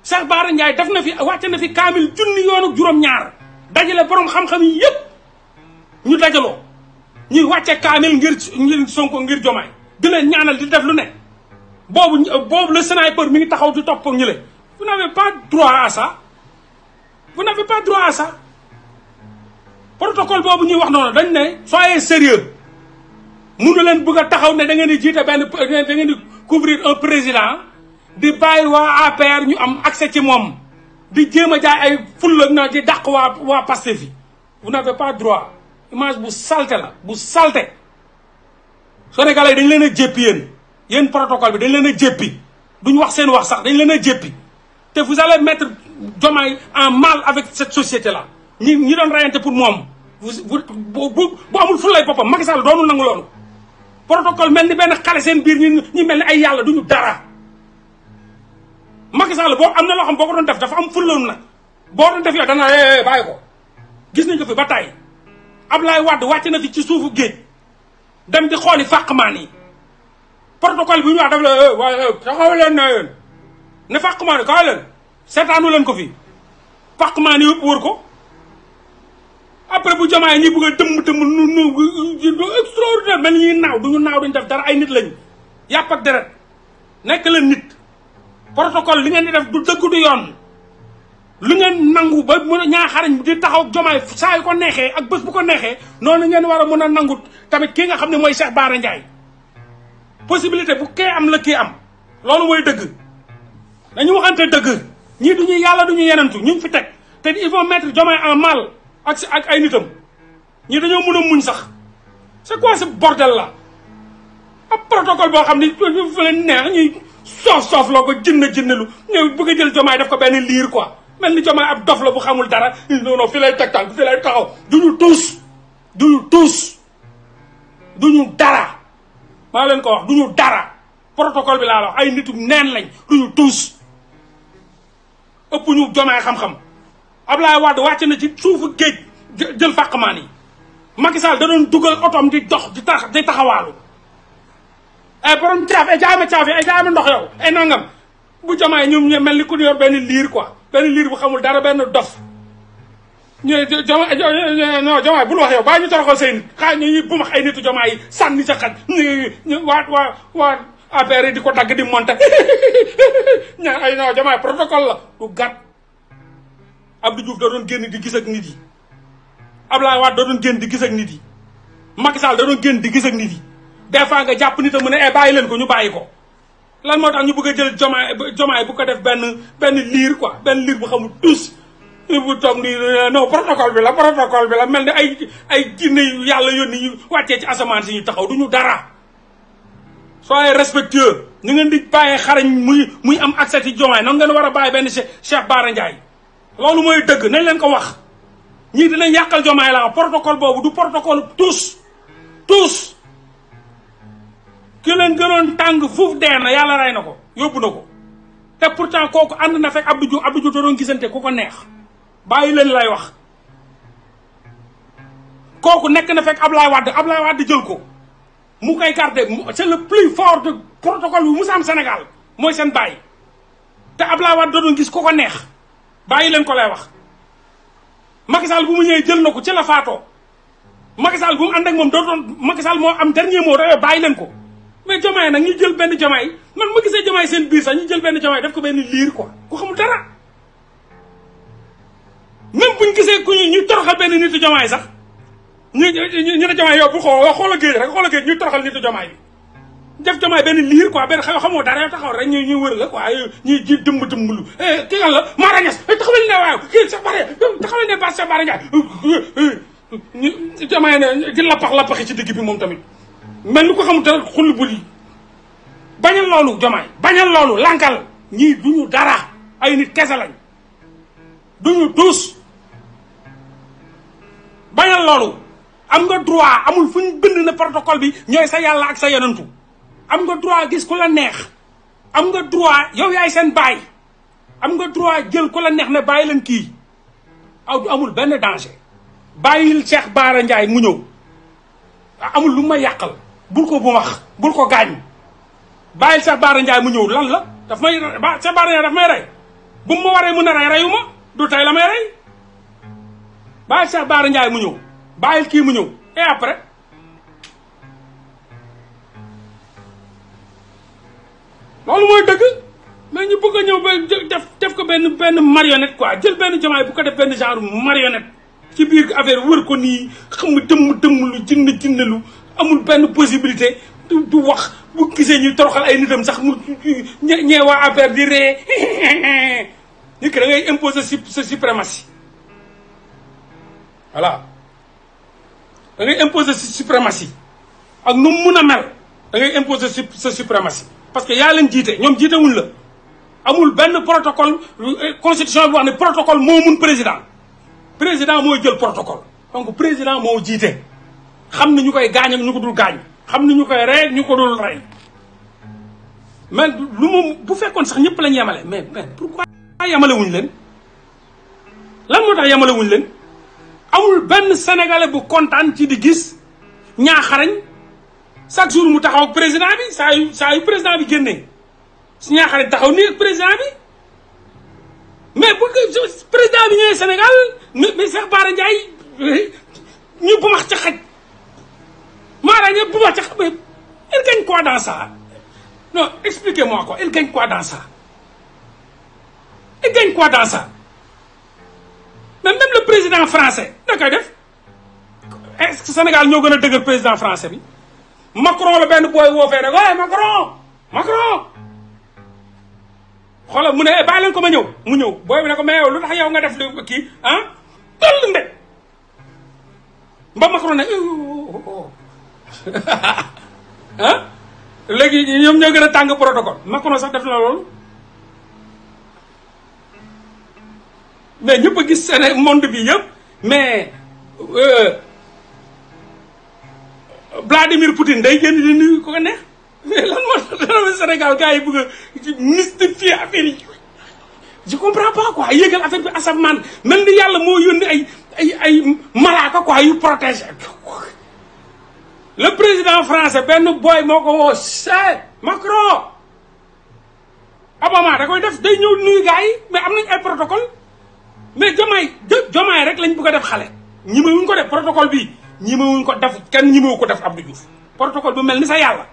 Cheikh Bara def na fi wàcce na fi kaamil junni yoon ak juróom-ñaar dajale boroom xam-xam yi yëpp ñu dajaloo ñuy wàcce kaamil ngir ngir Sonko ngir jomaay di ñaanal di def lu ne boobu boobu le sniper mi ngi taxaw di topp ñu le vous n'avez pas droit à ça vous pas droit à protocole boobu ñuy wax noonu dañu ne soyez sérieux mënu leen bëgg a taxaw ne da ngeen di jiite benn da ngeen di couvrir un président di bàyyi waa APR ñu am accès ci moom di jéem a jaay ay fulla na di dàq waa waa Pastef yi vous n'avez pas droit image bu salté la bu salte Sénégalais yi dañ leen a jéppi yéen yéen protocole bi dañ leen a jéppi duñ wax seen wax sax dañ leen a jëppi te vous allez mettre Diomaye en mal avec cette société la ñi ñi doon rayante pour moom bu bu amul fulay boppam Macky Sall doonul nangu loolu protocole mel ni benn xale seen biir ñu ñu mel ni ay yàlla duñu dara Macky Sall boo am na loo xam boo ko doon def dafa am fulloon nag boo doon def yow dana eh, eh, bàyyi ko gis nañ ko fi ba tàyyi Ablaye Wade wàcc na fi ci suufu géej dem di xooli fàqmaan yi protocole bi ñu wax daf la eh, waaye taxaw leen na yéen ne fàqmaan yi kaay leen seetaanu leen ko fi fàqmaan yi yëpp wër ko après bu jomaay ñi bëgg a dëmm dëmm nu nu extraordinaire mel ñuy naaw duñu naaw duñu def dara ay nit lañu yàpp ak deret nekk leen nit protocole li ngeen di def du dëgg du yoon lu ngeen nangu ba mën a ñaaxarañ di taxaw jomaay saa ko neexee ak bu ko neexee noonu ngeen war a mën a nangu tamit kii nga xam ne mooy Cheikh Bara Ndiaye possibilité bu kee am la kii am loolu mooy dëgg dañu waxante dëgg ñii ñuy yàlla duñu yenentu ñu fi teg te ils vont mettre jomaay en mal ak ak ay nitam ñi dañoo mën a sax c'est quoi ce bordel là ab protocole boo xam ni fa leen neex ñuy soof soof loo ko jënn jënnelu ñëw bëgg a jël jomaay def ko benn liir quoi mel ni jomaay ab dof la bu xamul dara non non fi lay teg tànk fi lay taxaw duñu tuus duñu tuus duñu dara maa leen ko wax duñu dara protocole bi laa wax ay nitu neen lañ ñu tuus ëpp ñu jomaay xam-xam Ablaye Wade wàcc na ci suufu géej jël fàqmaan yi Macky Sall da doon dugal otoom di dox di tax di taxawaalu ay eh, borom caaf ay eh, jaay caaf yi ay eh, jaay ndox yow ay nangam bu jamaay ñu mel ni ku ñu yor benn liir quoi benn liir bu xamul dara benn dof ñu jamaay non bul wax yow baa ñu toroxal say nit xaa ñu bu max ay nitu jamaay yi sànni sa xaj waa waa waa affaire yi di ko dagg di monté ñaan jamaay protocole la du gàtt Abdou Diouf da doon génn di gis ak nit yi Abdoulaye Wade da doon génn di gis ak nit yi Macky Sall da doon génn di gis ak nit yi des nga jàpp nit a mu ne eh, bàyyi leen ko ñu bàyyi ko. lan moo tax ñu bëgg jël jomaay jomaay bu ko def benn benn liir quoi benn liir bu xamul tous bu toog ni eh, non protocole bi la protocole bi la mel ni ay ay yu yàlla yónni ñu wàccee ci asamaan si ñu taxaw du ñu dara. soyez respectueux ñu ngeen di bàyyee xarañ muy muy am accès ci jomaay noonu ngeen war a bàyyi benn Cheikh Bara Ndiaye. loolu mooy dëgg nañ leen ko wax ñii dinañ yàqal jomaay laa protocole boobu du protocole tous tous ki leen gënoon tàng fuuf dee na yàlla rey na ko yóbbu na ko te pourtant kooku ànd na fekk Abdou Diouf Abdou da doon gisante ku ko neex bàyyi leen lay wax kooku nekk na fekk Ablaye Wade Ablaye Wade jël ko mu koy garder c'est le plus fort de protocole bu mu am Sénégal mooy seen bàyyi te Ablaye Wade da doon gis ku ko neex bàyyi leen ko lay wax Macky Sall bu mu ñëwee jël na ko ci la faatoo Macky Sall bu mu ànd ak moom dootoon Macky Sall moo am dernier mot rek bàyyi leen ko mais jomaay nag ñu jël benn jomaay man ma gisee jomaay seen biir sax ñu jël benn jomaay def ko benn liir ko ku xamul dara même buñ gisee ku ñu toroxal benn nitu jomaay sax ñu ñu ne jomaay yow bu xoo wax xoola géej rek xoola géej ñu toroxal nitu jomaay def jamaay benn liir quoi benn xaw xamoo dara taxaw rek ñu ñuy wër la quoi ñuy ji dëmb dëmb lu eh, ki nga la Mara eh, taxawal ne waaw kii Cheikh Bara taxawal ne Bass Cheikh Bara Ndiaye jamaay eh, ne di lappax lappaxi ci digg bi moom tamit mel ni ko xamul dara xulli bul yi loolu jamaay bañal loolu lankal ñii duñu dara ay nit kese lañ duñu tuus bañal loolu am nga droit amul fu ñu bind na protocole bi ñooy sa yàlla ak sa yonantu am nga droit gis ku la neex am nga droit yow yaay seen baay am nga droit jël ku la neex ne bàyyi leen kii aw amul benn danger bàyyil Cheikh Baara Ndiaye mu ñëw amul lu ma yàqal bul ko bu bul ko gaañ bàyyil Cheikh Baara Ndiaye mu ñëw lan la daf may Cheikh Baara Ndiaye daf may rey ma du tey la may rey bàyyil Cheikh Baara mu ñëw bàyyil kii mu ñëw et après loolu mooy dëgg mais ñu bëgg a ñëw ba def def ko benn benn marionnette quoi jël benn jamaay bu ko def benn genre marionnette ci biir affaire wër ko nii xam dëmm dëmm lu jinn jinn lu amul benn possibilité du wax bu gisee ñu toroxal ay nitam sax mu ñee waa affaire di ree nit ki da ngay imposer sa suprématie voilà da ngay imposer ak nu mun a mel da ngay imposer sa parce que yaa leen jiite ñoom jiite wuñ la amul benn protocole eh, constitution bi wax ne protocole moo mun président président mooy jël protocole donc président moo jiite xam na ñu koy gaañ ak ñu ko dul gaañ xam na ñu koy rey ñu ko dul rey mais lu mu bu fekkoon sax ñëpp lañ yemale mais mais pourquoi yamalewuñ leen lan moo tax yemale leen amul benn sénégalais bu kontaan ci di gis ñaaxarañ chaque jour mu taxaw président bi saa yu saa yu président bi génnee su ñaaxare taxaw nii ak président bi mais bu président bi ñëwee Sénégal mais Cheikh Bara Ndiaye ñu bu max ca xaj Mara ñu bu max ca xaj il gagne quoi dans ça non expliquez-moi quoi il gagne quoi dans ça il gagne quoi dans ça mais même le président français da koy def est-ce que Sénégal ñoo gën a dëgër président français bi Macron la benn booy woo fee rek waaye Macron mu ne eh, bàyyi leen ko ma ñëw mu ñëw booy bi ne ko mais yow lu tax yow nga def li kii ah tëll nde mba Macron ne ah léegi ñoom ñoo gën a tàng protocole Macron sax def na loolu mais ñëpp a gis seen monde bi yëpp mais Vladimir Poutine day génn di nuyu ko neex mais lan moo Sénégal gars yi a mystifier affaire yi je comprends pas quoi yëgal affaire bi asamaan mel ni yàlla moo yónni ay ay ay malaaka quoi protégé le président français benn boy moo ko woo c'est Macron Obama da def day ñëw nuyu gars mais am nañ ay protocole mais jomaay jomaay rek lañ bëgg a def xale ñi ma wuñ ko def protocole bii ñimewuñ ko def kenn ñimewu ko def Abdou Diouf protocole bu mel ni sa yàlla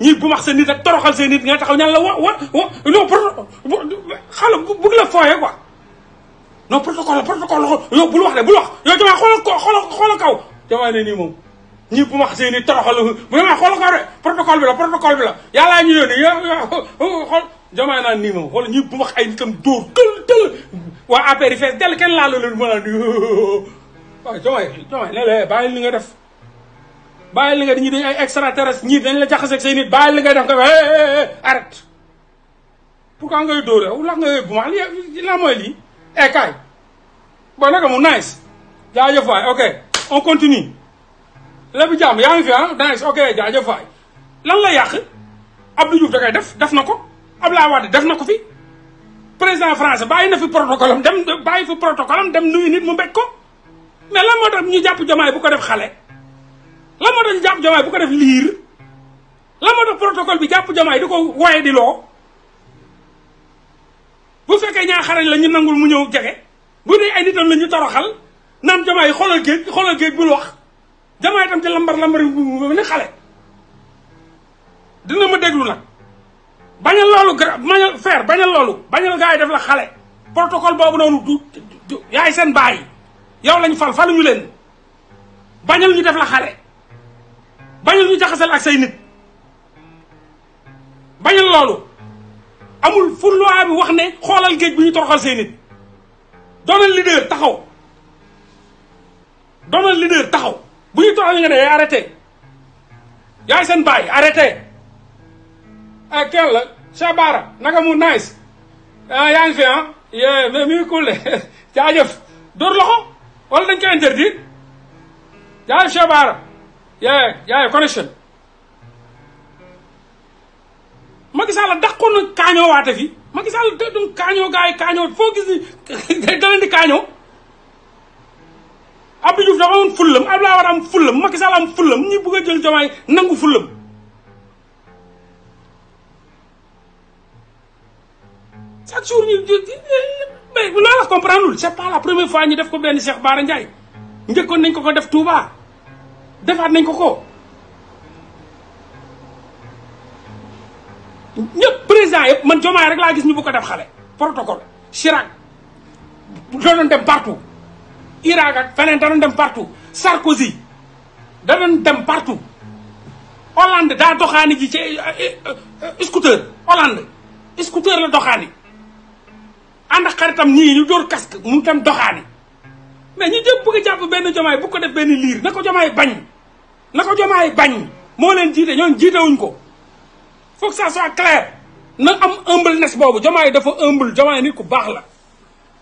ñi bu max sa nit ak toroxal seen nit nga taxaw ñaan la wa wa wa non pro xala bugg la fooyee quoi non protocole protocole yow bul wax de wax yow jamaa xoolal ko xoolal kaw jamaa ne nii moom la bu jamaa xoolal kaw de protocole bi la protocole bi la yàllaa ñu yónni yo xool jamaa naan nii moom xool ñi tël waa affaire fees dell kenn laa la leen mën a waaw Diomaye Diomaye ne la bàyyi li nga def bàyyi li nga def ñii dañ ay extraterrestre ñii dañ la jaxase ak say nit bàyyi li nga def nga arrête pourquoi ngay dóore wala ngay bu ma la mooy lii eh kaay boo naka mu nice jaajëf waay ok on continue lépp jàmm yaa ngi fi ah nice ok jaajëf waay lan la yàq Abdou Diouf da koy def def na ko Abdoulaye Wade def na ko fi président français bàyyi na fi protocole am dem bàyyi fi protocole am dem nuyu nit mu mbéj ko mais lan moo tax ñu jàpp jomaay bu ko def xale lan moo tax ñu jàpp jomaay bu ko def liir lan moo tax bi jàpp jomaay di ko woye di loo bu fekkee ñaa xarañ la ñu nangul mu ñëw jege bu dee ay nitam la ñu toroxal naan jomaay xoolal géej xoolal géej bul wax jomaay itam ci lambar lambar bu ne xale dina ma déglu nag bañal loolu gra bañal faire loolu bañal gaa yi def la xale protocole boobu noonu du yaay seen baay yow lañu fal faluñu leen bañal ñu def la xale bañal ñu jaxasal ak say nit bañal loolu amul fu loi bi wax ne xoolal géej bi ñu toroxal say nit doonal leader taxaw doonal leader taxaw bu ñu toroxal nga ne eh, yaay arrêté seen baay arrêté ak eh, kenn la Cheikh Bara naka mu nice eh, yaa ngi fi ah mais mi ngi cool jaajëf dóor loxo wala dañ koy interdire yaa Cheikh Bara yaa yaa connection Macky Sall dàqoon kaañoo waate fi Macky Sall da kaañoo gars kaañoo foo gis ni kaañoo Abdou Diouf dafa amoon fullam Abdoulaye Wade am fullam Macky Sall am fullam jël jomaay nangu fullam chaque jour ñu mais loo wax comprendre lul c'est pas la première fois ñu def ko benn Cheikh Bara Ndiaye njëkkoon nañ ko ko def Touba defaat nañ ko ko ñëpp président man Diomaye rek laa gis ñu bu ko def xale protocole Chirac da doon dem partout Irak ak feneen da doon dem partout Sarkozy da doon dem partout Hollande daa doxaani ji ci euh, euh, euh, scooter Hollande scooter la doxaani ànd ak xaritam ñii ñu dóor casque mu tam doxaani mais ñu jëm bëgg a jàpp benn jomaay bu ko def benn liir na ko jomaay bañ na ko jomaay bañ moo leen jiite ñoom jiitewuñ ko faut saa ça soit clair na am nes boobu jomaay dafa humble jomaay ni ku baax la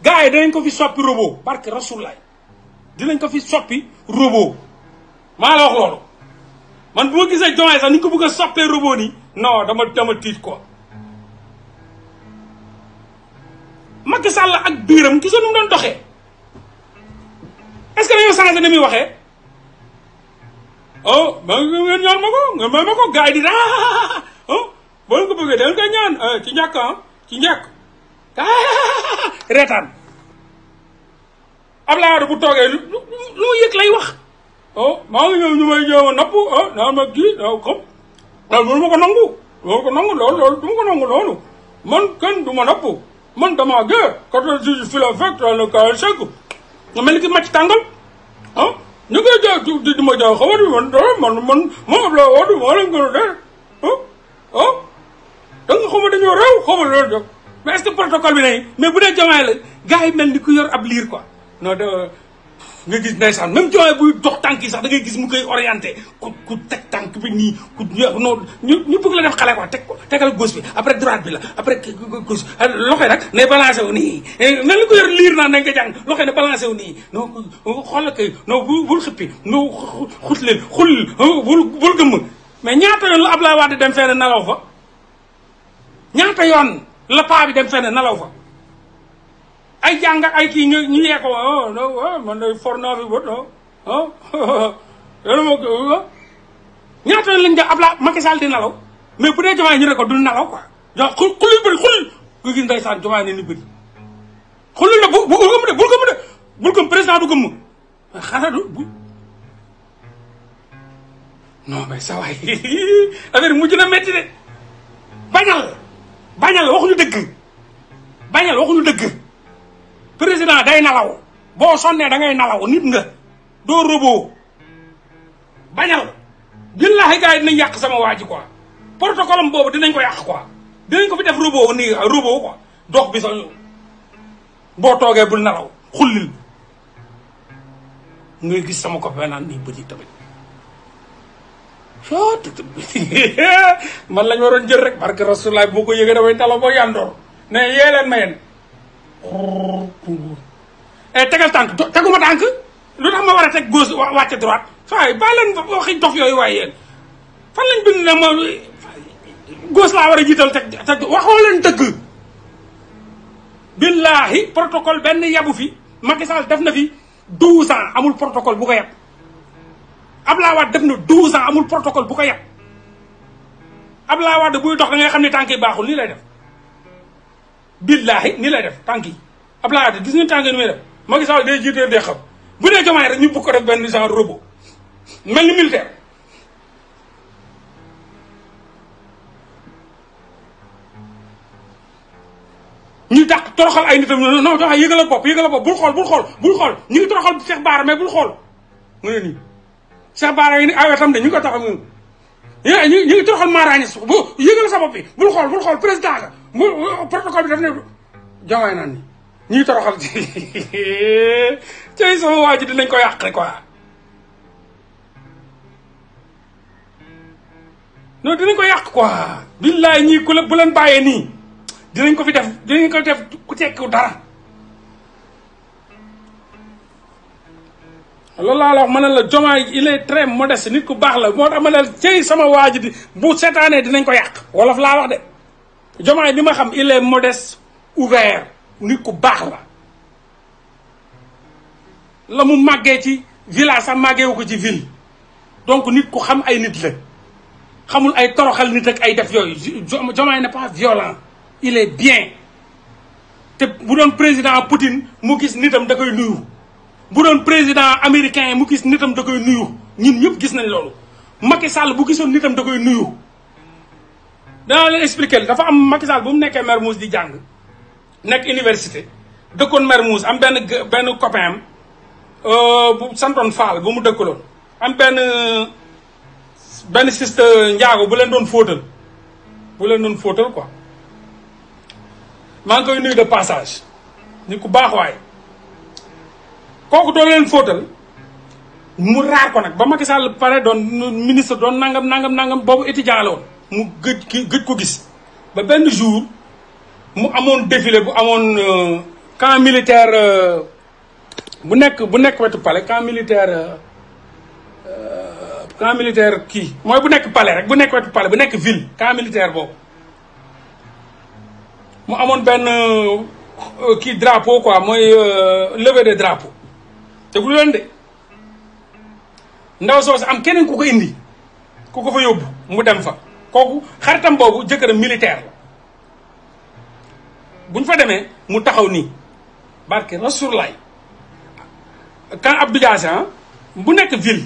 gars yi dañ ko fi soppi robot barke rasulaay dinañ ko fi soppi robot maa la man bu ma gisee jomaay sax ni ñu ko bëgg a soppee robot nii non dama dama tiit ko Macky Sall ak biiram toujours nu mu doon doxee est-ce que dañoo changé ni muy waxee oh ma ngeen ñaan ma ko nga may ma ko gars yi di ne ah oh boo ko bëggee da koy ñaan euh, ci ñàkk ah ci ñàkk ah reetaan Abdoulaye Wade bu toogee lu lu yëg lay wax oh maa ngi ñëw ñu may ñëw nopp oh naan ma kii naaw xam loolu mënu ma ko nangu loolu ko nangu loolu loolu du ma ko nangu loolu man kenn du ma nopp. man damaa dee quatorze jours fi la fekk la kaay segg nga mel ni ki màcc tàngal ah ñu koy jaay di di ma jaay xabar bi man dara ah, man man moo ab laa wadu maa leen gën a dee ah ah da nga xama dañoo réew xama loolu def mais est-ce que protocole bi nañu mais bu dee jamaay la gars yi mel ni ku yor ab liir quoi non de nga gis ndeysaan même joxe buy dox tànk yi sax da ngay gis mu koy orienté ku teg tànk bi nii ku non ñu ñu bëgg la def xale quoi ko tegal gauche bi après droite bi la après gauche ah loxo nag ne balancé wu nii nan la ko yor liir naa nañ ko jàng loxo ne balancé wu nii non xoolal kay non bu bul xippi no xut leen xul oh bul bul gëmm mais ñaata yoon la Ablaye Wade dem fenn nalaw fa ñaata yoon la bi dem fenn nalaw fa ay jàng ay kii ñu ñu yee ko oh non oh, man de for naa fi bët non oh, non oh, loolu moo ko ñaata lañ def Abla nalaw mais bu dee Diomaye ñu ne ko du nalaw quoi. donc xul xulul bëri ni bëri xulul la bu bu gëm de bul gëm de bul gëm président du du bu non mais sa waay na métti de bañal bañal waxuñu dëgg bañal waxuñu dëgg. président day nalaw boo sonnee da ngay nalaw nit nga doo robot bañal billahi gars yi dinañ yàq sama waa ji quoi protocole boobu dinañ ko yàq quoi dinañ ko fi def robot nii robot quoi dox bi sax boo toogee bul nalaw xullil nga gis sama copain naan nii bëri tamit man lañ waroon jël rek barke rasulaay boo ko yëgee damay nalaw boo yandoor ne yee leen Eh, tegal tànk teguma tànk lu tax ma war a teg gauche wàcce droite waaye baa leen waxi dof yooyu waaye fan lañ bind ne ma gauche laa war a jiital teg waxoo leen dëgg billaahi protocole benn yabu fi Macky def na fi douze ans amul protocole bu ko yab Abdoulaye Wade def na douze ans amul protocole bu ko yab Abdoulaye Wade buy dox da ngay xam ne tànk yi baaxul nii lay def billaahi ni lay def tànk yi Abdoulaye Wade gis nga tànk yi ni muy def Macky Sall day jiite dee xam bu dee jamaay rek ñu bëgg ko def benn genre robot mel ni militaire ñu dàq toroxal ay nitam non non joxe yëgal bopp yëgal ak bopp bul xool bul xool bul xool ñu ngi toroxal Cheikh Baara mais bul xool mu ne nii Cheikh Baara yi ni awee tam de ñu ngi ko taxaw ñu ngi toroxal maaraañi su bu yëgal sa bopp bul xool bul xool président la mu protocole bi daf ne jamaay naan ni ñuy toroxal ci cay sama waa ji dinañ ko yàqe quoi non dinañ ko yàq quoi billaay ñii ku bu leen bàyyee nii dinañ ko fi def dinañ ko def ku tekkiw dara loolu laa la wax ma ne la Diomaye il est très modeste nit ku baax la moo tax mën ne la cëy sama waaju di bu seetaanee dinañ ko yàq wolof laa wax de Diomaye bi ma xam il est modeste ouvert nit ku baax la la mu màggee ci village sax màggeewu ko ci ville donc nit ku xam ay nit la xamul ay toroxal nit ak ay def yooyu Diomaye n'est pas violent il est bien te bu doon président Poutine mu gis nitam da koy nuyu bu doon président américain mu gis nitam da koy nuyu ñun ñëpp gis nañ loolu Macky Sall bu gisoon nitam da koy nuyu danaa leen expliquer dafa am Macky Sall bu mu nekkee Mermoz di jàng nekk université dëkkoon Mermoz am benn benn copain am euh, bu santoon Fall bu mu dëkkaloon am benn benn siste njaago bu leen doon fóotal bu leen doon fóotal quoi maa ngi koy nuyu de passage ni ku baax kooku doon leen fóotal mu raar ko nag ba Macky Sall pare doon ministre doon nangam nangam nangam boobu étudiant la mu gëj ki gëj ko gis ba benn jour mu amoon défilé bu amoon euh, camp militaire euh, bu nekk bu nekk wetu palais camp militaire euh, camp militaire kii mooy bu nekk palais rek bu nekk wetu palais bu nekk ville camp militaire boobu mu amoon benn kii drapo quoi mooy levée de drapo te bu leen de ndaw soosu am keneen ku ko indi ku ko fa yóbbu mu dem fa kooku xaritam boobu jëkkëram militaire la bu fa demee mu taxaw nii barke rasurlaay camp Abdou Diassé ah, bu nekk ville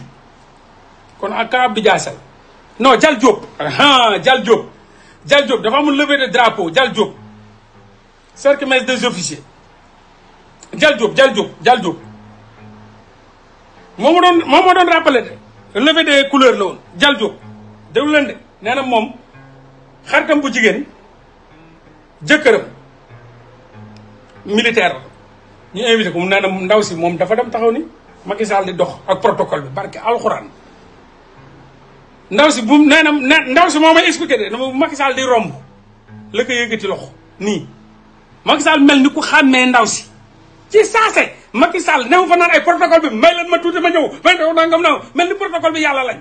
kon ak camp Abdou Diassé non Jal Diop Jal Diop Jal Diop dafa amul levée de drapeau Jal Diop cercle maître des officiers Jal Diop Jal Diop Jal Diop moo doon moo ma doon rappelé de levée des couleurs la woon Jal Diop déglu de nee na moom xaritam bu jigéen jëkkëram militaire la ñu invité ko mu nee ndaw si moom dafa dem taxaw ni Macky Sall di dox ak protocole bi barke alxuraan ndaw si bu nee na ndaw si moo may expliqué de dama Macky Sall di romb loxo nii Macky Sall mel ni ku xàmmee ndaw si ci saase Macky Sall ne fa naan ay protocole bi may leen ma tuuti ma ñëw may nangam nangam mel ni protocole bi yàlla lañ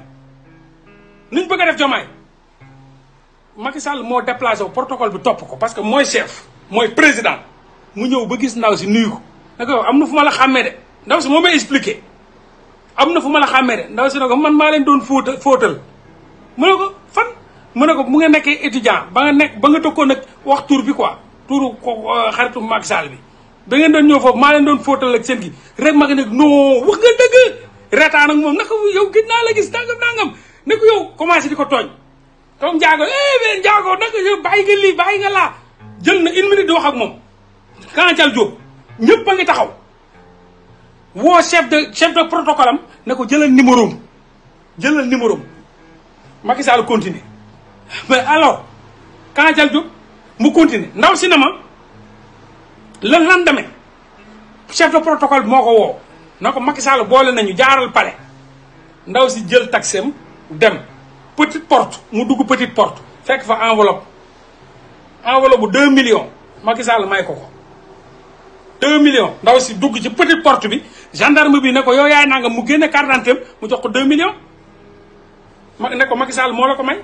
nuñ bëgg a def jomaay Macky Sall moo déplacé wu protocole bi topp ko parce que mooy chef mooy président mu ñëw ba gis ndaw si nuyu ko ne ko am na fu ma la xàmmee de ndaw si moo may expliqué am na fu ma la xàmmee ndaw si ne ko man maa leen doon fóota fóotal mu ne ko fan mu ne ko mu nga nekkee étudiant ba nga nekk ba nga tëkkoon ak wax tur bi quoi turu ko euh, xaritu Macky Sall bi ba ngeen ñëw foofu maa leen doon fóotal ak seen gi rek ma ne non wax nga dëgg reetaan ak yow gis naa la gis nangam nangam ne yow commencé di ko tooñ toog njaago eh mais njaago nag bàyyi nga lii bàyyi nga laa jël na une minute di wax ak moom. Kancal Diop ñëpp a ngi taxaw woo chef de chef de protocole ne ko jëlal numéro am jëlal numéro am Sall continuer mais alors Kancal Diop mu continuer ndaw si ne ma le lendemain chef de protocole moo ko woo na ko Macky boole nañu jaaral pare ndaw si jël taxem dem. petite porte mu dugg petite porte fekk fa enveloppe enveloppe bu deux millions Macky Sall may ko ko deux millions ndaw si dugg ci petite porte bi gendarme bi ne ko yow yaay nanga mu génne carte d'identité mu jox ko deux millions ma ne ko Macky Sall moo la ko may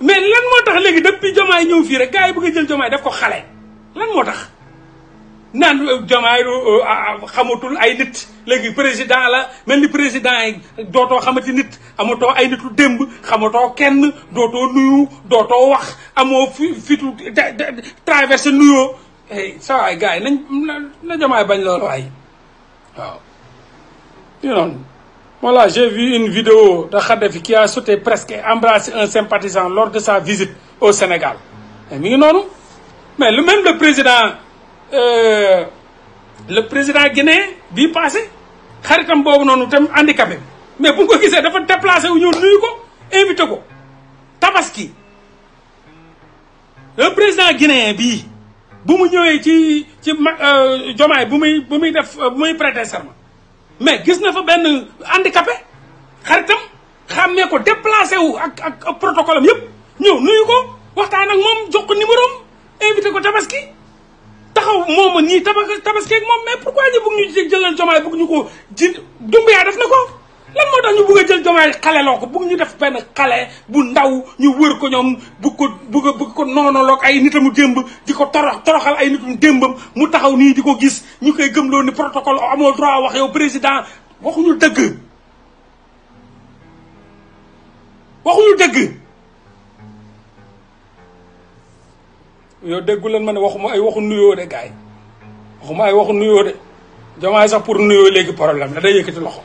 mais lan moo tax léegi depuis jomaay ñëw fii rek gars yi bëgg a jël def ko xale lan moo tax naan jamaay euh, euh, euh, ah, ah, xamatul ay nit léegi président la mel ni président yi dootoo xamati nit amatoo ay nitu démb xamatoo kenn dootoo nuyu dooto wax amoo fi fitu traversé nuyoo sa eh, waay gars yi nañ na jamaay bañ loolu waay waaw you know voilà j'ai vu une vidéo de Kadhafi qui a sauté presque embrassé un sympathisant lors de sa visite au Sénégal eh, mi ngi noonu mais le même le président Euh, le président guinéen bii passé xaritam boobu noonu tam handicapé bi mais bu nga ko gisee dafa déplacé wu ñëw nuyu ko invité ko tabaski le président guinéen bii bu mu ñëwee ci ci jomaay euh, bu muy bu muy def bu muy prêter serment mais gis na fa benn handicapé xaritam xàmmee ko déplacé wu ak ak protocole yëpp ñëw nuyu ko waxtaan ak moom jox ko numéro am invité ko tabaski taxaw moomu ñii tabas tabaskeeg moom mais pourquoi ñu bëgg ñu jël jomaay bëgg ñu ko ji dumbuyaa def na ko lan moo tax ñu bëgg jël jomaay xale loo ko bëgg ñu def benn xale bu ndaw ñu wër ko ñoom bëgg ko bëgg a bëgg ko noonaloog ay nit nitamu démb di ko torox toroxal ay nitum démbam mu taxaw nii di ko gis ñu koy gëmloo ni protocole amoo droit wax yow président waxuñu dëgg waxuñu dëgg yow déggu leen ma ne waxuma ay waxu nuyoo de gars yi waxu nuyoo de jamaay sax pour nuyoo léegi problème la day yëkkati loxo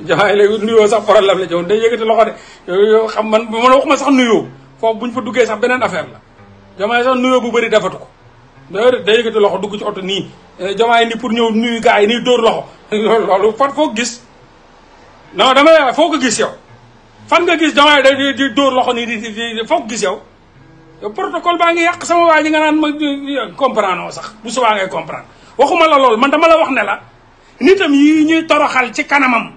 jamaay léegi nuyoo sax problème la jow day yëkkati loxo de yow yow xam man man waxuma sax nuyoo foo bu ñu fa duggee sax beneen affaire la jamaay sax nuyoo bu bëri defatu ko day day yëkkati loxo dugg ci oto nii eh, jamaay ni pour ñëw nuyu gars yi nii dóor loxo loolu loolu fan foo gis non dama foo ko gis yow fan nga gis jamaay day di loxo nii di di foo ko gis yow protocole baa ngi yàq sama waa ji nga naan ma comprendre oo sax bu subaa ngay comprendre waxuma la lool man dama la wax ne la nitam yi ñuy toroxal ci kanamam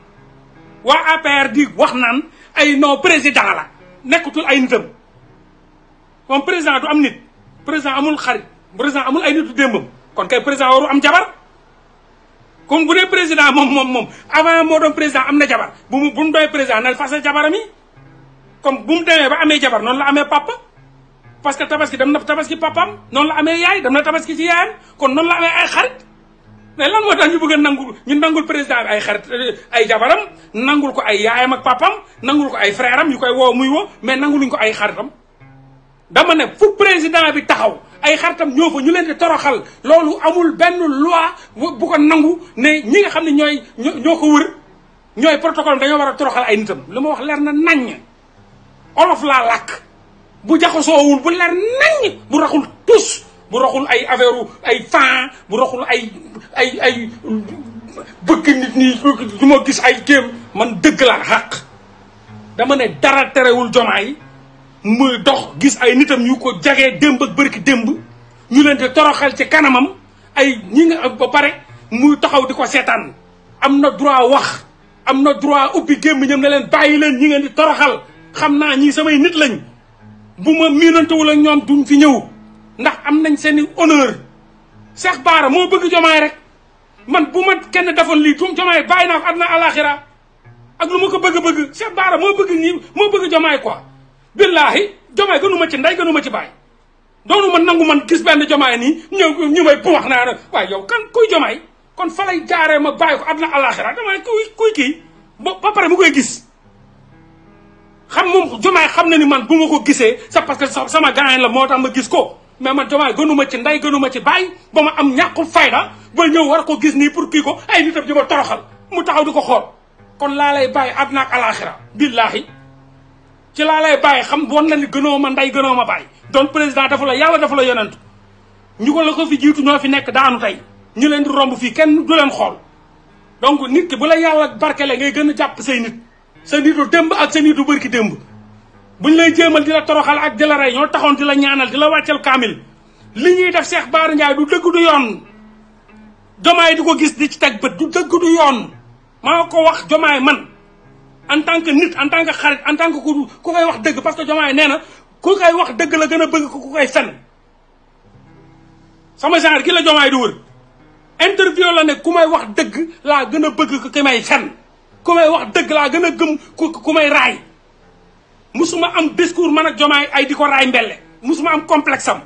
waa APR di wax naan ay noo président la nekkatul ay nitam moom président du am nit président amul xarit président amul ay nitu démbam kon kay président waru am jabar kon bu dee président moom moom moom avant moo doon président am na jabar bu mu bu mu doy président na fase jabaram yi comme bu mu demee ba amee jabar noonu la amee papa parce que tabaski dem na tabaski papam noonu la amee yaay dem na tabaski ci yaayam kon noonu la amee ay xarit mais lan moo tax ñu bëgg ñu nangul président ay xarit euh, ay jabaram nangul ko ay yaayam ak papam nangul ko ay frère am koy woo muy woo mais nanguluñ ko ay xaritam dama ne fu président bi taxaw ay xaritam ñoo fa ñu leen di toroxal loolu amul benn loi bu ko nangu ne ñi nga xam ne ñooy ñoo ko wër ñooy protocole dañoo war a toroxal ay nitam lu ma wax leer na naññ olof laa làkk bu jaxasoowul bu leer naññ bu raxul tus bu raxul ay affaire ay fan bu raxul ay ay ay bëgg nit ñi du ma gis ay kéem man dëgg laa xaq dama ne dara terewul jomaay muy dox gis ay nitam yu ko jagee démb ak bërki démb ñu leen di toroxal ci kanamam ay ñi nga ba pare muy taxaw di ko seetaan am na droit wax am na droit ubbi gémmiñam ne leen bàyyi leen ñi ngeen di toroxal xam naa ñii samay nit lañ bu ma miinantewul ak ñoom du fi ñëw ndax am nañ seeni honneur Cheikh Bara moo bëgg jomaay rek man bu ma kenn defoon lii tuum jomaay bàyyi naa ko àddina alaxira ak nu ma ko bëgg-bëgg Cheikh Bara moo bëgg ñi moo bëgg jomaay ko billaahi jomaay gënu ma ci ndey gënu ma ci bàyyi doonu man nangu man gis benn jomaay nii ñëw ñu may bu wax naa ne waaye yow kan kuy jomaay kon fa lay jaaree ma bàyyi ko àddina alaxira damay kuy kuy kii ba pare mu koy gis xam moom jomaay xam na ni man bu ma ko gisee c'est parce que sama gaañ la moo tax ma gis ko mais man jomaay gënuma ci ndey gënuma ci bàyyi ba ma am ñàkku fayda ba ñëw war ko gis nii pour kii ko ay nitam di ma toroxal mu taxaw di ko xool kon laa lay bàyyi àdduna ak alaaxira billaahi ci laa lay bàyyi xam woon na ni gënoo ma ndey gënoo ma bàyyi doon président dafa la yàlla dafa la yonent ñu ko la ko fi jiitu ñoo fi nekk daanu tey ñu leen di romb fii kenn du leen xool donc nit ki bu la yàlla barkele ngay gën a jàpp say nit sa nitu démb ak sa bër ki démb bu buñ lay jéemal di la toroxal ak di la rey ñoo taxoon di la ñaanal di la wàccal kaamil li ñuy def Cheikh Bara Ndiaye du dëgg du yoon jomaay di ko gis di ci teg bët du dëgg du yoon maa ko wax jomaay man en tant que nit en tant que xarit en tant que ku ku koy wax dëgg parce que jomaay nee na ku koy wax dëgg la gën a bëgg ko koy fen sama genre ki la jomaay di wër interview la ne ku may wax dëgg laa gën a bëgg ki may fen ku may wax dëgg laa gën a gëm ku ku may raay musuma am discours man a jomaay ay di ko raay mbelle musuma am complexe am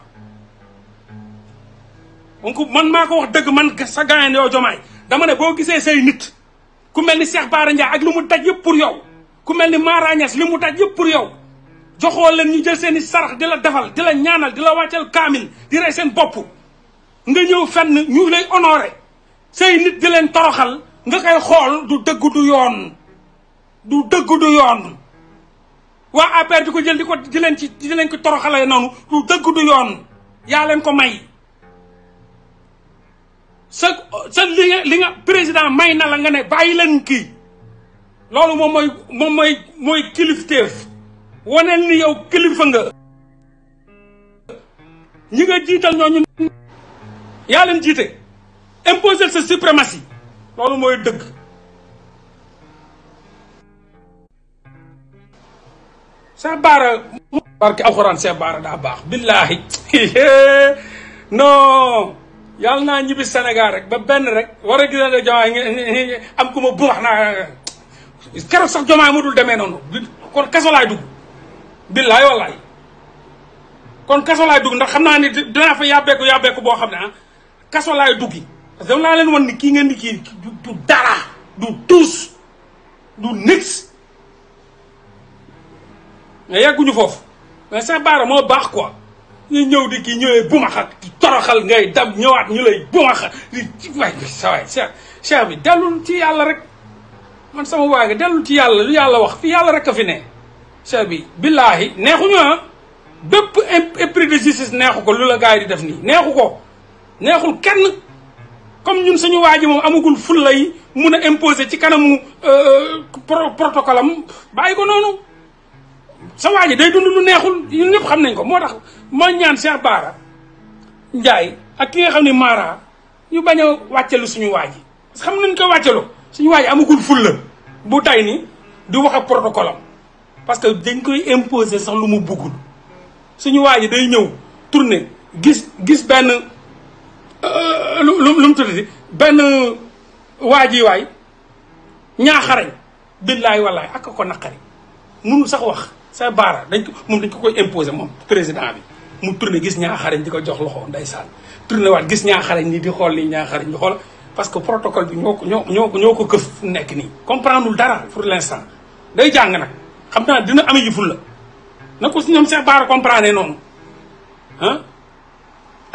donc man maa ko wax dëgg man sa gaañan yow jomaay dama ne boo gisee say nit ku mel ni Cheikh Bara Ndiaye ak li mu daj yëpp pour yow ku mel ni Mara Niass li mu daj yëpp pour yow joxoo leen ñu jël seen i sarax di la defal di la ñaanal di la wàcceel kaamin di rey seen bopp nga ñëw fenn ñu lay honoré say nit di leen toroxal nga koy xool du dëgg du yoon du dëgg du yoon waa APR di ko jël di ko di ci di leen ko toroxalee noonu du dëgg du yoon yaa ko may sa li nga li président may na la nga ne bàyyi leen kii loolu moom mooy mooy mooy kilifteef waneel ni yow kilifa nga ñi nga jiital ñooñu yaa jiite imposer sa suprématie loolu mooy dëgg Cheikh Bara barke alxuraan Cheikh Bara daa baax billaahi non yàlla naa ñibbi Sénégal rek ba benn rek war a gisal jomaay am ku ma naa keroog sax jomaay mu dul demee noonu kon kaso laay dugg billaay wallaay kon kaso dugg ndax xam naa ni dinaa fa yàbbeeku yàbbeeku boo xam ne ah kaso duggi parce dama naa leen wan ni kii ngeen di kii du dara du tuus du nix mais yegguñu foofu mais Cheikh Bara moo baax ko ñu ñëw di kii ñëwee bumax di toroxal ngay dab ñëwaat ñu lay bumax di waay sa waay bi dellul ci yàlla rek man sama waa gi dellul ci yàlla lu yàlla wax fi yàlla rek a fi ne Cheikh bi billaahi neexuñu ah bépp épris de justice neexu ko lu la gars yi di def nii neexu ko neexul kenn comme ñun suñu waa yi moom amagul fulla yi mun a imposer ci kanamu euh, euh, protocole am bàyyi ko noonu sa waa ji day dund lu neexul ñun ñëpp xam nañ ko moo tax ma ñaan Cheikh Bara Ndiaye ak ki nga xam ne Mara ñu bañ a wàccalu suñu waa ji xam nañ ko wàccalu suñu waaj ji amagul fulla bu tay ni di wax ak protocole parce que dañ koy imposer sax lu mu buggul suñu waa yi day ñëw tourner gis gis benn Euh, lu lu mu tuddati benn waa ji waay ñaaxarañ billaay wallaay ak ko naqari mënul sax wax sa baara dañ ko moom dañ ko koy imposer moom président bi mu tourné gis ñaaxarañ di ko jox day ndeysaan tourné waat gis ñaaxarañ nii di xool nii ñaaxarañ di xool parce que protocole bi ñoo ko ñoo ñoo ñoo ko këf nekk nii comprendre dara pour l'instant day jàng nag xam naa dina am yi ful la na ko si ñoom Cheikh Bara comprendre noonu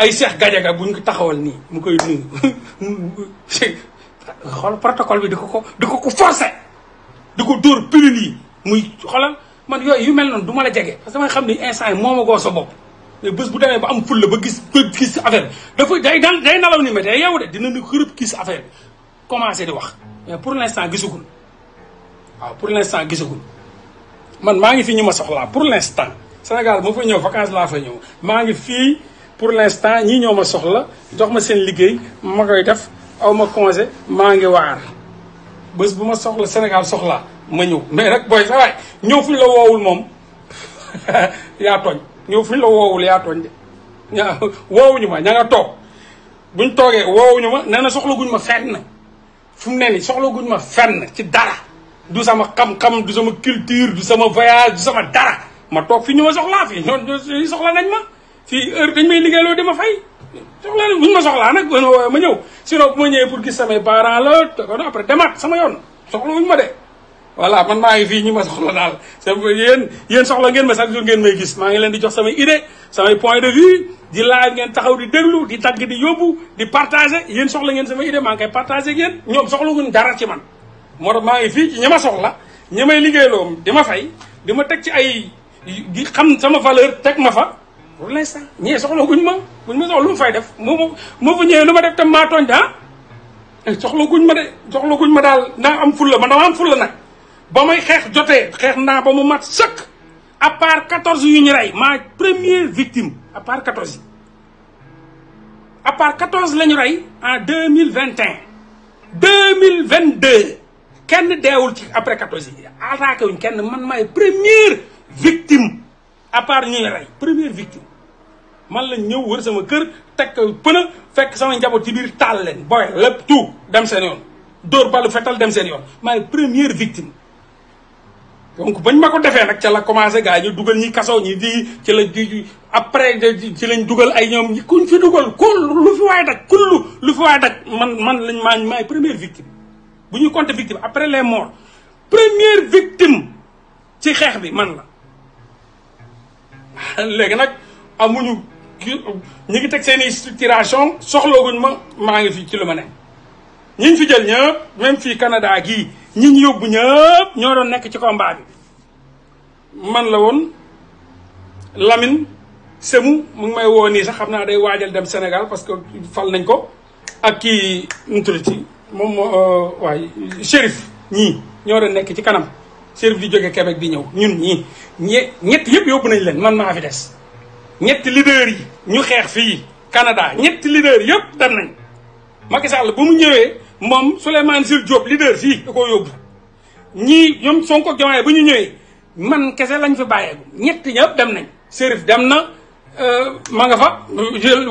ay Cheikh Gadiaga buñ ko taxawal nii mu koy nuyu xool protocole bi di ko ko di ko ko forcé di ko dóor pilule yi muy xoolal man yooyu yu mel noonu duma ma la jege parce que damay xam ni instant yi moo ma goo sa bopp mais bés bu demee ba am fulla ba gis ba gis affaire bi dafa day dal day nalaw ni mais day yow de dina ni xërëb gis affaire bi commencé di wax mais pour l' instant gisagul waaw pour l' instant gisagul man maa ngi fi ñu ma soxlaa pour l' instant Sénégal moo fa ñëw vacances laa pour l'instant ñii ñoo ma soxla jox ma seen liggéey ma koy def aw ma congé maa ngi waar bés bu ma soxla Sénégal soxla ma ñëw mais rek booy sa waay ñëw fu ñu la woowul moom yaa tooñ ñëw fu ñu la woowul yaa de ña woowuñu ma ña nga toog buñ toogee woowuñu ma nee na soxla guñ ma fenn fu mu ne nii soxla guñ ma fenn ci dara du sama xam-xam du sama culture du sama voyage du sama dara ma toog fu ñu ma soxlaa fii ñoon soxla nañ ma fii heure dañ may liggéeyloo di ma fay soxlaa nag buñ ma soxlaa nag ma ñëw sinon bu ñëwee pour gis yoon soxla wuñ ma de voilà man maa ngi fii ñi ma soxla daal sa yéen yéen soxla ngeen ma chaque jour ngeen may gis maa ngi leen di jox samay idée samay point de vue di laaj ngeen taxaw di déglu di tagg di yóbbu di soxla ngeen samay idée maa ngi koy partagé ak yéen ñoom soxlaguñ dara ci man moo tax maa ngi fii ci ñi ma soxla ñi di ma fay di ma teg ci ay xam sama valeur teg ma fa pour l' instant ñee soxla guñ ma buñ ma lu mu fay def moo moo fa ñëwee lu ma def tam maa tooñ eh, guñ ma de soxla guñ ma daal naa am fulla ma dama am fulla nag ba may xeex jotee xeex naa ba mu mat sëkk à par 14 yu ñu rey maa première victime à part 14 yi à part 14 la ñu rey en vingt 2022 kenn deewul ci après 14 yi attaqué wuñ kenn man maay première victime à part ñu ñu rey première victime man lañ ñëw wër sama kër teg pën fekk sama njaboot ci biir taal leen booy lépp tout dem seen yoon dóor balu fetal dem seen yoon maay première victime donc bañ ma ko defee nag ca la commencé gars yi ñu dugal ñi kaso ñi di ci la après ci lañ dugal ay ñoom kuñ fi dugal ku lu fi waay daj kullu lu fi waay daj man man lañ maa maay première victime bu ñuy compter victime après les morts première victime ci xeex bi man la léegi nag amuñu ñu ngi teg seen i structuration soxlooguñ ma maa ngi fi ci lu ma ne ñiñ fi jël ñëpp même fii Canada gii ñiñ yóbbu ñëpp ñoo doon nekk ci combat man la woon Lamine Semou mu ngi woo nii sax xam naa day waajal dem Sénégal parce que fal nañ ko ak kii nutriti moom moo euh, waaye Chérif ñii ñoo doon nekk ci kanam Chérif di jóge Québec di ñëw ñun ñi ñe ñett yëpp yóbbu nañ leen man maa fi des ñetti leader yi ñu xeex fii Canada ñetti leader yëpp dem nañ Macky Sall ba mu ñëwee moom Souleymane Jules Diop leader fii da koo yóbbu ñii ñoom Sonko Diomaye bu ñu ñëwee man kese lañ fi bàyyeeku ñetti ñëpp dem nañ Serif dem na euh, ma nga fa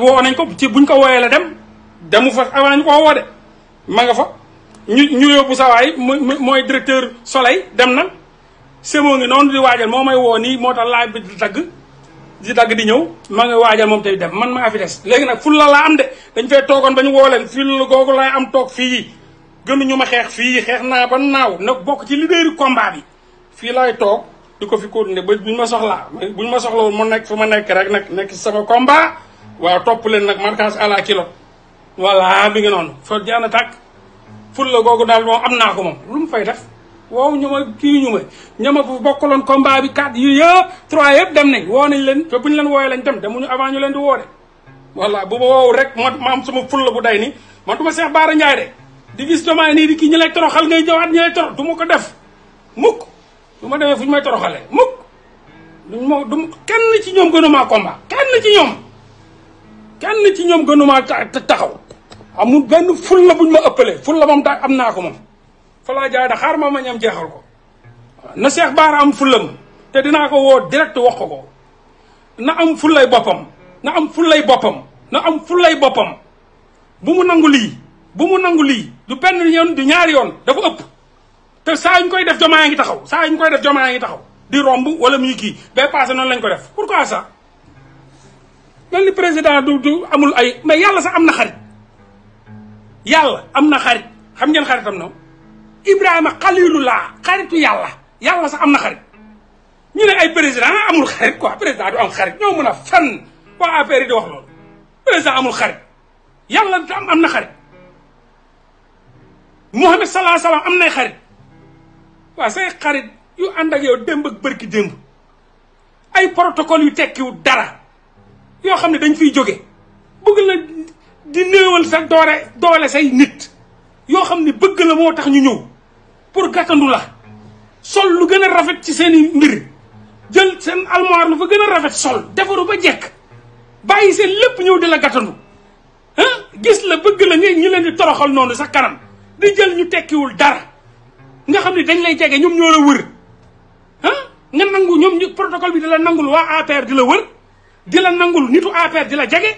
woo nañ ko ci buñ ko wooyee la dem demu fa avant ah, ñu ko woo de ma nga fa ñu ñu yóbbu sawaay mooy directeur Soleil dem na semoo ngi noonu di waajal moo may woo nii moo tax laaj bi dagg di dagg di ñëw ma nga waajal moom tey dem man maa fi des léegi nag ful la laa am de dañ fee toogoon ba ñu woo leen ful la googu laay am toog fii gënuñu ma xeex fii xeex naa ba naaw nag bokk ci leader combat bi fii laay toog di ko fi continuer ba buñ ma soxla buñ ma soxla woon mu nekk fu ma nekk rek nag nekk ci sama combat waaw topp leen nag marquage à la kilo voilà bi nga noonu fa jaana tàkk ful la googu daal moom am naa ko moom lu mu fay def woowu ñu ma kii ñu ma bokk loon bokkaloon combat bi quatre yi yëpp trois yëpp dem nañ woo leen te bu ñu leen wooyee lañ dem demuñu avant ñu leen di woo de voilà bu ma woowu rek ma ma am sama fulla bu day ni man du ma Cheikh Bara Ndiaye de di gis domaay nii di kii ñu lay toroxal ngay ñëwaat ñu lay torox du ma ko def mukk du ma demee fu ñu may toroxalee mukk duñ ma du kenn ci ñoom gënumaa combat kenn ci ñoom kenn ci ñoom gënumaa taxaw amul benn ful la buñ ma ëppalee ful la moom daa am naa ko moom fa laa da xaar moom ma ñam jeexal ko na Cheikh Bara am fulam te dinaa ko woo direct wax ko ko na am fulay boppam na am fulay boppam na am fulay boppam bu mu nangu lii bu mu nangu lii du benn yoon du ñaari yoon dafa ëpp te saa ñu koy def jomaa ngi taxaw saa ñu koy def jomaa ngi taxaw di romb wala muy kii ba passé noonu lañ ko def pourquoi ça mel ni président du du amul ay mais yàlla sax am na xarit yàlla am na xarit xam ngeen xaritam noonu Ibrahima xalilulaa xaritu yàlla yàlla sax am na xarit ñu ne ay président amul xarit quoi président du am xarit ñoo mën a fenn waa am am na xarit Mouhamed salaa salaam am nay xarit waa say xarit yu ànd ak yow démb bërki démb ay protocole yu tekkiwu dara yoo xam ne dañ fiy jóge bëgg la di néewal sa doore doole say nit yoo xam ni bëgg la moo tax ñu ñëw pour gàttandu la sol lu gën a rafet ci seen i mbir jël seen almoir lu fa gën a rafet sol defaru ba jekk bàyyi seen lépp ñëw di la gàttandu ah gis la bëgg la nga ñu leen di toroxal noonu sax kanam di jël ñu tekkiwul dara nga xam ni dañ lay jege ñoom ñoo la wër ah nga nangu ñoom ñu protocole bi di la nangul waa APR di la wër di la nangul nitu APR di la jege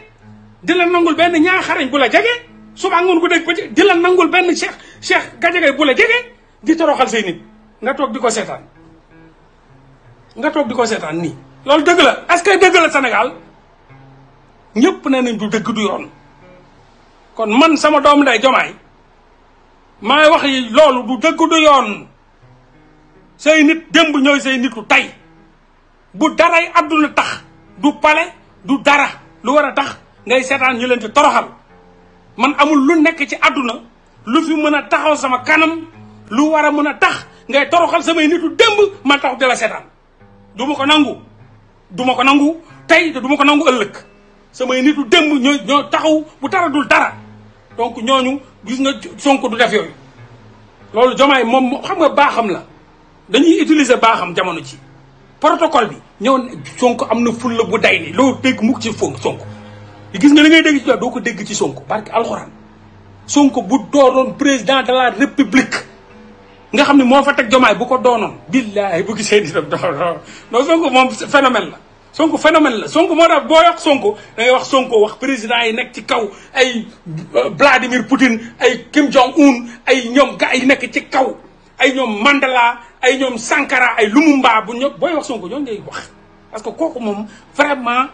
di la nangul benn ñaaxarañ bu la jege suba ngoon ko dégg ba ci di la nangul benn Cheikh Cheikh Gadiaga bu la jege di toroxal say nit nga toog di ko seetaan nga toog di ko seetaan nii. loolu dëgg la est que dëgg la Sénégal ñëpp nee nañ du dëgg du yoon kon man sama doom ndey jomaay maay wax yi loolu du dëgg du yoon say nit démb ñooy say nitu tey bu daray àdduna tax du pale du dara lu war a tax ngay seetaan ñu leen di toroxal man amul lu nekk ci àdduna lu fi mën a taxaw sama kanam lu war a mën a tax ngay toroxal samay nitu démb man tax di la seetaan du ma ko nangu duma ko nangu tey te duma ko nangu ëllëg samay nitu démb ñoo ñoo taxaw bu dara dul dara donc ñooñu gis nga sonk du def yooyu loolu jomaay moom xam nga baaxam la dañuy utiliser baaxam jamono ci protocole bi ñëw Sonko am na la bu day ni loolu dégg mukk ci fon sonk gis nga li ngay dégg ci doo ko dégg ci sonk parce que alxuraan sonk bu dooroon président de la république nga xam ne moo fa teg jomaay bu ko doonoon billaahi bu gisee ni daf doo non sonko moom phénomène la sonko phénomène la sonko moo tax boo wax sonko da wax sonkoo wax président yi nekk ci kaw ay euh, Vladimir Poutine ay Kim Jong ay ñoom yi nekk ci kaw ay ñoom Mandela ay ñoom Sankara ay Lumumba bu ño booy wax sonko ñoo ngay wax parce que kooku moom vraiment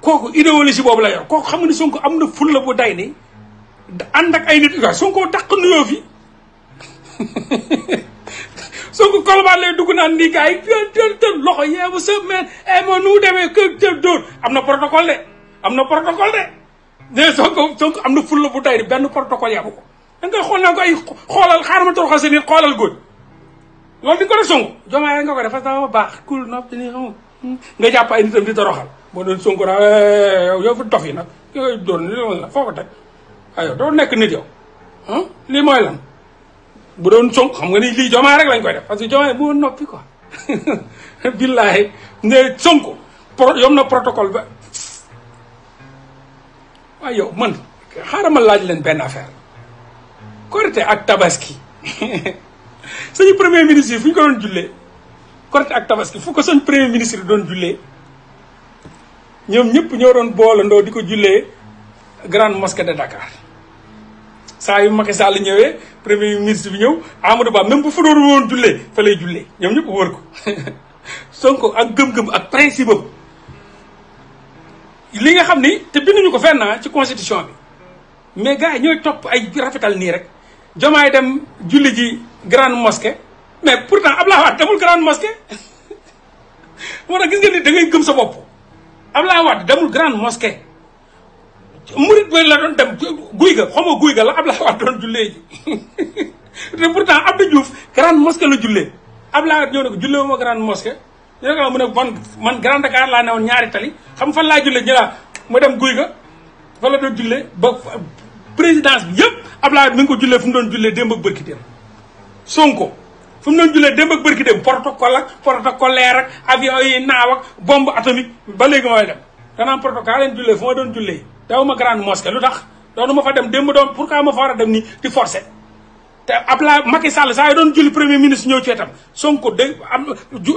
kooku idéologie boobu la yor kooku xam nga ni sonko am na fulla bu day ni ànd ak ay nit waaw sonko dàq nuyoo fi Sonko Colobane lay dugg naan nii gars yi tën tën loxo yeewu sa mel ay eh, ma nu demee kër tën dóor am na protocole de am na protocole de mais Sonko Sonko am na fulla bu day benn protocole yabu ko da nga xool naa ko ay xoolal xaaral ma toroxal sa nit xoolal góor loolu di nga ko def Sonko jomaay nga ko def parce que dafa baax cool jàpp ay nitam di toroxal boo doon Sonko eh, yi nag yooyu doon li la foo ko teg aywa nekk nit yow lii mooy lan bu doon Sonko xam nga ni lii Diomaye rek lañ koy def parce que Diomaye moo noppi quoi billaay ne Sonko pro yom na protocole ba waaye yow man xaaral ma laaj leen benn affaire Korité ak Tabaski suñu premier ministre fu ñu ko doon jullee Korité ak Tabaski fu ko suñ premier ministre doon jullee ñoom ñëpp ñoo doon boolandoo di ko jullee grande mosquée de Dakar saa yu Macky Sall ñëwee premier ministre bi ñëw Amadou Ba même bu fa doon woon jullee fa lay jullee ñoom ñëpp wër ko Sonko ak gëm-gëm ak principe li nga xam ni te binduñu ko fenn ah, ci constitution bi mais gars yi ñooy topp ay rafetal nii rek jomaay dem julli ji grande mosquée mais pourtant Abdoulaye Wade demul grande mosquée moo tax gis nga ni da ngay gëm sa bopp Abdoulaye Wade demul grande mosquée murit ba la doon dem guy ga xaw guy ga la Ablaye Wade doon jullee ji te pourtant Abdou Diouf grande mosquée la jullee Ablaye Wade ñëw ne ko jullee mu ne man man Grand Dakar laa newoon ñaari tali xam fan laa jullee ñu ne dem guy ga fa la doon jullee ba présidence bi yëpp Ablaye Wade mi ngi ko jullee fu mu doon jullee démb ak bërki démb Sonko fu mu doon jullee démb bërki démb protocole ak protocolaire ak avion yi naaw ak bombe atomique ba léegi mooy dem danaa protocole leen jullee fu doon jullee dawuma grande mosquée lu tax doonu ma fa dem démb doon pourquoi ma fa war a dem nii ti forcé te laa Macky Sall saa yi doon julli premier ministre ñëw ci wetam Sonko day am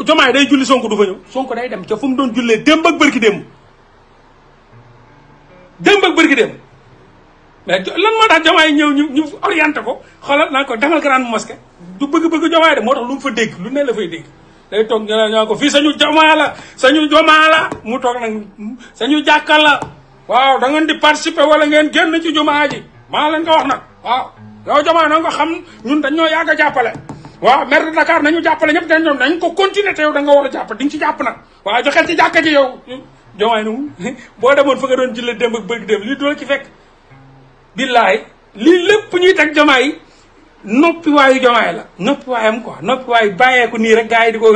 jomaay day julli Sonko du fa ñëw Sonko day dem ca fu mu doon jullee démb ak bërki démb démb ak bërki démb mais lan moo tax jomaay ñëw ñu ñu orienté ko xoolal naa ko demal grande mosquée du bëgg-bëgg jomaay de moo tax lu mu fa dégg lu ne la fay dégg day toog ñu ne ko fii sañu jomaa la sañu jomaa la mu toog nag sañu jàkka la waaw da ngeen di participer wala ngeen génn ci jumaa ji maa leen ko wax nag waaw yow jamaa na nga xam ñun dañ ñoo yàgg a jàppale waaw maire de Dakar nañu jàppale ñëpp dañ ñoom dañ ko continuer te yow da nga war a jàpp di ci jàpp nag waaw joxeel ci jàkka ji yow jomaay nu boo demoon fa nga doon jëlee démb ak bëgg démb lii doo ci fekk billaay lii lépp ñuy teg yi noppi waayu jomaay la noppi waayam quoi noppi waayu bàyyeeku nii rek gaa yi di ko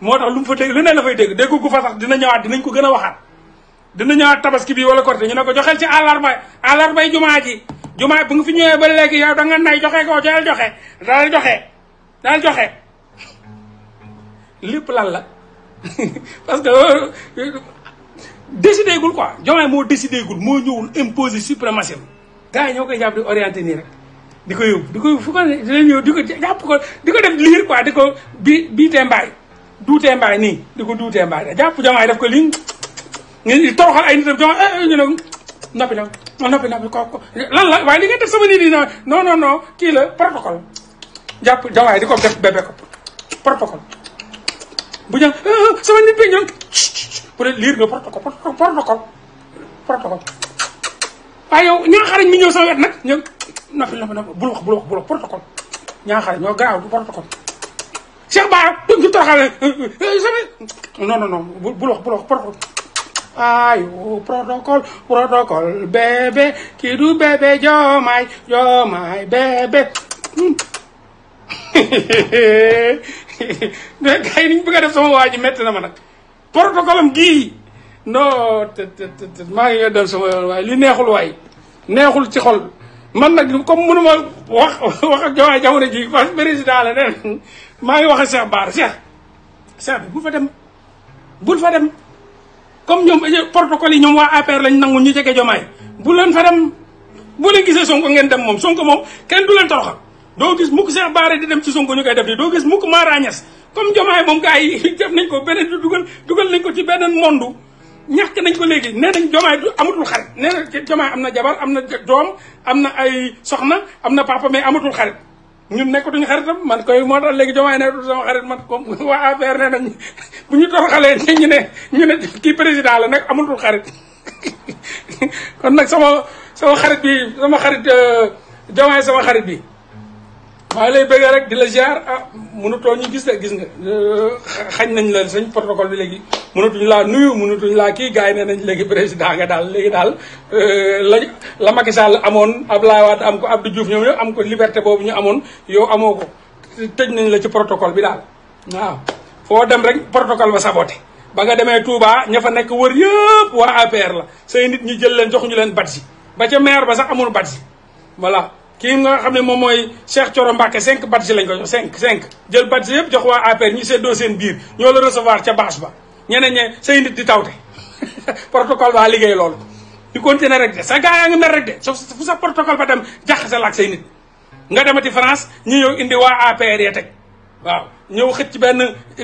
moo tax lu mu fa dégg lu nee la fay dégg déggu gu fa sax dina ñëwaat dinañ ko gën a waxaat dina ñëwaat tabaski bii wala korite ñu ne ko joxel ci àllarba àllarbay jumaa ji jumaa bu nga fi ñëwee ba léegi yow da nga nay joxe ko joxel joxe daal joxe daal joxe lépp lan la parce que décidé gul quoi jomaay moo décidé gul moo ñëwul imposé suprématie gars yi ñoo koy jàpp di orienté nii rek di ko yóbbu di ko dina ñëw di ko jàpp ko di ko def liir quoi di ko bi biitee mbaay duutee mbaay nii di ko duutee mbaay jàpp jomaay def ko lii ñu toroxal ay nitam eh, eh, ñu ne noppi ah, noppi noppi ko lan la waaye li nga def sama nit a non non non kii la protocole jàpp jawaay di ko def bébé ko protocole bu ñu eh, sama nit bi ñoom pour lire nga protocole protocole protocole waaye ah, yow ñaaxarañ mi ñëw sama wet nag ñoom noppi noppi noppi bul wax bul wax bul wax ñoo garaaw du protocole Cheikh Bara duñ ci toroxal sama non non non bul wax bul wax protocole ayo protocol protocol bébé kii du bébé joomaay joomaay bébé gars yi ni bugg a def sama waa ji métti na ma nag protocole am gii non te te te maa ngi doon sama waaye li neexul waay neexul ci xol man nag comme mënuma wax wax ak jawaay jamono maa ngi wax ak Cheikh Bara Cheikh Cheikh fa dem bul fa dem comme ñoom protocole yi ñoom waa APR lañ nangu ñu jege jomaay bu leen fa dem bu leen gisee sonko ngeen dem moom sonko moom kenn du leen toroxal doo gis mukk Cheikh Bara di dem ci sonko ñu koy def di doo gis mukk Mara Niasse comme jomaay moom gars yi def nañ ko beneen dugal dugal nañ ko ci beneen monde ñàkk nañ ko léegi nee nañ jomaay du amatul xarit nee na jomaay am na jabar am na doom am na ay soxna am na papa mais amatul xarit ñun nekkatuñu xaritam man koy moo tax léegi jomaay nekkatu sama xarit man comme waa APR ne nañ bu ñu toroxalee ñu ne ñu ne kii président la nag amatul xarit kon nag sama sama xarit bi sama xarit jomaay euh, sama xarit bi maa lay bëggee rek di la ziar ah mënatoo ñu gis de gis nga euh, xañ nañ la sañ protocole bi léegi mënatuñ laa nuyu mënatuñ laa kii gars yi ne nañ léegi président nga daal léegi daal euh, la la Macky Sall amoon Abdoulaye Wade am ko Abdou Diouf ñoom ñoo am ko liberté boobu ñu amoon yow amoo ko tëj nañ la ci protocole bi daal waaw foo dem rek portocol ba saboté ba nga demee Touba ña fa nekk wër yëpp waa APR la say nit ñi jël leen joxuñu leen bat si ba ca maire ba sax amul bat si kii nga xam ne moom mooy Cheikh Thioro Mbacke cinq badge lañ ko jox cinq cinq jël badge yëpp jox waa APR ñu seddoo seen biir ñoo la recevoir ca bâche ba ñeneen ñe say nit di tawte protocole a liggéey loolu di continuer rek de sa gars yaa ngi mer rek de fu sa protocole ba dem sa ak say nit nga demati France ñu yow indi waa APR ya teg waaw ñëw xëcc benn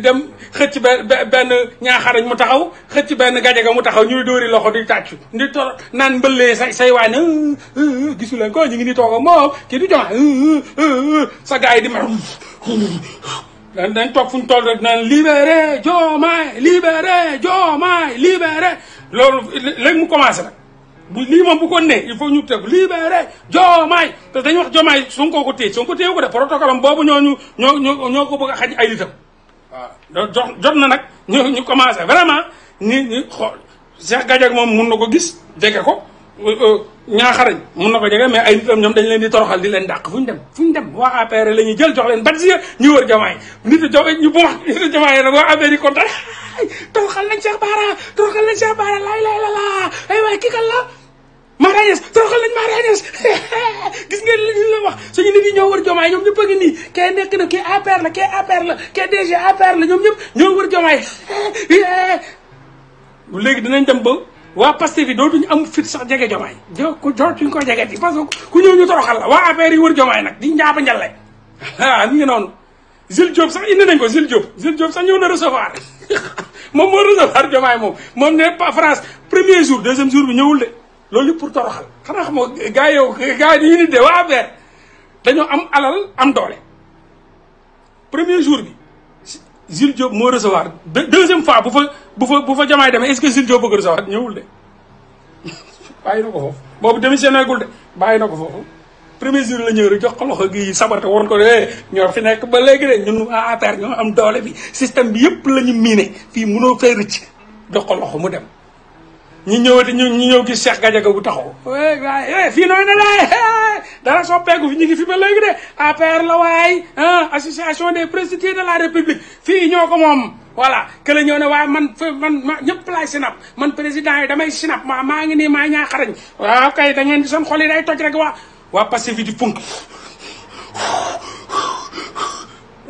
dem xëcc benn benn ñaaxarañ mu taxaw xëcc benn ga mu taxaw ñuy dóori loxo di tàccu di toro naan mbëllee say say waay na ko ñu ngi ni tooga moom kii du jox sa gars yi di ma dañ dañ toog fu ñu toll rek naan libéré Diomaye libéré Diomaye libéré loolu léegi mu commencé bu lii moom bu ko ne il faut ñu teg libéré Diomaye parce que dañuy wax Diomaye Sonko ko téye Sonko téye ko def protocole am boobu ñooñu ñoo ñoo ñoo ko bëgg a xañ ay nitam waaw jox jot na nag ñu ñu commencé vraiment ni ñu xool moom mun na ko gis jege ko ñaaxarañ euh, euh, mun na ko jege mais ay ñoom dañ leen di toroxal di leen dàq fu ñu dem fu ñu dem waa APR la ñuy jël jox leen badge ñu wër Diomaye nit Diomaye ñu bu wax nit Diomaye nag waa affaire yi kontaan toroxal lañ Cheikh Bara toroxal lañ Cheikh Bara laay laay la laa ay waay kii kan la Mara Niass toroxal nañ Mara Niass gis ngeen li ñu la wax suñu nit yi ñoo wër jomaay ñoom ñëpp a ngi nii kee nekk na kee APR la kee APR la kee DG ñoom ñëpp ñoo wër jomaay léegi dinañ dem ba waa Pastef yi dootuñu am fit sax jege jomaay jo ko dootuñ ko jege parce que ku ñëw ñu toroxal la waa APR yi wër jomaay nag di njaaba njalle ah ñu ngi noonu Zil Diop sax indi nañ ko Zil Diop Zil Diop sax ñëw na recevoir moom moo recevoir jomaay moom moom ne France premier jour deuxième jour bi ñëwul de loolu yëpp pour toroxal xanaa xam nga gars yow gars yi nit de waa affaire dañoo am alal am doole premier jour bi Jules Diop moo recevoir deuxième fois bu fa bu fa bu fa jamaay dem est-ce que Jules Diop bëgg recevoir ñëwul de bàyyi na ko foofu boobu démissionné gul de bàyyi na ko foofu premier jour la ñëw rek jox ko loxo gi sabarte waroon ko de eh, ñoo fi nekk ba léegi de ñun APR ñoo am doole bi système bi yëpp la ñu miine fii mënoo fay rëcc jox ko loxo mu dem ñu ñëwati ñu ñu ñëw gis Cheikh Gadiaga bu taxaw eh, waay eh, fii nooy na laay eh, dara soppeeku fi ñu ngi fi ba léegi de APR la waay association des présidents de la république fii ñoo ko moom voilà que la ñëw ne waaye man man ma ñëpp laay sinap man président yi damay sinap maa maa ngi nii maa ñaa xarañ waaw kay da ngeen di seen xol yi day toj rek waa waa passé fi di punk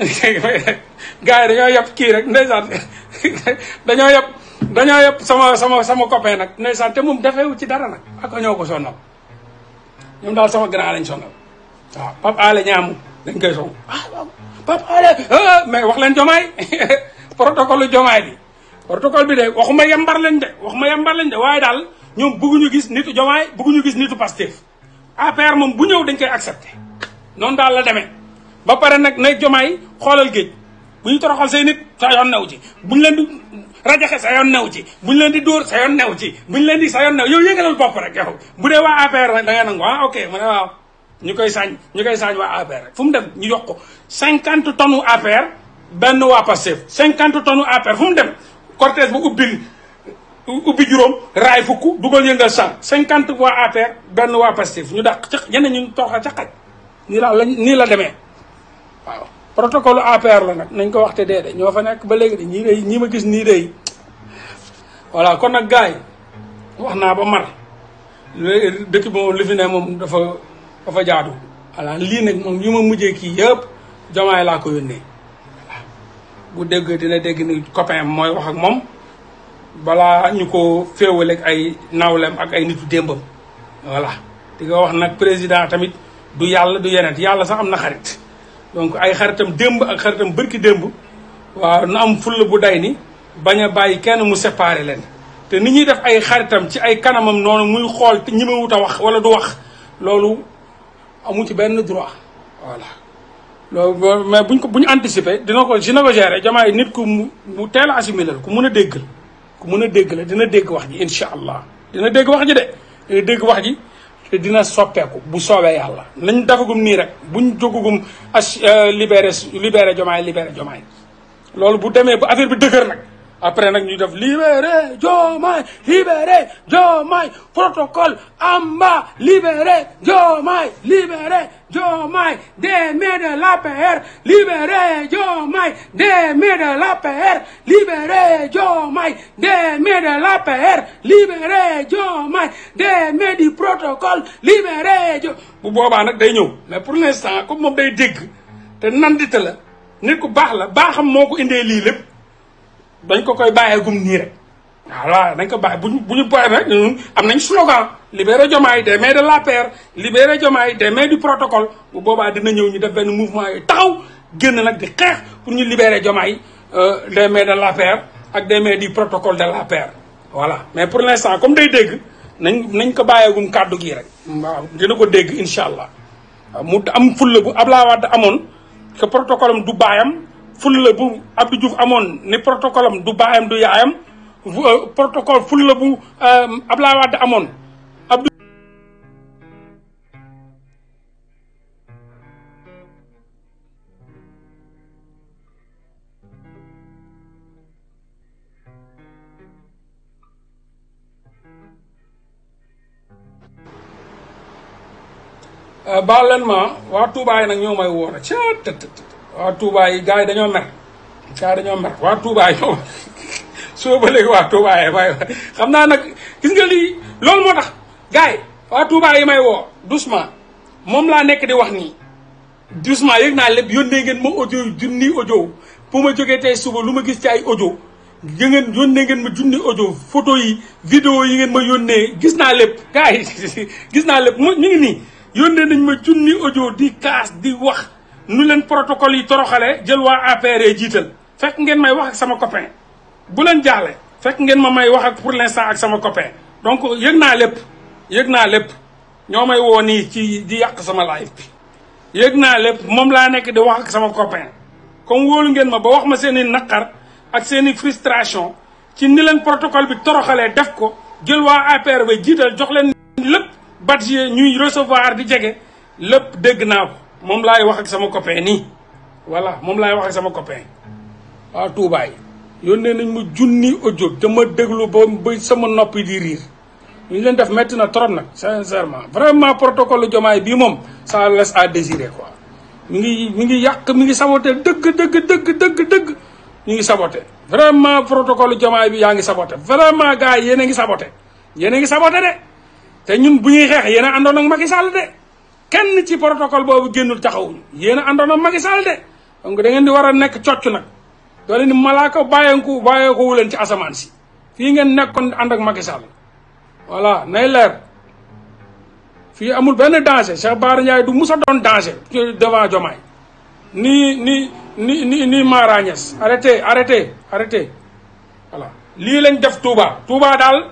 gars yi dañoo yab kii rek ndeysaan dañoo yab dañoo yëpp sama sama sama copain nag ndeysaan te moom defewu ci dara nag ak ñëw ko sonal ñoom daal sama grand lañ sonal waaw Pape Alé ñaamu dañ koy sow ah Pape ah, mais wax leen jomaay protocole jomaay bi protocole bi de waxuma yembar leen de waxuma yembar leen de waaye daal ñoom bëgguñu gis nitu jomaay bëgguñu gis nitu Pastef APR moom bu ñëw dañ koy accepté noon daal la demee ba pare nag nay jomaay xoolal géej bu ñu toroxal say nit sa yoon new ci buñ leen rajaxe sa yoon new ci bu buñ leen di dóor sa yoon new ci buñ leen di sa yoon new yow yëngalal bopp rek yow bu dee waa APR nag da nga nangu ah ok mu ne waaw ñu koy saañ ñu koy saañ waa affaire rek fu mu dem ñu jox ko cinquante tonnes APR benn waa Pastef cinquante tonnes APR fu mu dem cortège bu ubbil ubbi juróom raay fukk dugal yëngal cent cinquante waa APR benn waa Pastef ñu dàq ca ñeneen ñu tooxa a xaj nii la nii la demee waaw protocole APR la nag nañ ko waxte dee de ñoo fa nekk ba léegi de ñii de ñi ma gis nii de voilà kon nag gars wax naa ba mar dëkk bi moom li fi ne moom dafa dafa jaadu voilà lii nag moom yu ma mujjee kii yëpp jomaay laa ko yónnee bu dégg dina dégg ni copain mooy wax ak moom balaa ñu ko féewale ay nawlem ak ay nitu démbam voilà di nga wax nag président tamit du yàlla du yeneen yàlla sax am na xarit donc ay xaritam démb ak xaritam bërki démb waaw na am fulla bu day ni bañ a bàyyi kenn mu séparé leen te ni ñuy def ay xaritam ci ay kanamam noonu muy xool te ñimewut a wax wala du wax loolu amu ci benn droit voilà loolu mais buñ ko bu ñu anticiper dina ko dina ko gérer jamaay nit ku mu teel a assimilé ku mun a dégg ku mun a dégg la dina dégg wax ji incha allah dina dégg wax ji de dina dégg wax ji te dina soppeeku bu soobee yàlla nañ dafagum nii rek buñ jógugum as euh, libéré libéré jomaay libéré jomaay loolu bu demee bu affaire bi dëgër nag après nag ñu def libéré Diomaye libéré Diomaye protocole amba libéré Diomaye libéré Diomaye des mains de l'APR libéré Diomaye des mains de l'APR libéré Diomaye des mains de l'APR libéré Diomaye des mains du protocole libéré jo bu boobaa nag day ñëw mais pour l'instant comme moom day dégg te nandita la nit ku baax la baaxam moo ko indee lii lépp dañ ko koy bàyyeegum nii rek voilà dañ ko bàyyi bu ñu bu ñu booyee am nañ slogan libéré Diomaye des mais de l'APR libéré Diomaye des mains du protocole boobaa dina ñëw ñu def benn mouvement yi taxaw génn nag di xeex pour ñu libéré Diomaye euh, des mains de l'APR ak des mains du protocole de l'APR voilà mais pour l'instant comme day dégg nañ nañ ko bàyyeegum kàddu gi rek waaw dina ko dégg incha allah mu am fulla bu Abdoulaye Wade amoon que protocole du baayam fulla bu Abdou Diouf amoon ni protocole du baayam du yaayam euh, protocole fulla bu euh, Abdoulaye Wade euh, waa Touba yi nag ñoo waa Touba yi gars yi dañoo mer gars yi dañoo mer waa Touba yi ñoom soo waa xam naa nag gis nga lii loolu moo tax gars yi waa Touba yi may wo doucement moom laa nekk di wax nii doucement yëg naa lépp yónnee ngeen ma audio yu junni audio pour ma jógee tey suba lu ma gis ci ay audio yë ngeen yónnee ngeen ma junni audio photo yi vidéo yi ngeen ma yónnee gis naa lépp gars yi gis naa lépp mu ñu ngi nii yónnee nañ ma junni audio di kaas di wax nu leen protocole yi toroxalee jël waa APR jiital fekk ngeen may wax ak sama copain bu leen jaaxle fekk ngeen ma may wax ak pour l'instant ak sama copain donc yëg naa lépp yëg naa lépp ñoo may woo nii ci di yàq sama live bi yëg naa lépp moom laa nekk di wax ak sama copain comme wóolu ngeen ma ba wax ma seen i naqar ak seen i frustration ci ni leen protocole bi toroxalee def ko jël waa APR ba jiital jox leen lépp badge ñuy recevoir di jege lépp dégg naa ko moom laay wax ak sama copain nii voilà moom laay wax ak sama copain waaw Touba yi nee nañ ma junni audio te ma déglu ba ba sama noppi di riir ñu ñu leen def métti na trop nag sincèrement vraiment protocole jomaay bii moom ça laisse à désirer quoi mi ngi mi ngi yàq mi ngi sabote dëgg dëgg dëgg dëgg dëgg ngi sabote vraiment protocole jomaay bi yaa ngi sabote vraiment gars yi ngi sabote yéen a ngi sabote de te ñun bu ñuy xeex yéen a àndoon ak i Sall de kenn ci protocole boobu génnul taxawuñu yéen a àndoon ak Macky Sall de donc da di war a nekk cocc nag doo leen di malaaka bàyyeeku bàyyeeku wu leen ci asamaan si fii ngeen nekkoon ànd ak Macky Sall voilà nay leer fii amul benn danger Cheikh Bara Ndiaye du mus a doon danger devant Diomaye ni ni ni ni ni Mara Niass arrêté arrêté arrêté lii lañ def Touba Touba daal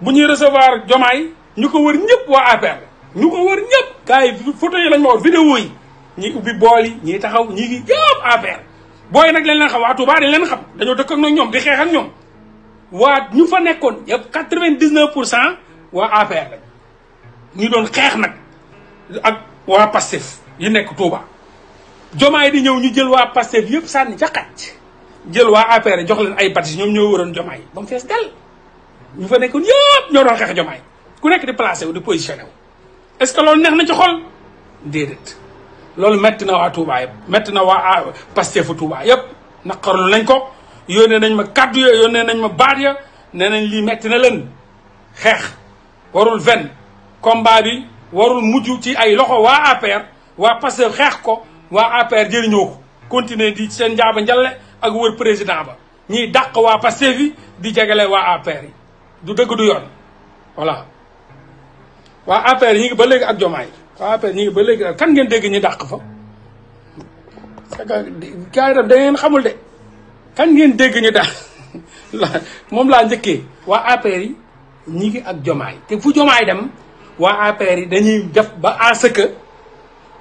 bu ñuy recevoir Diomaye ñu ko wër ñëpp waa APR ñu ko wër ñëpp gars yi photo yi lañ ma woon vidéo yi ñi ubbi bool yi ñi taxaw ñi ngi yëpp affaire booy nag leen leen xam waa Touba dañ leen xam dañoo dëkk ak ñoom di xeex ak ñoom waa ñu fa nekkoon yëpp quatre-vingt-dix-neuf pour cent waa APR lañ ñu doon xeex nag ak waa Pastef yi nekk Touba. jomaay di ñëw ñu jël waa Pastef yëpp sànni ca jël waa APR jox ay bâtis ñoom ñoo waroon jomaay ba mu fees ñu fa nekkoon yëpp ñoo doon xeex ku nekk di placé wu di positionné wu. est-ce que loolu neex na ci xol déedéet loolu metti na waa Touba yëpp metti na waa ah, Pastef Touba yëpp naqarlu nañ ko yónnee nañ ma kaddu ya yónnee nañ ma baat ya nee nañ lii metti na leen xeex warul ven combat bi warul mujj ci ay loxo waa APR waa Pastef xeex ko waa APR jëriñoo ko continuer di seen njaaba njalle ak wër président ba ñiy dàq waa Pastef yi di jegale waa APR yi du dëgg du yoon voilà waa APR ñi ba léegi ak jomaay waa APR ba léegi kan ngeen dégg ñu dàq fa yi ngeen xamul de ngeen dégg ñu moom laa njëkkee waa APR yi ñi ngi ak jomaay te fu jomaay dem yi dañuy def ba à ce que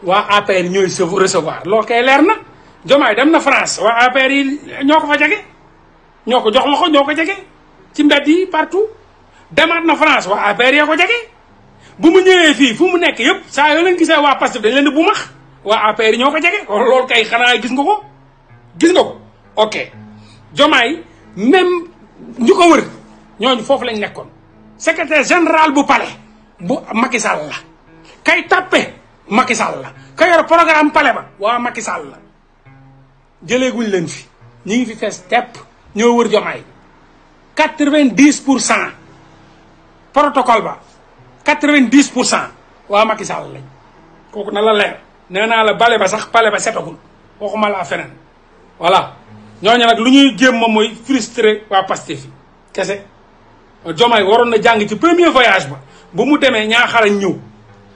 waa APR ñooy leer na jomaay dem na France waa APR yi ñoo ko fa jege ñoo ko jox loxo ñoo ko jege ci mbedd yi partout demaat na France waa APR yee ko jege bu mu ñëwee fii fu mu nekk yëpp saa yoo leen gisee waa Pastef dañ leen di bu max waa APR ñoo ko jege loolu kay xanaa gis nga ko gis nga ko ok Jomaay même ñu ko wër ñooñu foofu lañ nekkoon secrétaire général bu palais bu Macky Sall la kay tàppe Macky la ka yor programme pale ba waa Macky Sall la jëleeguñ leen fi ñu ngi fi fees tepp ñoo wër Jomaay quatre-vingt-dix pour cent protocole ba quatre-vingt-dix pour cent waa Macky Sall lañ kooku na la leer nee naa la bale ba sax bale ba setagul waxuma laa feneen voilà ñoo nag lu ñuy jéem moom mooy frustré waa Pastef yi kese Diomaye waroon na jàng ci premier voyage ba bu mu demee ñaaxarañ ñëw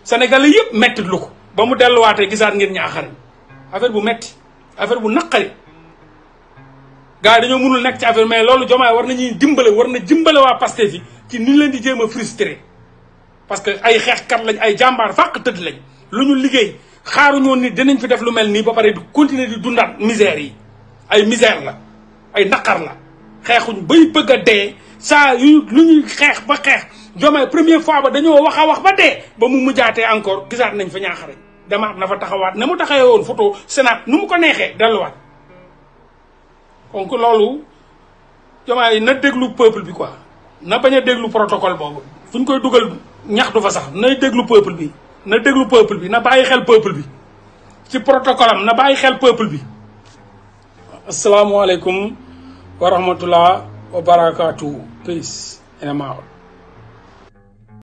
Sénégalais yëpp métti lu ko ba mu delluwaatee gisaat ngeen ñaaxarañ affaire bu metti affaire bu naqari gars yi dañoo mënul nekk ci affaire mais loolu Diomaye war nañuy dimbale war na dimbale waa Pastef yi ci ni leen di jéem a frustré parce que ay xeex xeexkat lañ ay jàmbaar fàq tëdd lañ lu ñu liggéey xaaruñoon ni dinañ fi def lu mel nii ba pare di continuer di dundaat misère yi ay misère la ay naqar la xeexuñ bay bëgg a dee saa yu lu ñu xeex ba xeex Diomaye première fois ba dañoo wax ba dee ba mu mujjaatee encore gisaat nañ fa ñaaxare demaat na fa taxawaat na mu taxawee woon photo Sénat nu mu ko neexee delluwaat donc loolu Diomaye na déglu peuple bi quoi na bañ a déglu protocole boobu fu koy dugal ñaxtu fa sax nay déglu peuple bi na déglu peuple bi na bàyyi xel peuple bi ci protocole am na bàyyi xel peuple bi asalaamualeykum wa rahmatullah wa barakaatu